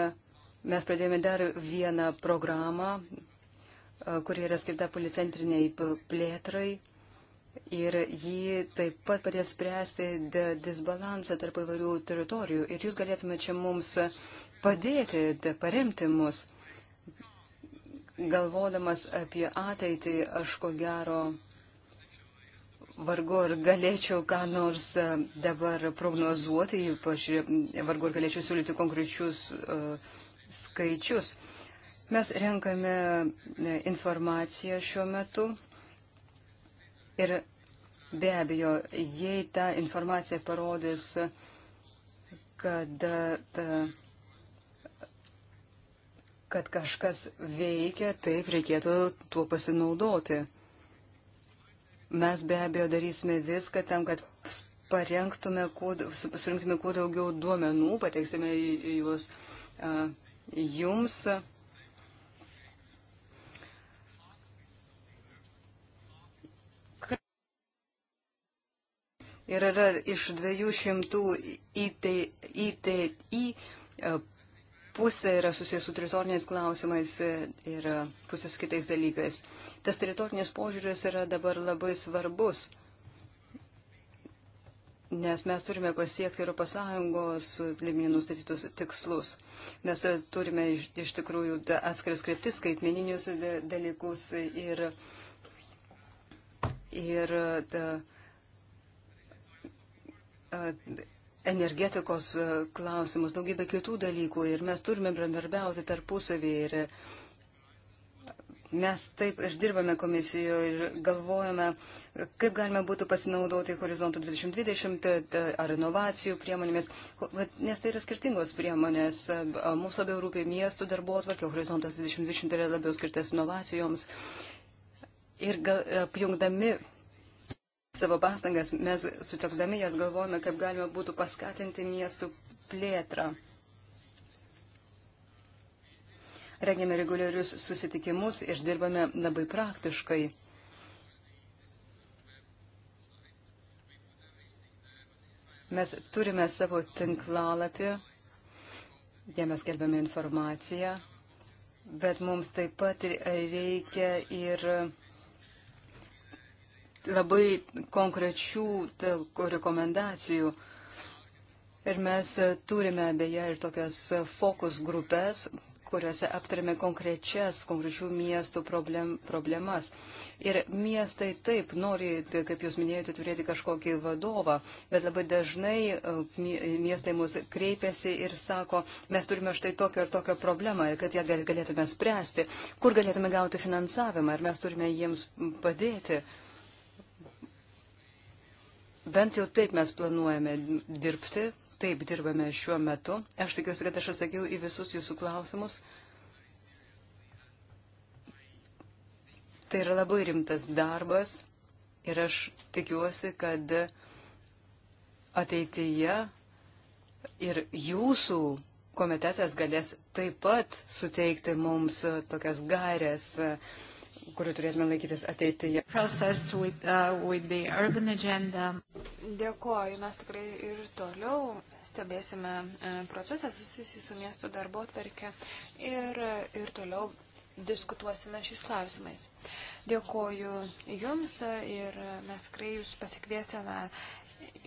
mes pradėjome dar vieną programą, e, kuri yra skirta policentriniai plėtrai. Ir ji taip pat padės spręsti disbalansą tarp įvairių teritorijų. Ir jūs galėtumėte čia mums padėti, paremti mus galvodamas apie ateitį, aš ko gero vargu ar galėčiau ką nors e, dabar prognozuoti, ypač e, vargu ar galėčiau siūlyti konkrečius uh, skaičius. Mes renkame informaciją šiuo metu ir be abejo, jei ta informacija parodys, kad ta, uh, kad kažkas veikia, taip reikėtų tuo pasinaudoti. Mes be abejo darysime viską tam, kad parengtume, kuo, surinktume kuo daugiau duomenų, pateiksime juos uh, jums. Ir yra iš 200 ITI IT, IT, pusė yra susijęs su teritoriniais klausimais ir pusė su kitais dalykais. Tas teritorinis požiūris yra dabar labai svarbus, nes mes turime pasiekti ES lygmenį nustatytus tikslus. Mes turime iš, iš tikrųjų atskiras kryptis, skaitmeninius dalykus ir, ir da, a, energetikos e, klausimus, daugybę kitų dalykų ir mes turime bendarbiauti tarpusavį ir e, mes taip ir dirbame komisijoje ir galvojame, e, kaip galime būtų pasinaudoti horizontų 2020 ar inovacijų priemonėmis, nes tai yra skirtingos priemonės. Mums labiau rūpi miestų darbo atvarkė, horizontas 2020 yra labiau skirtas inovacijoms. Ir gal, apjungdami savo pastangas mes sutekdami jas galvojame, kaip galima būtų paskatinti miestų plėtrą. Rengiame reguliarius susitikimus ir dirbame labai praktiškai. Mes turime savo tinklalapį, jame skelbiame informaciją, bet mums taip pat reikia ir labai konkrečių rekomendacijų. Ir mes turime beje ir tokias fokus grupės, kuriuose aptarėme konkrečias konkrečių miestų problem, problemas. Ir miestai taip nori, kaip jūs minėjote, turėti kažkokį vadovą, bet labai dažnai e, miestai mus kreipiasi ir sako, mes turime štai tokią ir tokią problemą, kad ją galėtume spręsti, kur galėtume gauti finansavimą ir mes turime jiems padėti. Bent jau taip mes planuojame dirbti, taip dirbame šiuo metu. Aš tikiuosi, kad aš atsakiau į visus jūsų klausimus. Tai yra labai rimtas darbas ir aš tikiuosi, kad ateityje ir jūsų komitetas galės taip pat suteikti mums tokias gairias, kurių turėtume laikytis ateityje. With, uh, with Dėkuoju, mes tikrai ir toliau stebėsime e, procesą susijusį su miesto darbo atverkė ir, e, ir toliau diskutuosime šiais klausimais. Dėkuoju Jums e, ir mes tikrai Jūs pasikviesime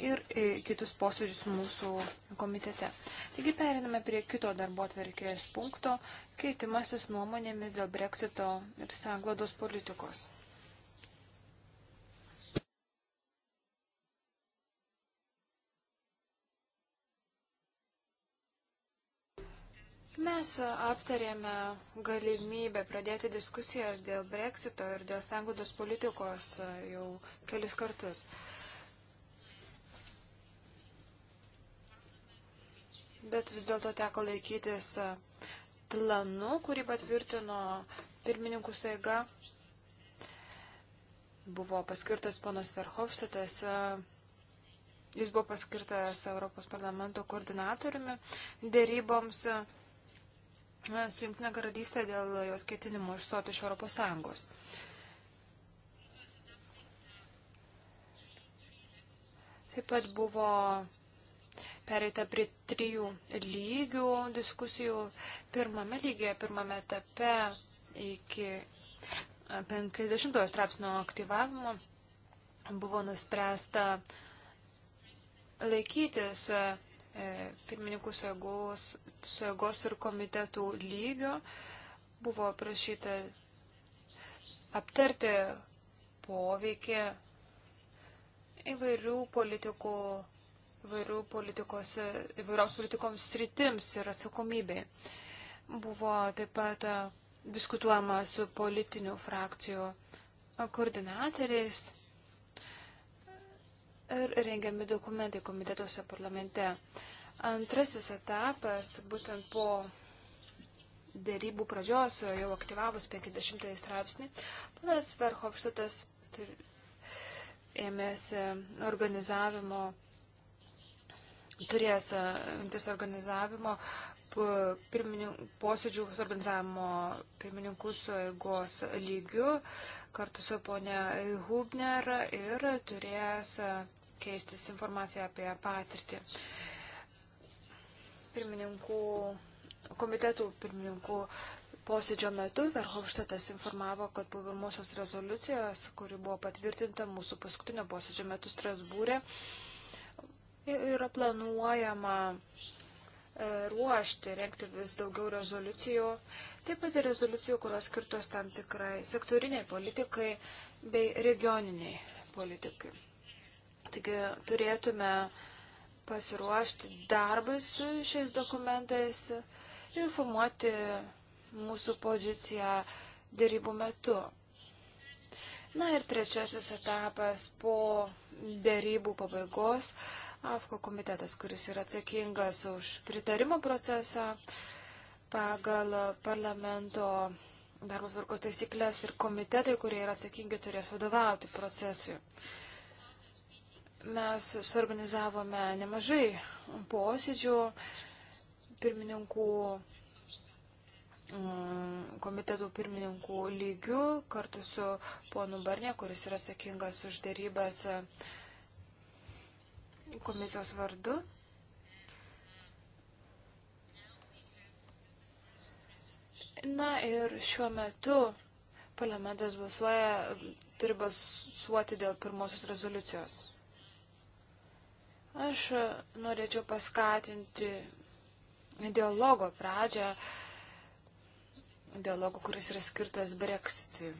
ir kitus posėdžius mūsų komitete. Taigi periname prie kito darbo atverkės punkto keitimasis nuomonėmis dėl breksito ir sanglados politikos. Mes aptarėme galimybę pradėti diskusiją dėl breksito ir dėl sanglados politikos jau kelis kartus. Bet vis dėlto teko laikytis planu, kurį patvirtino pirmininkų saiga. Buvo paskirtas ponas Verhofstadas, jis buvo paskirtas Europos parlamento koordinatoriumi dėryboms su Junktinė karalystė dėl jos ketinimo išstoti iš Europos Sąjungos. Taip pat buvo pereita prie trijų lygių diskusijų. Pirmame lygyje, pirmame etape iki 50 straipsnio aktyvavimo buvo nuspręsta laikytis e, pirmininkų sąjungos, sąjungos ir komitetų lygio. Buvo prašyta aptarti poveikį įvairių politikų įvairių politikos, įvairiaus politikoms sritims ir atsakomybei. Buvo taip pat e, diskutuojama su politinių frakcijų koordinatoriais ir rengiami dokumentai komitetuose parlamente. Antrasis etapas, būtent po dėrybų pradžios, jau aktyvavus 50 straipsnį, panas Verhofštatas ėmėsi organizavimo turės e, imtis organizavimo posėdžių organizavimo pirmininkų sueigos lygių kartu su ponia Hubner ir turės e, keistis informaciją apie patirtį. Pirmininkų, komitetų pirmininkų posėdžio metu Verhofštatas informavo, kad buvimosios rezoliucijos, kuri buvo patvirtinta mūsų paskutinio posėdžio metu Strasbūrė, e, yra planuojama e, ruošti, renkti vis daugiau rezoliucijų, taip pat ir rezoliucijų, kurios skirtos tam tikrai sektoriniai politikai bei regioniniai politikai. Taigi turėtume pasiruošti darbui su šiais dokumentais ir formuoti mūsų poziciją dėrybų metu. Na ir trečiasis etapas po dėrybų pabaigos AFKO komitetas, kuris yra atsakingas už pritarimo procesą pagal parlamento darbo tvarkos taisyklės ir komitetai, kurie yra atsakingi, turės vadovauti procesui. Mes suorganizavome nemažai posėdžių, pirmininkų mm, komitetų pirmininkų lygių kartu su ponu Barnė, kuris yra sakingas už dėrybas komisijos vardu. Na ir šiuo metu parlamentas balsuoja, turi balsuoti dėl pirmosios rezoliucijos. Aš norėčiau paskatinti dialogo pradžią, dialogo, kuris yra skirtas Brexitui.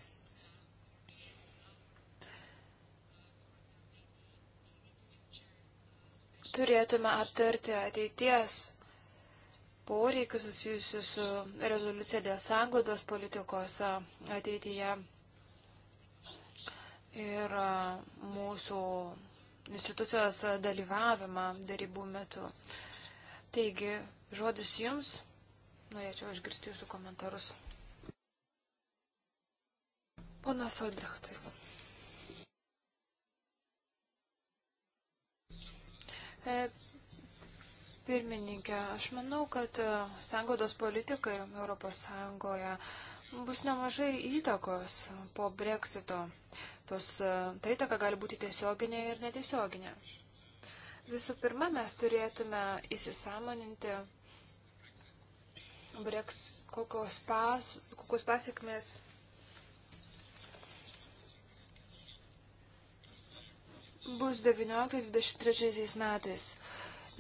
turėtume aptarti ateities poreikius susijusius su rezoliucija dėl sanglaudos politikos ateityje ir mūsų institucijos dalyvavimą darybų metu. Taigi, žodis jums, norėčiau išgirsti jūsų komentarus. Ponas Albrechtas. E, pirmininkė, aš manau, kad e, sangodos politikai ES bus nemažai įtakos po breksito. Tos, e, ta įtaka gali būti tiesioginė ir netiesioginė. Visų pirma, mes turėtume įsisamoninti, breks, kokios, pas, kokios pasiekmes bus 19-23 metais.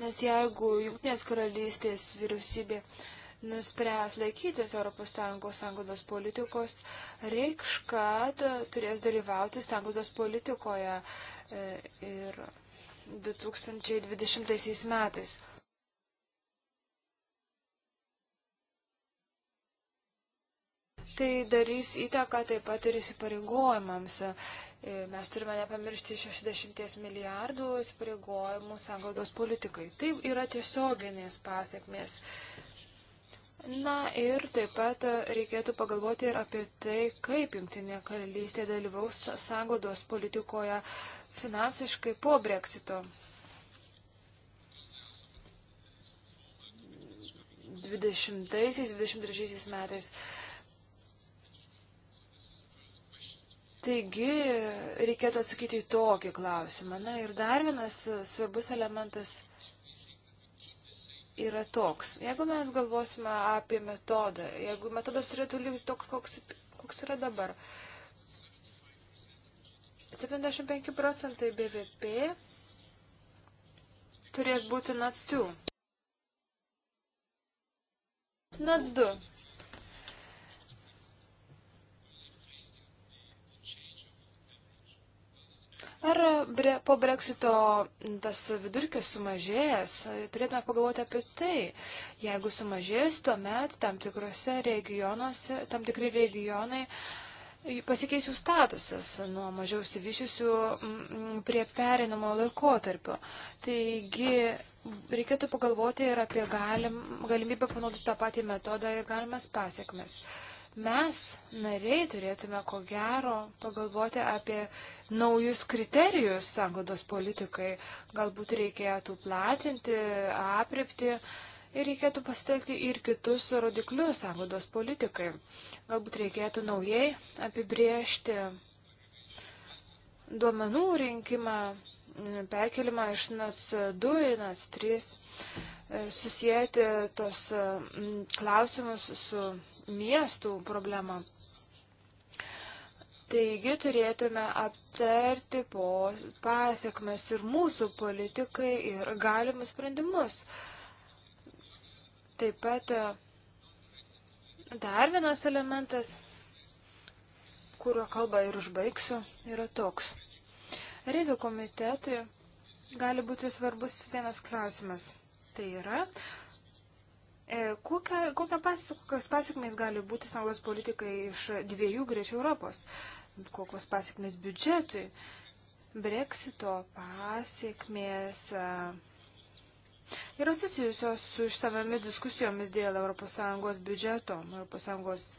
Nes jeigu Junktinės karalystės vyriausybė nuspręs laikytis ES sanglaudos politikos, reikš, kad turės dalyvauti sanglaudos politikoje e, ir 2020 metais. tai darys įtaką taip pat ir įsipareigojimams. E, mes turime nepamiršti 60 milijardų įsipareigojimų sąnaudos politikai. Tai yra tiesioginės pasiekmės. Na ir taip pat reikėtų pagalvoti ir apie tai, kaip Junktinė karalystė dalyvaus sąnaudos politikoje finansiškai po breksito. 20-23 metais. Taigi reikėtų atsakyti į tokį klausimą. Na ir dar vienas svarbus elementas yra toks. Jeigu mes galvosime apie metodą, jeigu metodas turėtų likti toks, koks, koks yra dabar, 75 procentai BVP turės būti NAC2. NAC2. Ar bre, po breksito tas vidurkis sumažėjęs? Turėtume pagalvoti apie tai. Jeigu sumažės, tuomet tam tikrose regionuose, tam tikri regionai pasikeis jų statusas nuo mažiau įsivyšiusių mm, prie perinamo laikotarpio. Taigi reikėtų pagalvoti ir apie galim, galimybę panaudoti tą patį metodą ir galimas pasiekmes. Uh, Mes, nariai, turėtume ko gero pagalvoti apie naujus kriterijus sangodos politikai. Galbūt reikėtų platinti, aprepti ir reikėtų pasitelkti ir kitus rodiklius sąvados politikai. Galbūt reikėtų naujai apibriežti duomenų rinkimą, perkelimą iš NAC2 į NAC3. E, susijęti tos e, klausimus su miestų problema. Taigi turėtume aptarti po pasiekmes ir mūsų politikai ir galimus sprendimus. Taip pat e, dar vienas elementas, kurio kalbą ir užbaigsiu, yra toks. Reikia komitetui gali būti svarbus vienas klausimas. Tai yra, e, kokia, kokia pasiekmes, pasiekmes gali būti sąjungos politikai iš dviejų greičių Europos, kokios pasiekmes biudžetui, breksito pasiekmes e, yra susijusios su išsamiamis diskusijomis dėl ES biudžeto, ES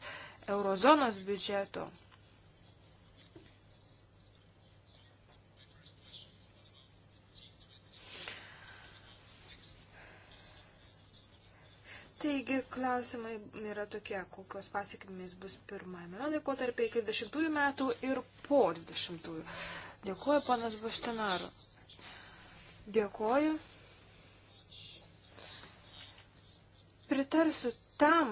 eurozonos biudžeto. Taigi klausimai yra tokie, kokios pasiekmės bus pirmame laikotarpiai iki 20 metų ir po 20. -ųjų. Dėkuoju, panas Buštinaru. Dėkuoju. Pritarsiu tam,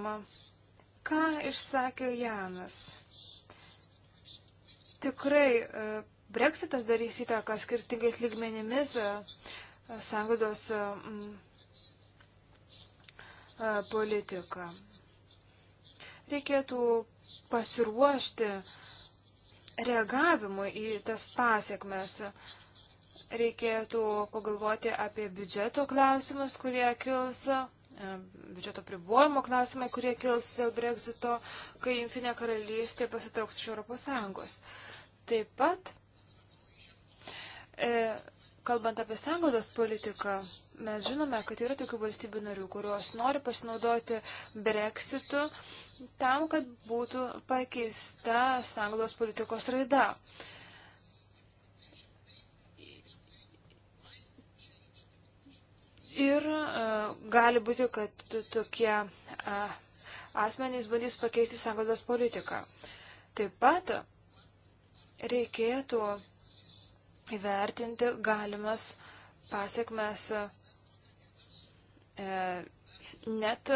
ką išsakė Janas. Tikrai e, Brexitas darys įtaką skirtingais lygmenimis e, sąngados e, politiką. Reikėtų pasiruošti reagavimui į tas pasiekmes. Reikėtų pagalvoti apie biudžeto klausimus, kurie kils, biudžeto pribojimo klausimai, kurie kils dėl Brexito, kai Junktinė karalystė pasitrauks iš Europos Sąjungos. Taip pat, e, kalbant apie sąngodos politiką, mes žinome, kad yra tokių valstybių narių, kurios nori pasinaudoti breksitu tam, kad būtų pakeista sanglos politikos raida. Ir uh, gali būti, kad tokie uh, asmenys bandys pakeisti sanglados politiką. Taip pat reikėtų įvertinti galimas pasiekmes uh, E, net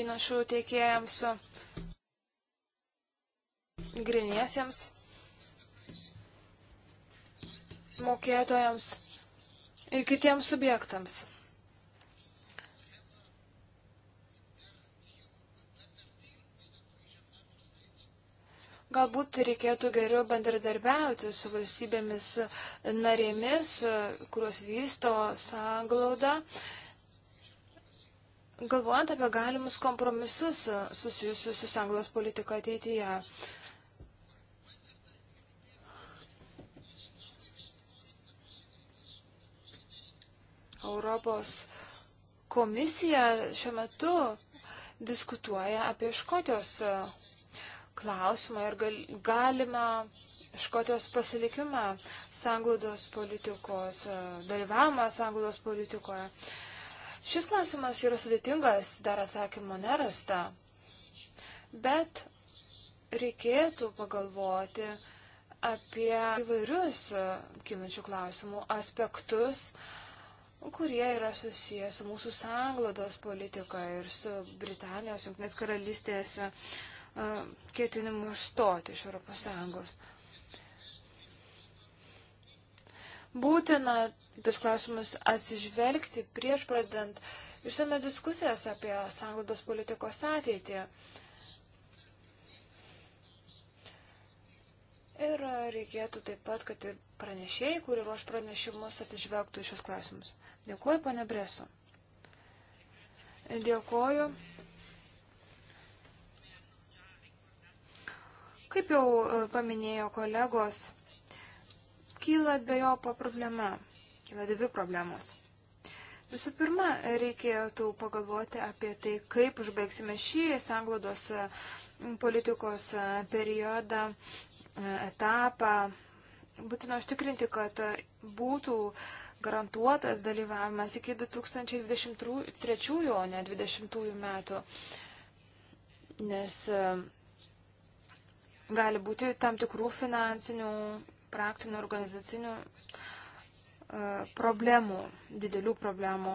įnašų teikėjams, griniesiems mokėtojams ir kitiems subjektams. Galbūt reikėtų geriau bendradarbiauti su valstybėmis narėmis, kurios vysto sąglaudą Galvojant apie galimus kompromisus e, susijusius su sanglos politika ateityje, Europos komisija šiuo metu diskutuoja apie Škotijos e, klausimą ir gal, galime Škotijos pasilikimą sanglaudos politikos, e, dalyvavimą sanglaudos politikoje. Uh, Šis klausimas yra sudėtingas, dar atsakymo nerasta, bet reikėtų pagalvoti apie įvairius e, kilančių klausimų aspektus, kurie yra susijęs su mūsų sanglados politika ir su Britanijos, Junktinės karalystės e, ketinimu išstoti iš Europos Sąjungos būtina tos klausimus atsižvelgti prieš pradant išsame diskusijas apie sąnglaudos politikos ateitį. Ir reikėtų taip pat, kad ir pranešėjai, kurie ruoš pranešimus, atsižvelgtų šios klausimus. Dėkuoju, pane Bresu. Dėkuoju. Kaip jau e, paminėjo kolegos, kyla dviejopa problema, kyla dvi problemos. Visų pirma, reikėtų pagalvoti apie tai, kaip užbaigsime šį sanglodos politikos periodą, etapą. Būtina užtikrinti, kad būtų garantuotas dalyvavimas iki 2023, o ne 2020 metų. Nes gali būti tam tikrų finansinių praktinių organizacinių e, problemų, didelių problemų.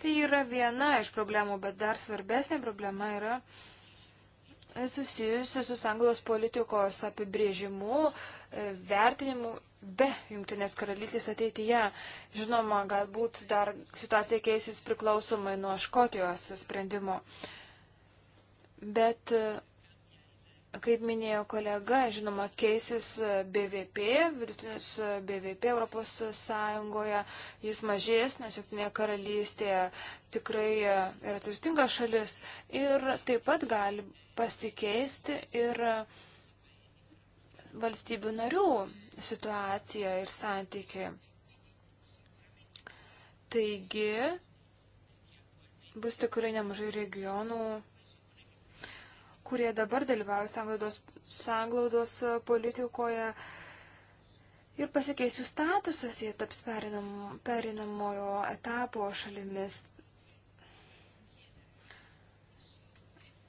Tai yra viena iš problemų, bet dar svarbesnė problema yra susijusi su Anglijos politikos apibrėžimu, e, vertinimu be Junktinės karalystės ateityje. Žinoma, galbūt dar situacija keisis priklausomai nuo Škotijos sprendimo. Bet e, Kaip minėjo kolega, žinoma, keisis BVP, vidutinis BVP Europos Sąjungoje, jis mažės, nes Junktinėje karalystėje tikrai yra turtinga šalis ir taip pat gali pasikeisti ir valstybių narių situacija ir santykiai. Taigi, bus tikrai nemažai regionų kurie dabar dalyvauja sanglaudos, sanglaudos politikoje ir pasikeis jų statusas, jie taps perinam, perinamojo etapo šalimis.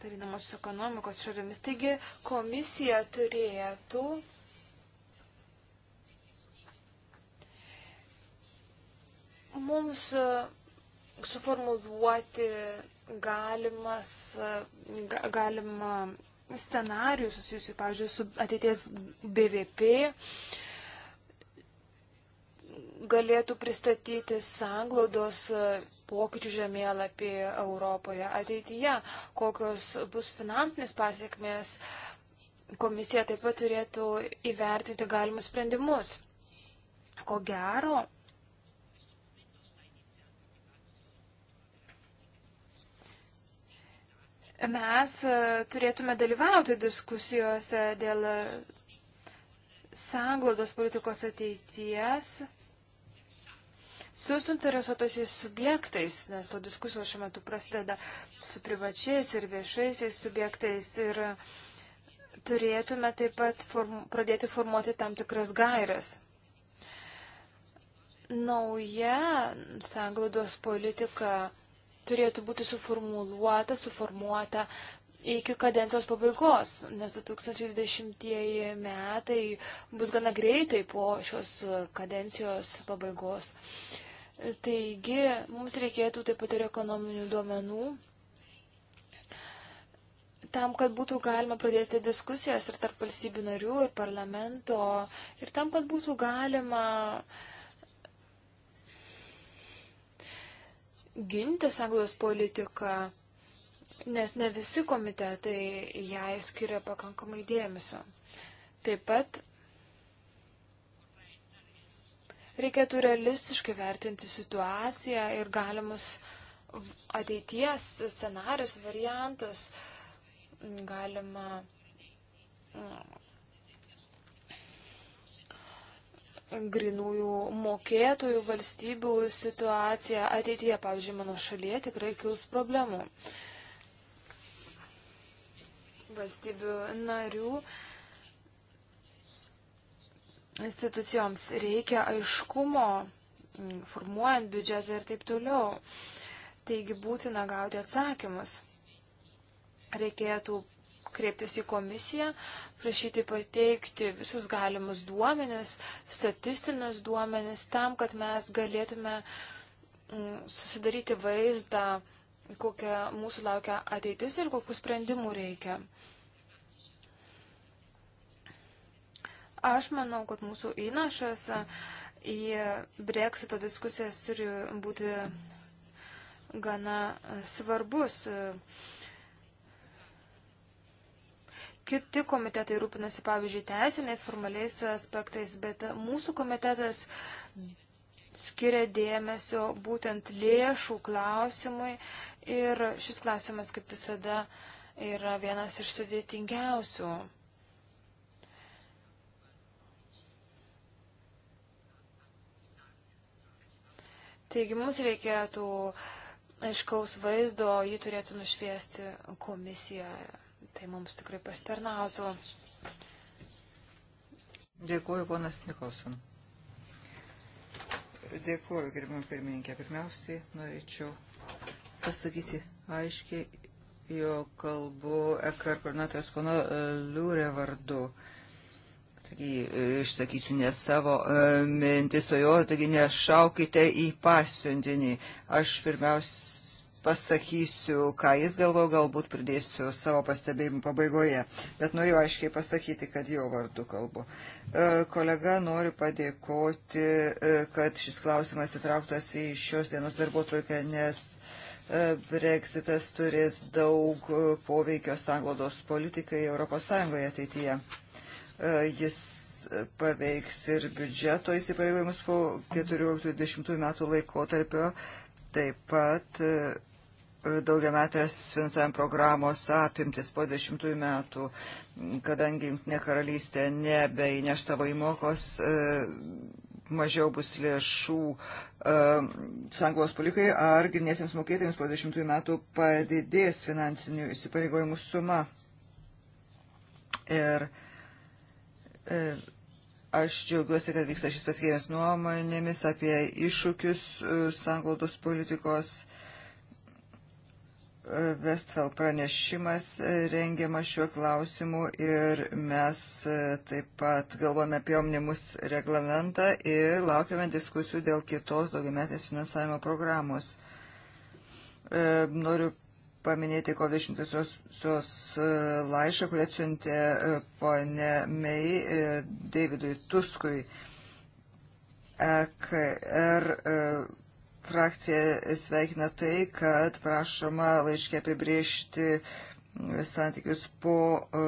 Tarinamos ekonomikos šalimis. Taigi komisija turėtų mums suformuluoti galimas, ga, galima scenarių susijusių, pavyzdžiui, su ateities BVP galėtų pristatyti sanglaudos pokyčių žemėlapį Europoje ateityje, kokios bus finansinės pasiekmės. Komisija taip pat turėtų įvertinti galimus sprendimus. Ko gero, mes e, turėtume dalyvauti diskusijose dėl e, sąnglodos politikos ateities su suinteresuotaisiais subjektais, nes to diskusijos šiuo metu prasideda su privačiais ir viešaisiais subjektais ir turėtume taip pat form, pradėti formuoti tam tikras gairias. Nauja sanglaudos politika turėtų būti suformuluota, suformuota iki kadencijos pabaigos, nes 2020 metai bus gana greitai po šios kadencijos pabaigos. Taigi, mums reikėtų taip pat ir ekonominių duomenų tam, kad būtų galima pradėti diskusijas ir tarp valstybių narių, ir parlamento, ir tam, kad būtų galima uh, ginti sanglos politiką, nes ne visi komitetai jai skiria pakankamai dėmesio. Taip pat reikėtų realistiškai vertinti situaciją ir galimus ateities scenarius, variantus. Galima grinųjų mokėtojų valstybių situacija ateityje, pavyzdžiui, mano šalyje tikrai kils problemų. Valstybių narių institucijoms reikia aiškumo, formuojant biudžetą ir taip toliau. Taigi būtina gauti atsakymus. Reikėtų kreiptis į komisiją, prašyti pateikti visus galimus duomenis, statistinius duomenis, tam, kad mes galėtume mm, susidaryti vaizdą, kokia mūsų laukia ateitis ir kokius sprendimų reikia. Aš manau, kad mūsų įnašas į breksito diskusijas turi būti gana svarbus. Uh, kiti komitetai rūpinasi, pavyzdžiui, teisiniais formaliais aspektais, bet mūsų komitetas skiria dėmesio būtent lėšų klausimui ir šis klausimas, kaip visada, yra vienas iš sudėtingiausių. Taigi mums reikėtų aiškaus vaizdo, jį turėtų nušviesti komisija tai mums tikrai pasternautų. Dėkuoju, ponas Nikolson. Dėkuoju, gerbimo pirmininkė. Pirmiausiai norėčiau pasakyti aiškiai, jo kalbu EKR koordinatorius pono e, Liūrė vardu. Taigi, e, išsakysiu ne savo e, mintis, o jo, taigi nešaukite į pasiuntinį. Aš pirmiausia pasakysiu, ką jis galvoja, galbūt pridėsiu savo pastebėjimų pabaigoje, bet noriu aiškiai pasakyti, kad jo vardu kalbu. E, kolega noriu padėkoti, e, kad šis klausimas įtrauktas į šios dienos darbo tvarkę, nes e, Brexitas turės daug poveikio sanglodos politikai ES ateityje. Jis paveiks ir biudžeto įsipareigojimus po 14-20 metų laikotarpio, taip pat daugiametės finansavimo programos apimtis po dešimtųjų metų, kadangi Junktinė karalystė nebeineš savo įmokos, e, mažiau bus lėšų e, sanglos polikai ar grinėsiams mokėtėms po dešimtųjų metų padidės finansinių įsipareigojimų suma. Ir, ir e, Aš džiaugiuosi, kad vyksta šis pasikėjimas nuomonėmis apie iššūkius sanglaudos politikos Vestfel pranešimas rengiamas šiuo klausimu ir mes e, taip pat galvome apie omnimus reglamentą ir laukiame diskusijų dėl kitos daugiametės finansavimo programos. E, noriu paminėti kovo 10-osios e, laišką, kurį atsiuntė ponė Mei Davidui Tuskui. EKR frakcija sveikina tai, kad prašoma laiškė apibriežti e, santykius po e,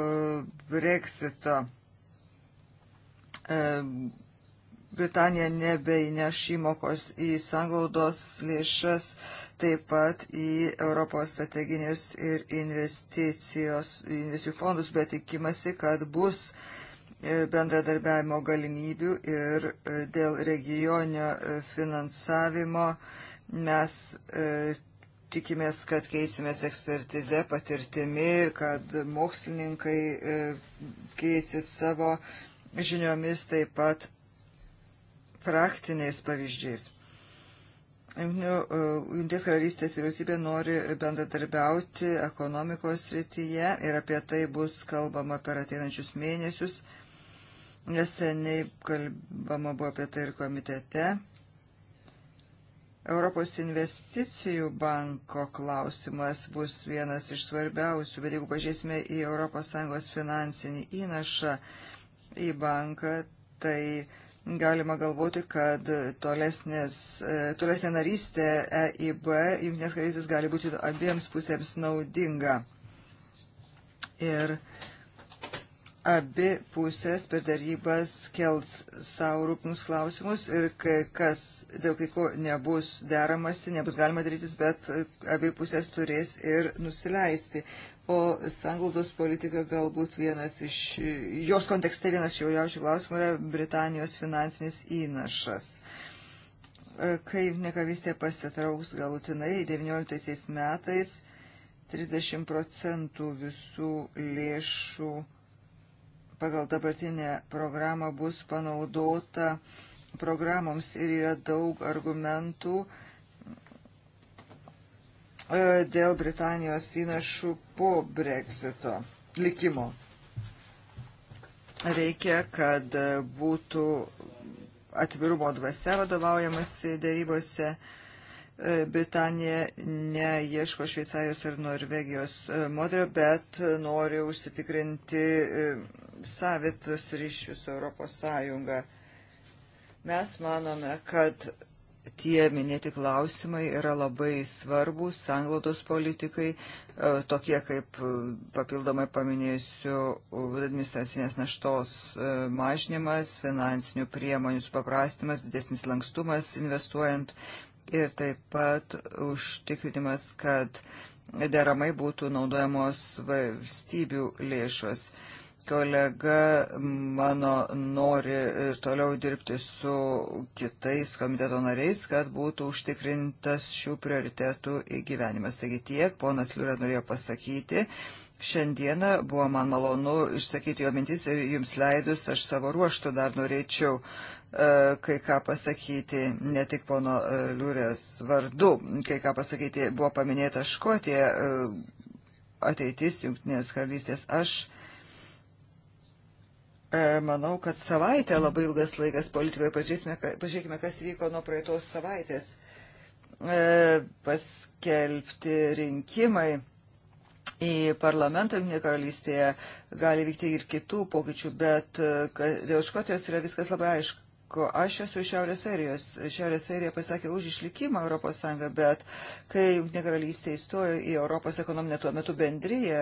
Brexito. E, Britanija nebeineš įmokos į sanglaudos lėšas, taip pat į Europos strateginius ir investicijos, investicijų fondus, bet tikimasi, kad bus uh, bendradarbiavimo galimybių ir e, dėl regioninio e, finansavimo mes e, tikimės, kad keisimės ekspertize, patirtimi, kad mokslininkai keisis savo žiniomis taip pat praktiniais pavyzdžiais. Jungtinės karalystės vyriausybė nori bendradarbiauti ekonomikos srityje ir apie tai bus kalbama per ateinančius mėnesius. Neseniai kalbama buvo apie tai ir komitete. Europos investicijų banko klausimas bus vienas iš svarbiausių, bet jeigu pažiūrėsime į ES finansinį įnašą į banką, tai galima galvoti, kad tolesnės, e, tolesnė narystė EIB, jungtinės karalystės gali būti abiems pusėms naudinga. Ir uh, abi pusės per darybas kels savo rūpimus klausimus ir kas dėl kai ko nebus deramasi, nebus galima darytis, bet abi pusės turės ir nusileisti. O sanglaudos politika galbūt vienas iš, jos kontekste vienas šiauriausių klausimų yra Britanijos finansinis įnašas. Kai nekarystė pasitrauks galutinai 19 metais, 30 procentų visų lėšų pagal dabartinę programą bus panaudota programoms ir yra daug argumentų e, dėl Britanijos įnašų po Brexito likimo. Reikia, kad būtų atvirumo dvasia vadovaujamasi dėrybose. E, Britanija neieško Šveicarijos ir Norvegijos e, modelio, bet nori užsitikrinti savitus ryšius Europos Sąjunga. Mes manome, kad tie minėti klausimai yra labai svarbus sanglaudos politikai, e, tokie kaip e, papildomai paminėsiu administracinės naštos e, mažinimas, finansinių priemonių supaprastimas, didesnis lankstumas investuojant ir taip pat užtikrinimas, kad deramai būtų naudojamos valstybių lėšos kolega mano nori ir toliau dirbti su kitais komiteto nariais, kad būtų užtikrintas šių prioritetų įgyvenimas. Taigi tiek, ponas Liūrė norėjo pasakyti. Šiandieną buvo man malonu išsakyti jo mintis ir jums leidus, aš savo ruoštų dar norėčiau e, kai ką pasakyti, ne tik pono e, Liūrės vardu, kai ką pasakyti, buvo paminėta Škotija e, ateitis Junktinės karalystės. Aš E, manau, kad savaitę labai ilgas laikas politikoje. Pažiūrėkime, kas vyko nuo praeitos savaitės. E, paskelbti rinkimai į parlamentą Junktinėje karalystėje gali vykti ir kitų pokyčių, bet e, dėl Škotijos yra viskas labai aišku. Aš esu iš Šiaurės Airijos. Šiaurės Airija pasakė už išlikimą ES, bet kai Junktinė karalystė įstojo į Europos ekonominę tuo metu bendryje,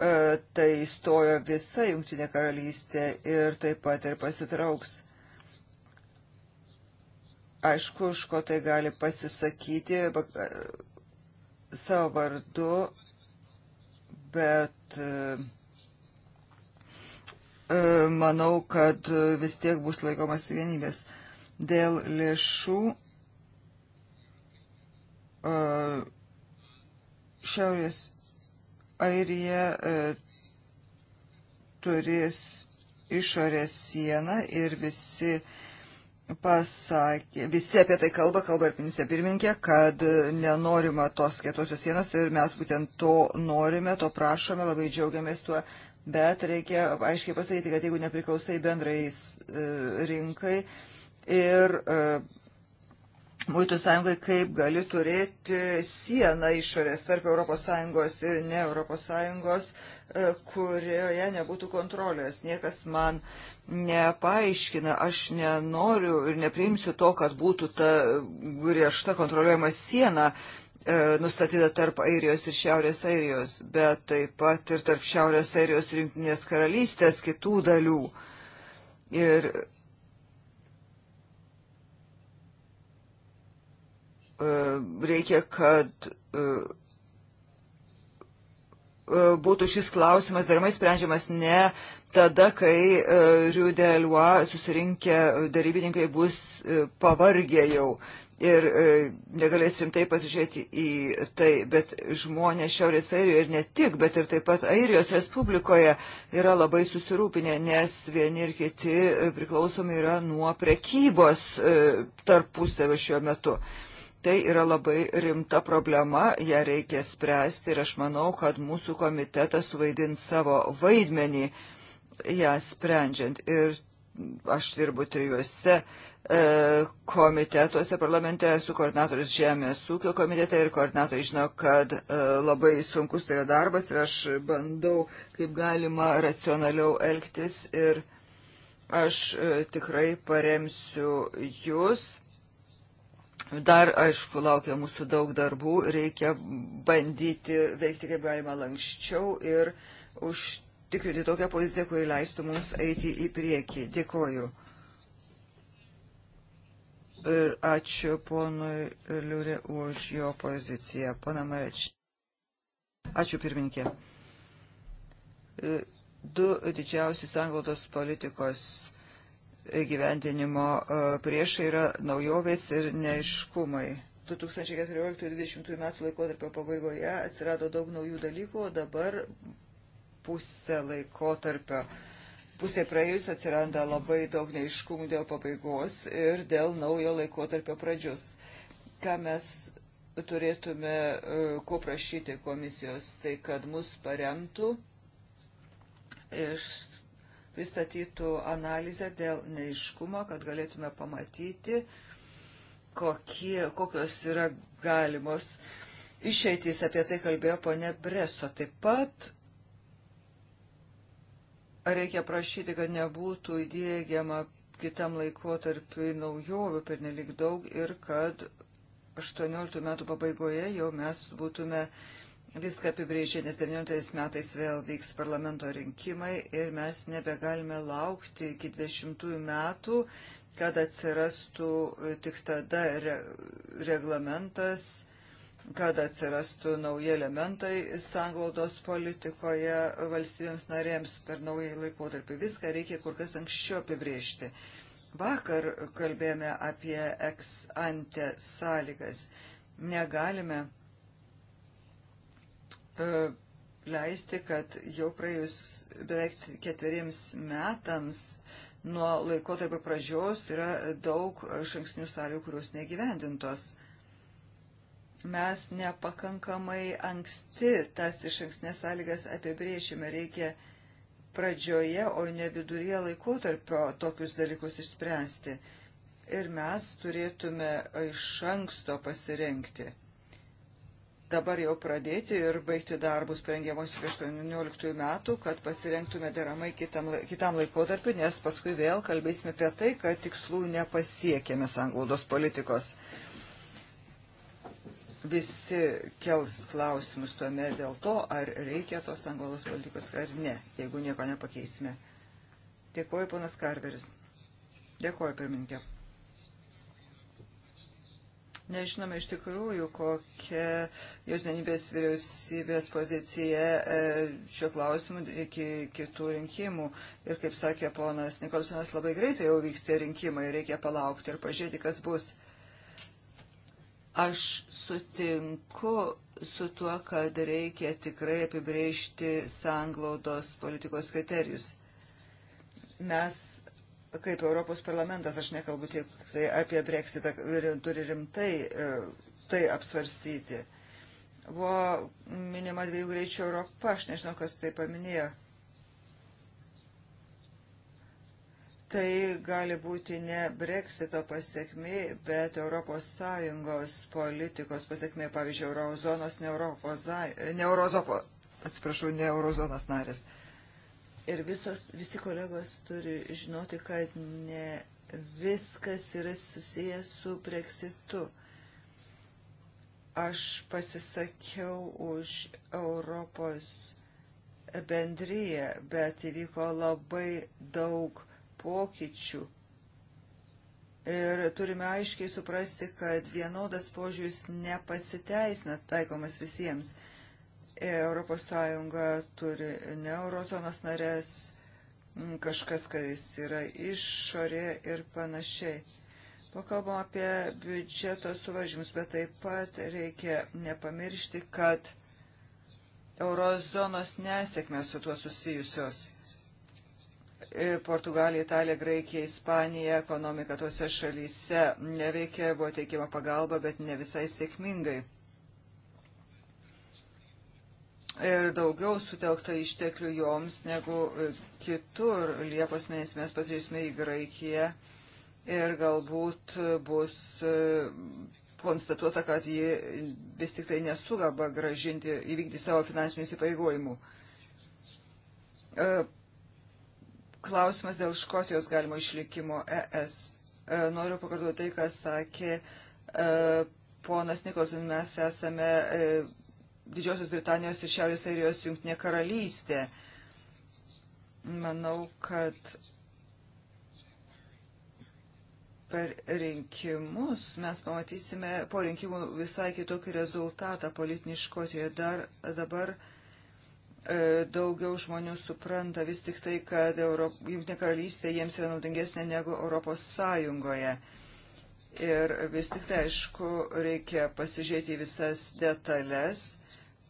E, tai įstojo visa Jungtinė karalystė ir taip pat ir pasitrauks. Aišku, už ko tai gali pasisakyti e, savo vardu, bet e, manau, kad vis tiek bus laikomas vienybės. Dėl lėšų Šiaurės Airija e, turės išorės sieną ir visi pasakė, visi apie tai kalba, kalba ir ministrė pirmininkė, kad nenorima tos kietosios sienos ir mes būtent to norime, to prašome, labai džiaugiamės tuo, bet reikia aiškiai pasakyti, kad jeigu nepriklausai bendrais e, rinkai ir e, Muitų sąjungai kaip gali turėti sieną išorės tarp ES ir ne ES, e, kurioje nebūtų kontrolės. Niekas man nepaaiškina, aš nenoriu ir nepriimsiu to, kad būtų ta griežta kontroliuojama siena e, nustatyta tarp Airijos ir Šiaurės Airijos, bet taip pat ir tarp Šiaurės Airijos ir Junktinės karalystės kitų dalių. Ir E, reikia, kad e, e, būtų šis klausimas darmai sprendžiamas ne tada, kai Rue de Lua susirinkę darybininkai bus pavargę jau ir negalės rimtai pasižiūrėti į tai, bet žmonės Šiaurės Airijoje ir ne tik, bet ir taip pat Airijos Respublikoje yra labai susirūpinę, nes vieni ir kiti priklausomi yra nuo prekybos tarpusavio šiuo metu. Tai yra labai rimta problema, ją reikia spręsti ir aš manau, kad mūsų komitetas suvaidins savo vaidmenį ją sprendžiant. Ir aš dirbu trijuose e, komitetuose parlamente, esu koordinatorius Žemės ūkio komitete ir koordinatoriai žino, kad e, labai sunkus tai yra darbas ir aš bandau kaip galima racionaliau elgtis ir aš e, tikrai paremsiu jūs Dar, aišku, laukia mūsų daug darbų, reikia bandyti veikti kaip galima lankščiau ir užtikrinti tokią poziciją, kuri leistų mums eiti į priekį. Dėkoju. Ir ačiū ponui Liurė už jo poziciją. Pana Mareč. Ačiū pirminkė. E, du didžiausi sanglotos politikos gyvendinimo e, priešai yra naujovės ir neiškumai. 2014-2020 metų laikotarpio pabaigoje atsirado daug naujų dalykų, o dabar pusę laikotarpio. Pusė praėjus atsiranda labai daug neiškumų dėl pabaigos ir dėl naujo laikotarpio pradžius. Ką mes turėtume e, ko prašyti komisijos, tai kad mus paremtų iš pristatytų analizę dėl neiškumo, kad galėtume pamatyti, kokie, kokios yra galimos išeitys. Apie tai kalbėjo ponė Breso. Taip pat reikia prašyti, kad nebūtų įdėgiama kitam laikotarpiui naujovių per nelik daug ir kad 18 metų pabaigoje jau mes būtume uh, viską apibrėžė, nes 19 metais vėl vyks parlamento rinkimai ir mes nebegalime laukti iki 20 metų, kad atsirastų e, tik tada re, reglamentas, kad atsirastų nauji elementai sanglaudos politikoje valstybėms narėms per naują laikotarpį. Viską reikia kur kas anksčiau apibrėžti. Vakar kalbėjome apie ex ante sąlygas. Negalime E, leisti, kad jau praėjus beveik ketveriems metams nuo laikotarpio pradžios yra daug šanksnių sąlygų, kurios negyvendintos. Mes nepakankamai anksti tas iš anksnės sąlygas apibrėšime, reikia pradžioje, o ne viduryje laikotarpio tokius dalykus išspręsti. Ir mes turėtume iš anksto pasirenkti dabar jau pradėti ir baigti darbus parengiamus iki 18 metų, kad pasirengtume deramai kitam, kitam laikotarpiu, nes paskui vėl kalbėsime apie tai, kad tikslų nepasiekėme sanglaudos politikos. Visi kels klausimus tuome dėl to, ar reikia tos sanglaudos politikos ar ne, jeigu nieko nepakeisime. Dėkuoju, ponas Karveris. Dėkuoju, pirmininkė. Nežinome iš tikrųjų, kokia jos vienybės vyriausybės pozicija e, šiuo klausimu iki kitų rinkimų. Ir kaip sakė ponas Nikolsonas, labai greitai jau vyks tie rinkimai, reikia palaukti ir pažiūrėti, kas bus. Aš sutinku su tuo, kad reikia tikrai apibrėžti sanglaudos politikos kriterijus. Mes kaip Europos parlamentas, aš nekalbu tik tai apie Brexitą, turi rimtai e, tai apsvarstyti. Buvo minima dviejų greičių Europa, aš nežinau, kas tai paminėjo. Tai gali būti ne Brexito pasiekmi, bet Europos Sąjungos politikos pasiekmi, pavyzdžiui, Eurozonos, ne, Europos, ne Eurozopo, atsiprašau, ne Eurozonos narės. Ir visos, visi kolegos turi žinoti, kad ne viskas yra susijęs su breksitu. Aš pasisakiau už Europos bendryje, bet įvyko labai daug pokyčių. Ir turime aiškiai suprasti, kad vienodas požiūris nepasiteisina taikomas visiems. ES turi ne eurozonos narės, kažkas, kas yra išorė ir panašiai. Pakalbam apie biudžeto suvažimus, bet taip pat reikia nepamiršti, kad eurozonos nesėkmės su tuo susijusios. E, Portugalija, Italija, Graikija, Ispanija, ekonomika tose šalyse neveikia, buvo teikiama pagalba, bet ne visai sėkmingai ir daugiau sutelkta išteklių joms negu e, kitur. Liepos mėnesį mes pasižiūrėsime į Graikiją ir galbūt bus e, konstatuota, kad ji vis tik tai nesugaba gražinti, įvykdyti savo finansinių įsipareigojimų. E, klausimas dėl Škotijos galimo išlikimo ES. Noriu pakartoti tai, ką sakė ponas Nikolson. Mes esame Didžiosios Britanijos ir Šiaurės Airijos jungtinė karalystė. Manau, kad per rinkimus mes pamatysime po rinkimų visai kitokį rezultatą politinį Škotijoje. Dar dabar e, daugiau žmonių supranta vis tik tai, kad Junktinė karalystė jiems yra naudingesnė negu Europos Sąjungoje. Ir vis tik tai, aišku, reikia pasižiūrėti į visas detalės.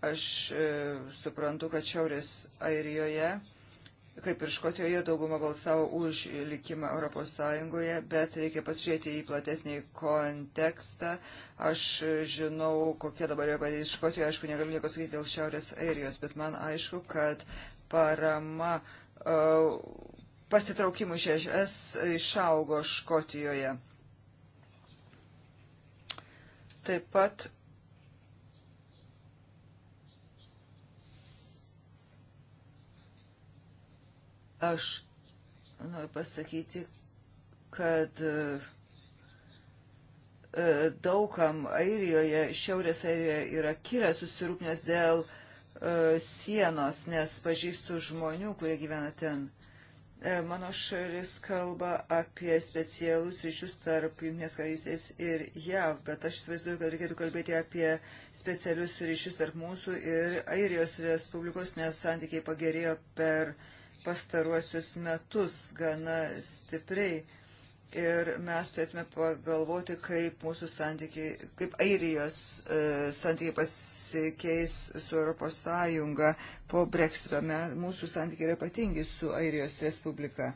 Aš e, suprantu, kad Šiaurės Airijoje, kaip ir Škotijoje, dauguma balsavo už likimą Europos Sąjungoje, bet reikia pasižiūrėti į platesnį kontekstą. Aš žinau, kokie dabar yra padėtis Škotijoje, aišku, negaliu nieko sakyti dėl Šiaurės Airijos, bet man aišku, kad parama e, pasitraukimų iš ES išaugo Škotijoje. Taip pat Aš noriu pasakyti, kad e, daugam Airijoje, Šiaurės Airijoje yra kilęs susirūpnęs dėl e, sienos, nes pažįstu žmonių, kurie gyvena ten. E, mano šalis kalba apie specialus ryšius tarp Junktinės karalystės ir JAV, bet aš įsivaizduoju, kad reikėtų kalbėti apie specialius ryšius tarp mūsų ir Airijos Respublikos, nes santykiai pagerėjo per uh, pastaruosius metus gana stipriai. Ir mes turėtume pagalvoti, kaip mūsų santykiai, kaip Airijos e, santykiai pasikeis su Europos Sąjunga po Brexito. Mes, mūsų santykiai yra ypatingi su Airijos Respublika.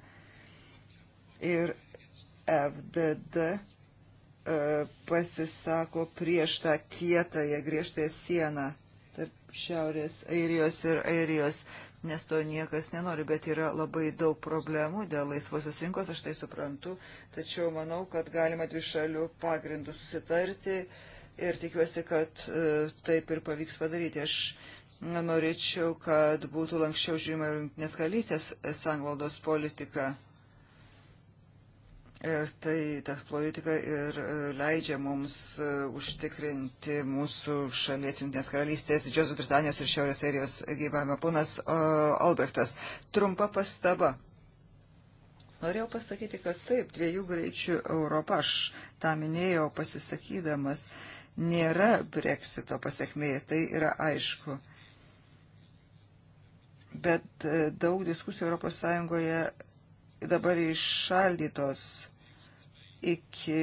Ir FDD e, pasisako prieš tą kietąją griežtąją sieną tarp Šiaurės Airijos ir Airijos. E, nes to niekas nenori, bet yra labai daug problemų dėl laisvosios rinkos, aš tai suprantu, tačiau manau, kad galima dvi šalių pagrindų susitarti ir tikiuosi, kad e, taip ir pavyks padaryti. Aš norėčiau, kad būtų lankščiau žiūrima ir Junktinės karalystės sanglaudos politika Ir tai ta politika ir e, leidžia mums e, užtikrinti mūsų šalies Junktinės karalystės, Didžiosios Britanijos ir Šiaurės Airijos gyvavimą. Ponas Albrechtas, e, trumpa pastaba. Norėjau pasakyti, kad taip, dviejų greičių Europą, aš tą minėjau pasisakydamas, nėra breksito pasiekmė, tai yra aišku. Bet daug diskusijų Europos Sąjungoje dabar iššaldytos iki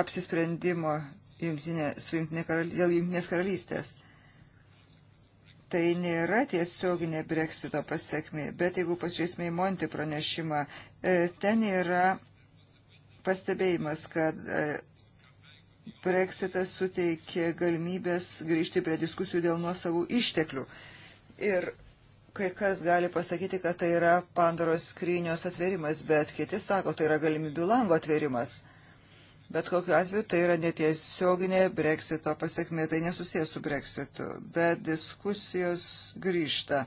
apsisprendimo jungtinė, su jungtinė karal, dėl jungtinės karalystės. Tai nėra tiesioginė breksito pasiekmė, bet jeigu pasižiūrėsime į Monti pranešimą, e, ten yra pastebėjimas, kad e, breksitas suteikė galimybės grįžti prie diskusijų dėl nuosavų išteklių. Ir kai kas gali pasakyti, kad tai yra Pandoros skrynios atverimas, bet kiti sako, tai yra galimybių lango atverimas. Bet kokiu atveju tai yra netiesioginė breksito pasiekmė, tai nesusijęs su breksitu, bet diskusijos grįžta.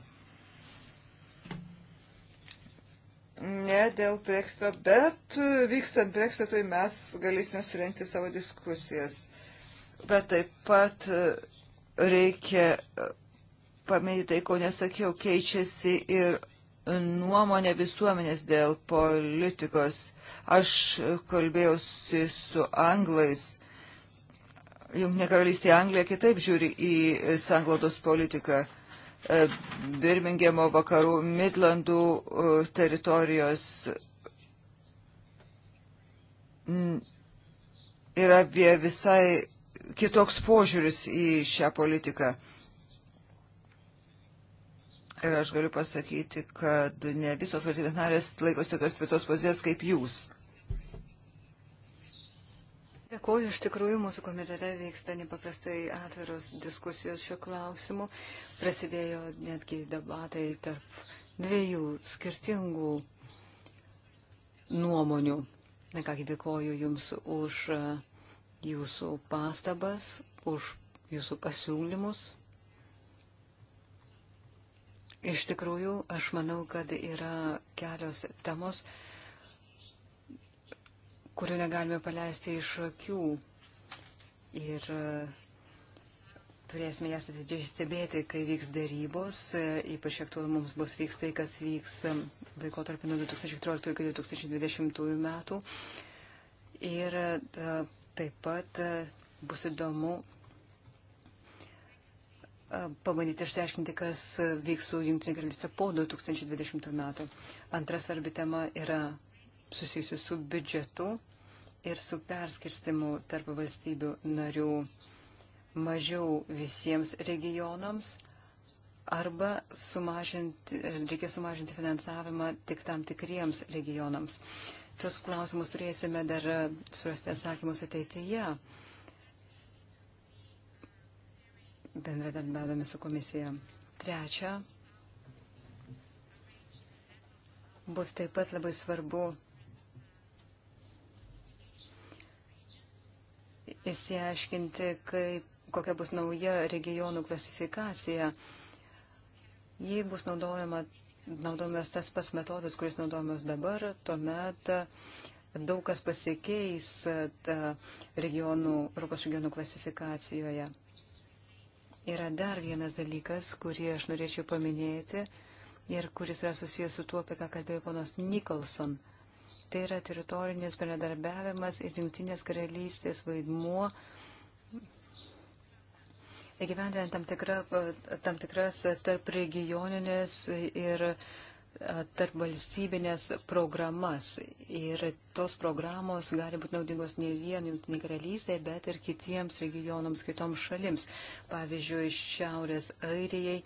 Ne dėl breksito, bet vykstant breksitui mes galėsime surenkti savo diskusijas. Bet taip pat reikia paminėti tai, ko nesakiau, keičiasi ir nuomonė visuomenės dėl politikos. Aš kalbėjausi su anglais. Junknė karalystė Anglija kitaip žiūri į sanglaudos politiką. E, Birmingemo vakarų Midlandų e, teritorijos yra visai kitoks požiūris į šią politiką. Ir aš galiu pasakyti, kad ne visos valstybės narės laikosi tokios tvirtos pozicijos kaip jūs. Dėkuoju, iš tikrųjų mūsų komitete vyksta nepaprastai atviros diskusijos šiuo klausimu. Prasidėjo netgi debatai tarp dviejų skirtingų nuomonių. Na kągi, dėkuoju Jums už uh, Jūsų pastabas, už Jūsų pasiūlymus. Iš tikrųjų, aš manau, kad yra kelios temos, kurių negalime paleisti iš akių. Ir e, turėsime jas atidžiai stebėti, kai vyks darybos, e, ypač aktualu mums bus vyks tai, kas vyks e, laikotarpį nuo 2014 iki 2020 metų. Ir taip pat bus įdomu pabandyti išsiaiškinti, kas vyks su Junktinė karalystė po 2020 metų. Antra svarbi tema yra susijusi su biudžetu ir su perskirstimu tarp valstybių narių mažiau visiems regionams arba sumažinti, reikia sumažinti finansavimą tik tam tikriems regionams. Tuos klausimus turėsime dar surasti atsakymus ateityje. Ja bendradarbiaudami su komisija. Trečia, bus taip pat labai svarbu įsiaiškinti, kaip, kokia bus nauja regionų klasifikacija. Jei bus naudojama, naudojamas tas pats metodas, kuris naudojamas dabar, tuomet daug kas pasikeis regionų, Europos regionų klasifikacijoje. Yra dar vienas dalykas, kurį aš norėčiau paminėti ir kuris yra susijęs su tuo, apie ką kalbėjo ponas Nikolson. Tai yra teritorinės bendradarbiavimas ir jungtinės karalystės vaidmuo įgyvendinant tam, tikra, tam tikras tarp regioninės ir uh, tarp valstybinės programas. Ir tos programos gali būti naudingos ne vien Junktinė karalystė, bet ir kitiems regionams, kitoms šalims. Pavyzdžiui, Šiaurės Airijai.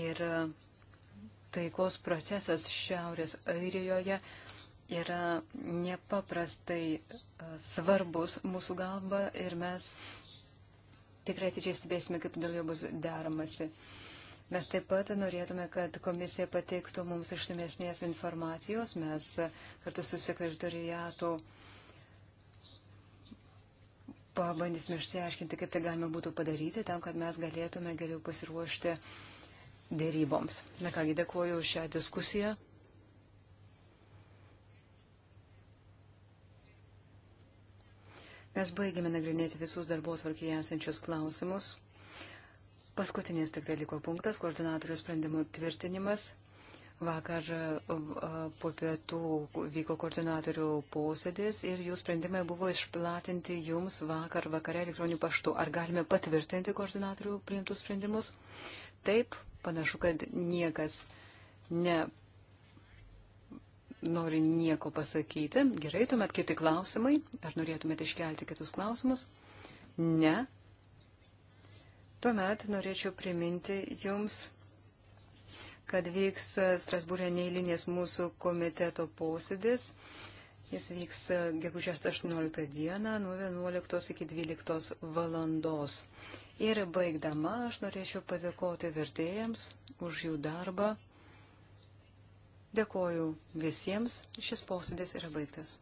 Ir taikos procesas Šiaurės Airijoje yra nepaprastai svarbus mūsų galva ir mes tikrai atidžiai stebėsime, kaip dėl jo bus deramasi. Uh, Mes taip pat norėtume, kad komisija pateiktų mums išsamesnės informacijos. Mes kartu su sekretariatu pabandysime išsiaiškinti, kaip tai galima būtų padaryti, tam, kad mes galėtume geriau pasiruošti dėryboms. Na kągi, dėkuoju už šią diskusiją. Mes baigėme nagrinėti visus darbo tvarkyje esančius klausimus. Paskutinis tik dalyko punktas - koordinatorių sprendimų tvirtinimas. Vakar uh, uh, po pietų vyko koordinatorių posėdis ir jų sprendimai buvo išplatinti jums vakar vakare elektroniniu paštu. Ar galime patvirtinti koordinatorių priimtus sprendimus? Taip, panašu, kad niekas ne nori nieko pasakyti. Gerai, tuomet kiti klausimai. Ar norėtumėte iškelti kitus klausimus? Ne. Tuomet norėčiau priminti Jums, kad vyks Strasbūrė neįlinės mūsų komiteto posėdis. Jis vyks gegužės 18 dieną nuo 11 iki 12 valandos. Ir baigdama aš norėčiau padėkoti vertėjams už jų darbą. Dėkoju visiems. Šis posėdis yra baigtas.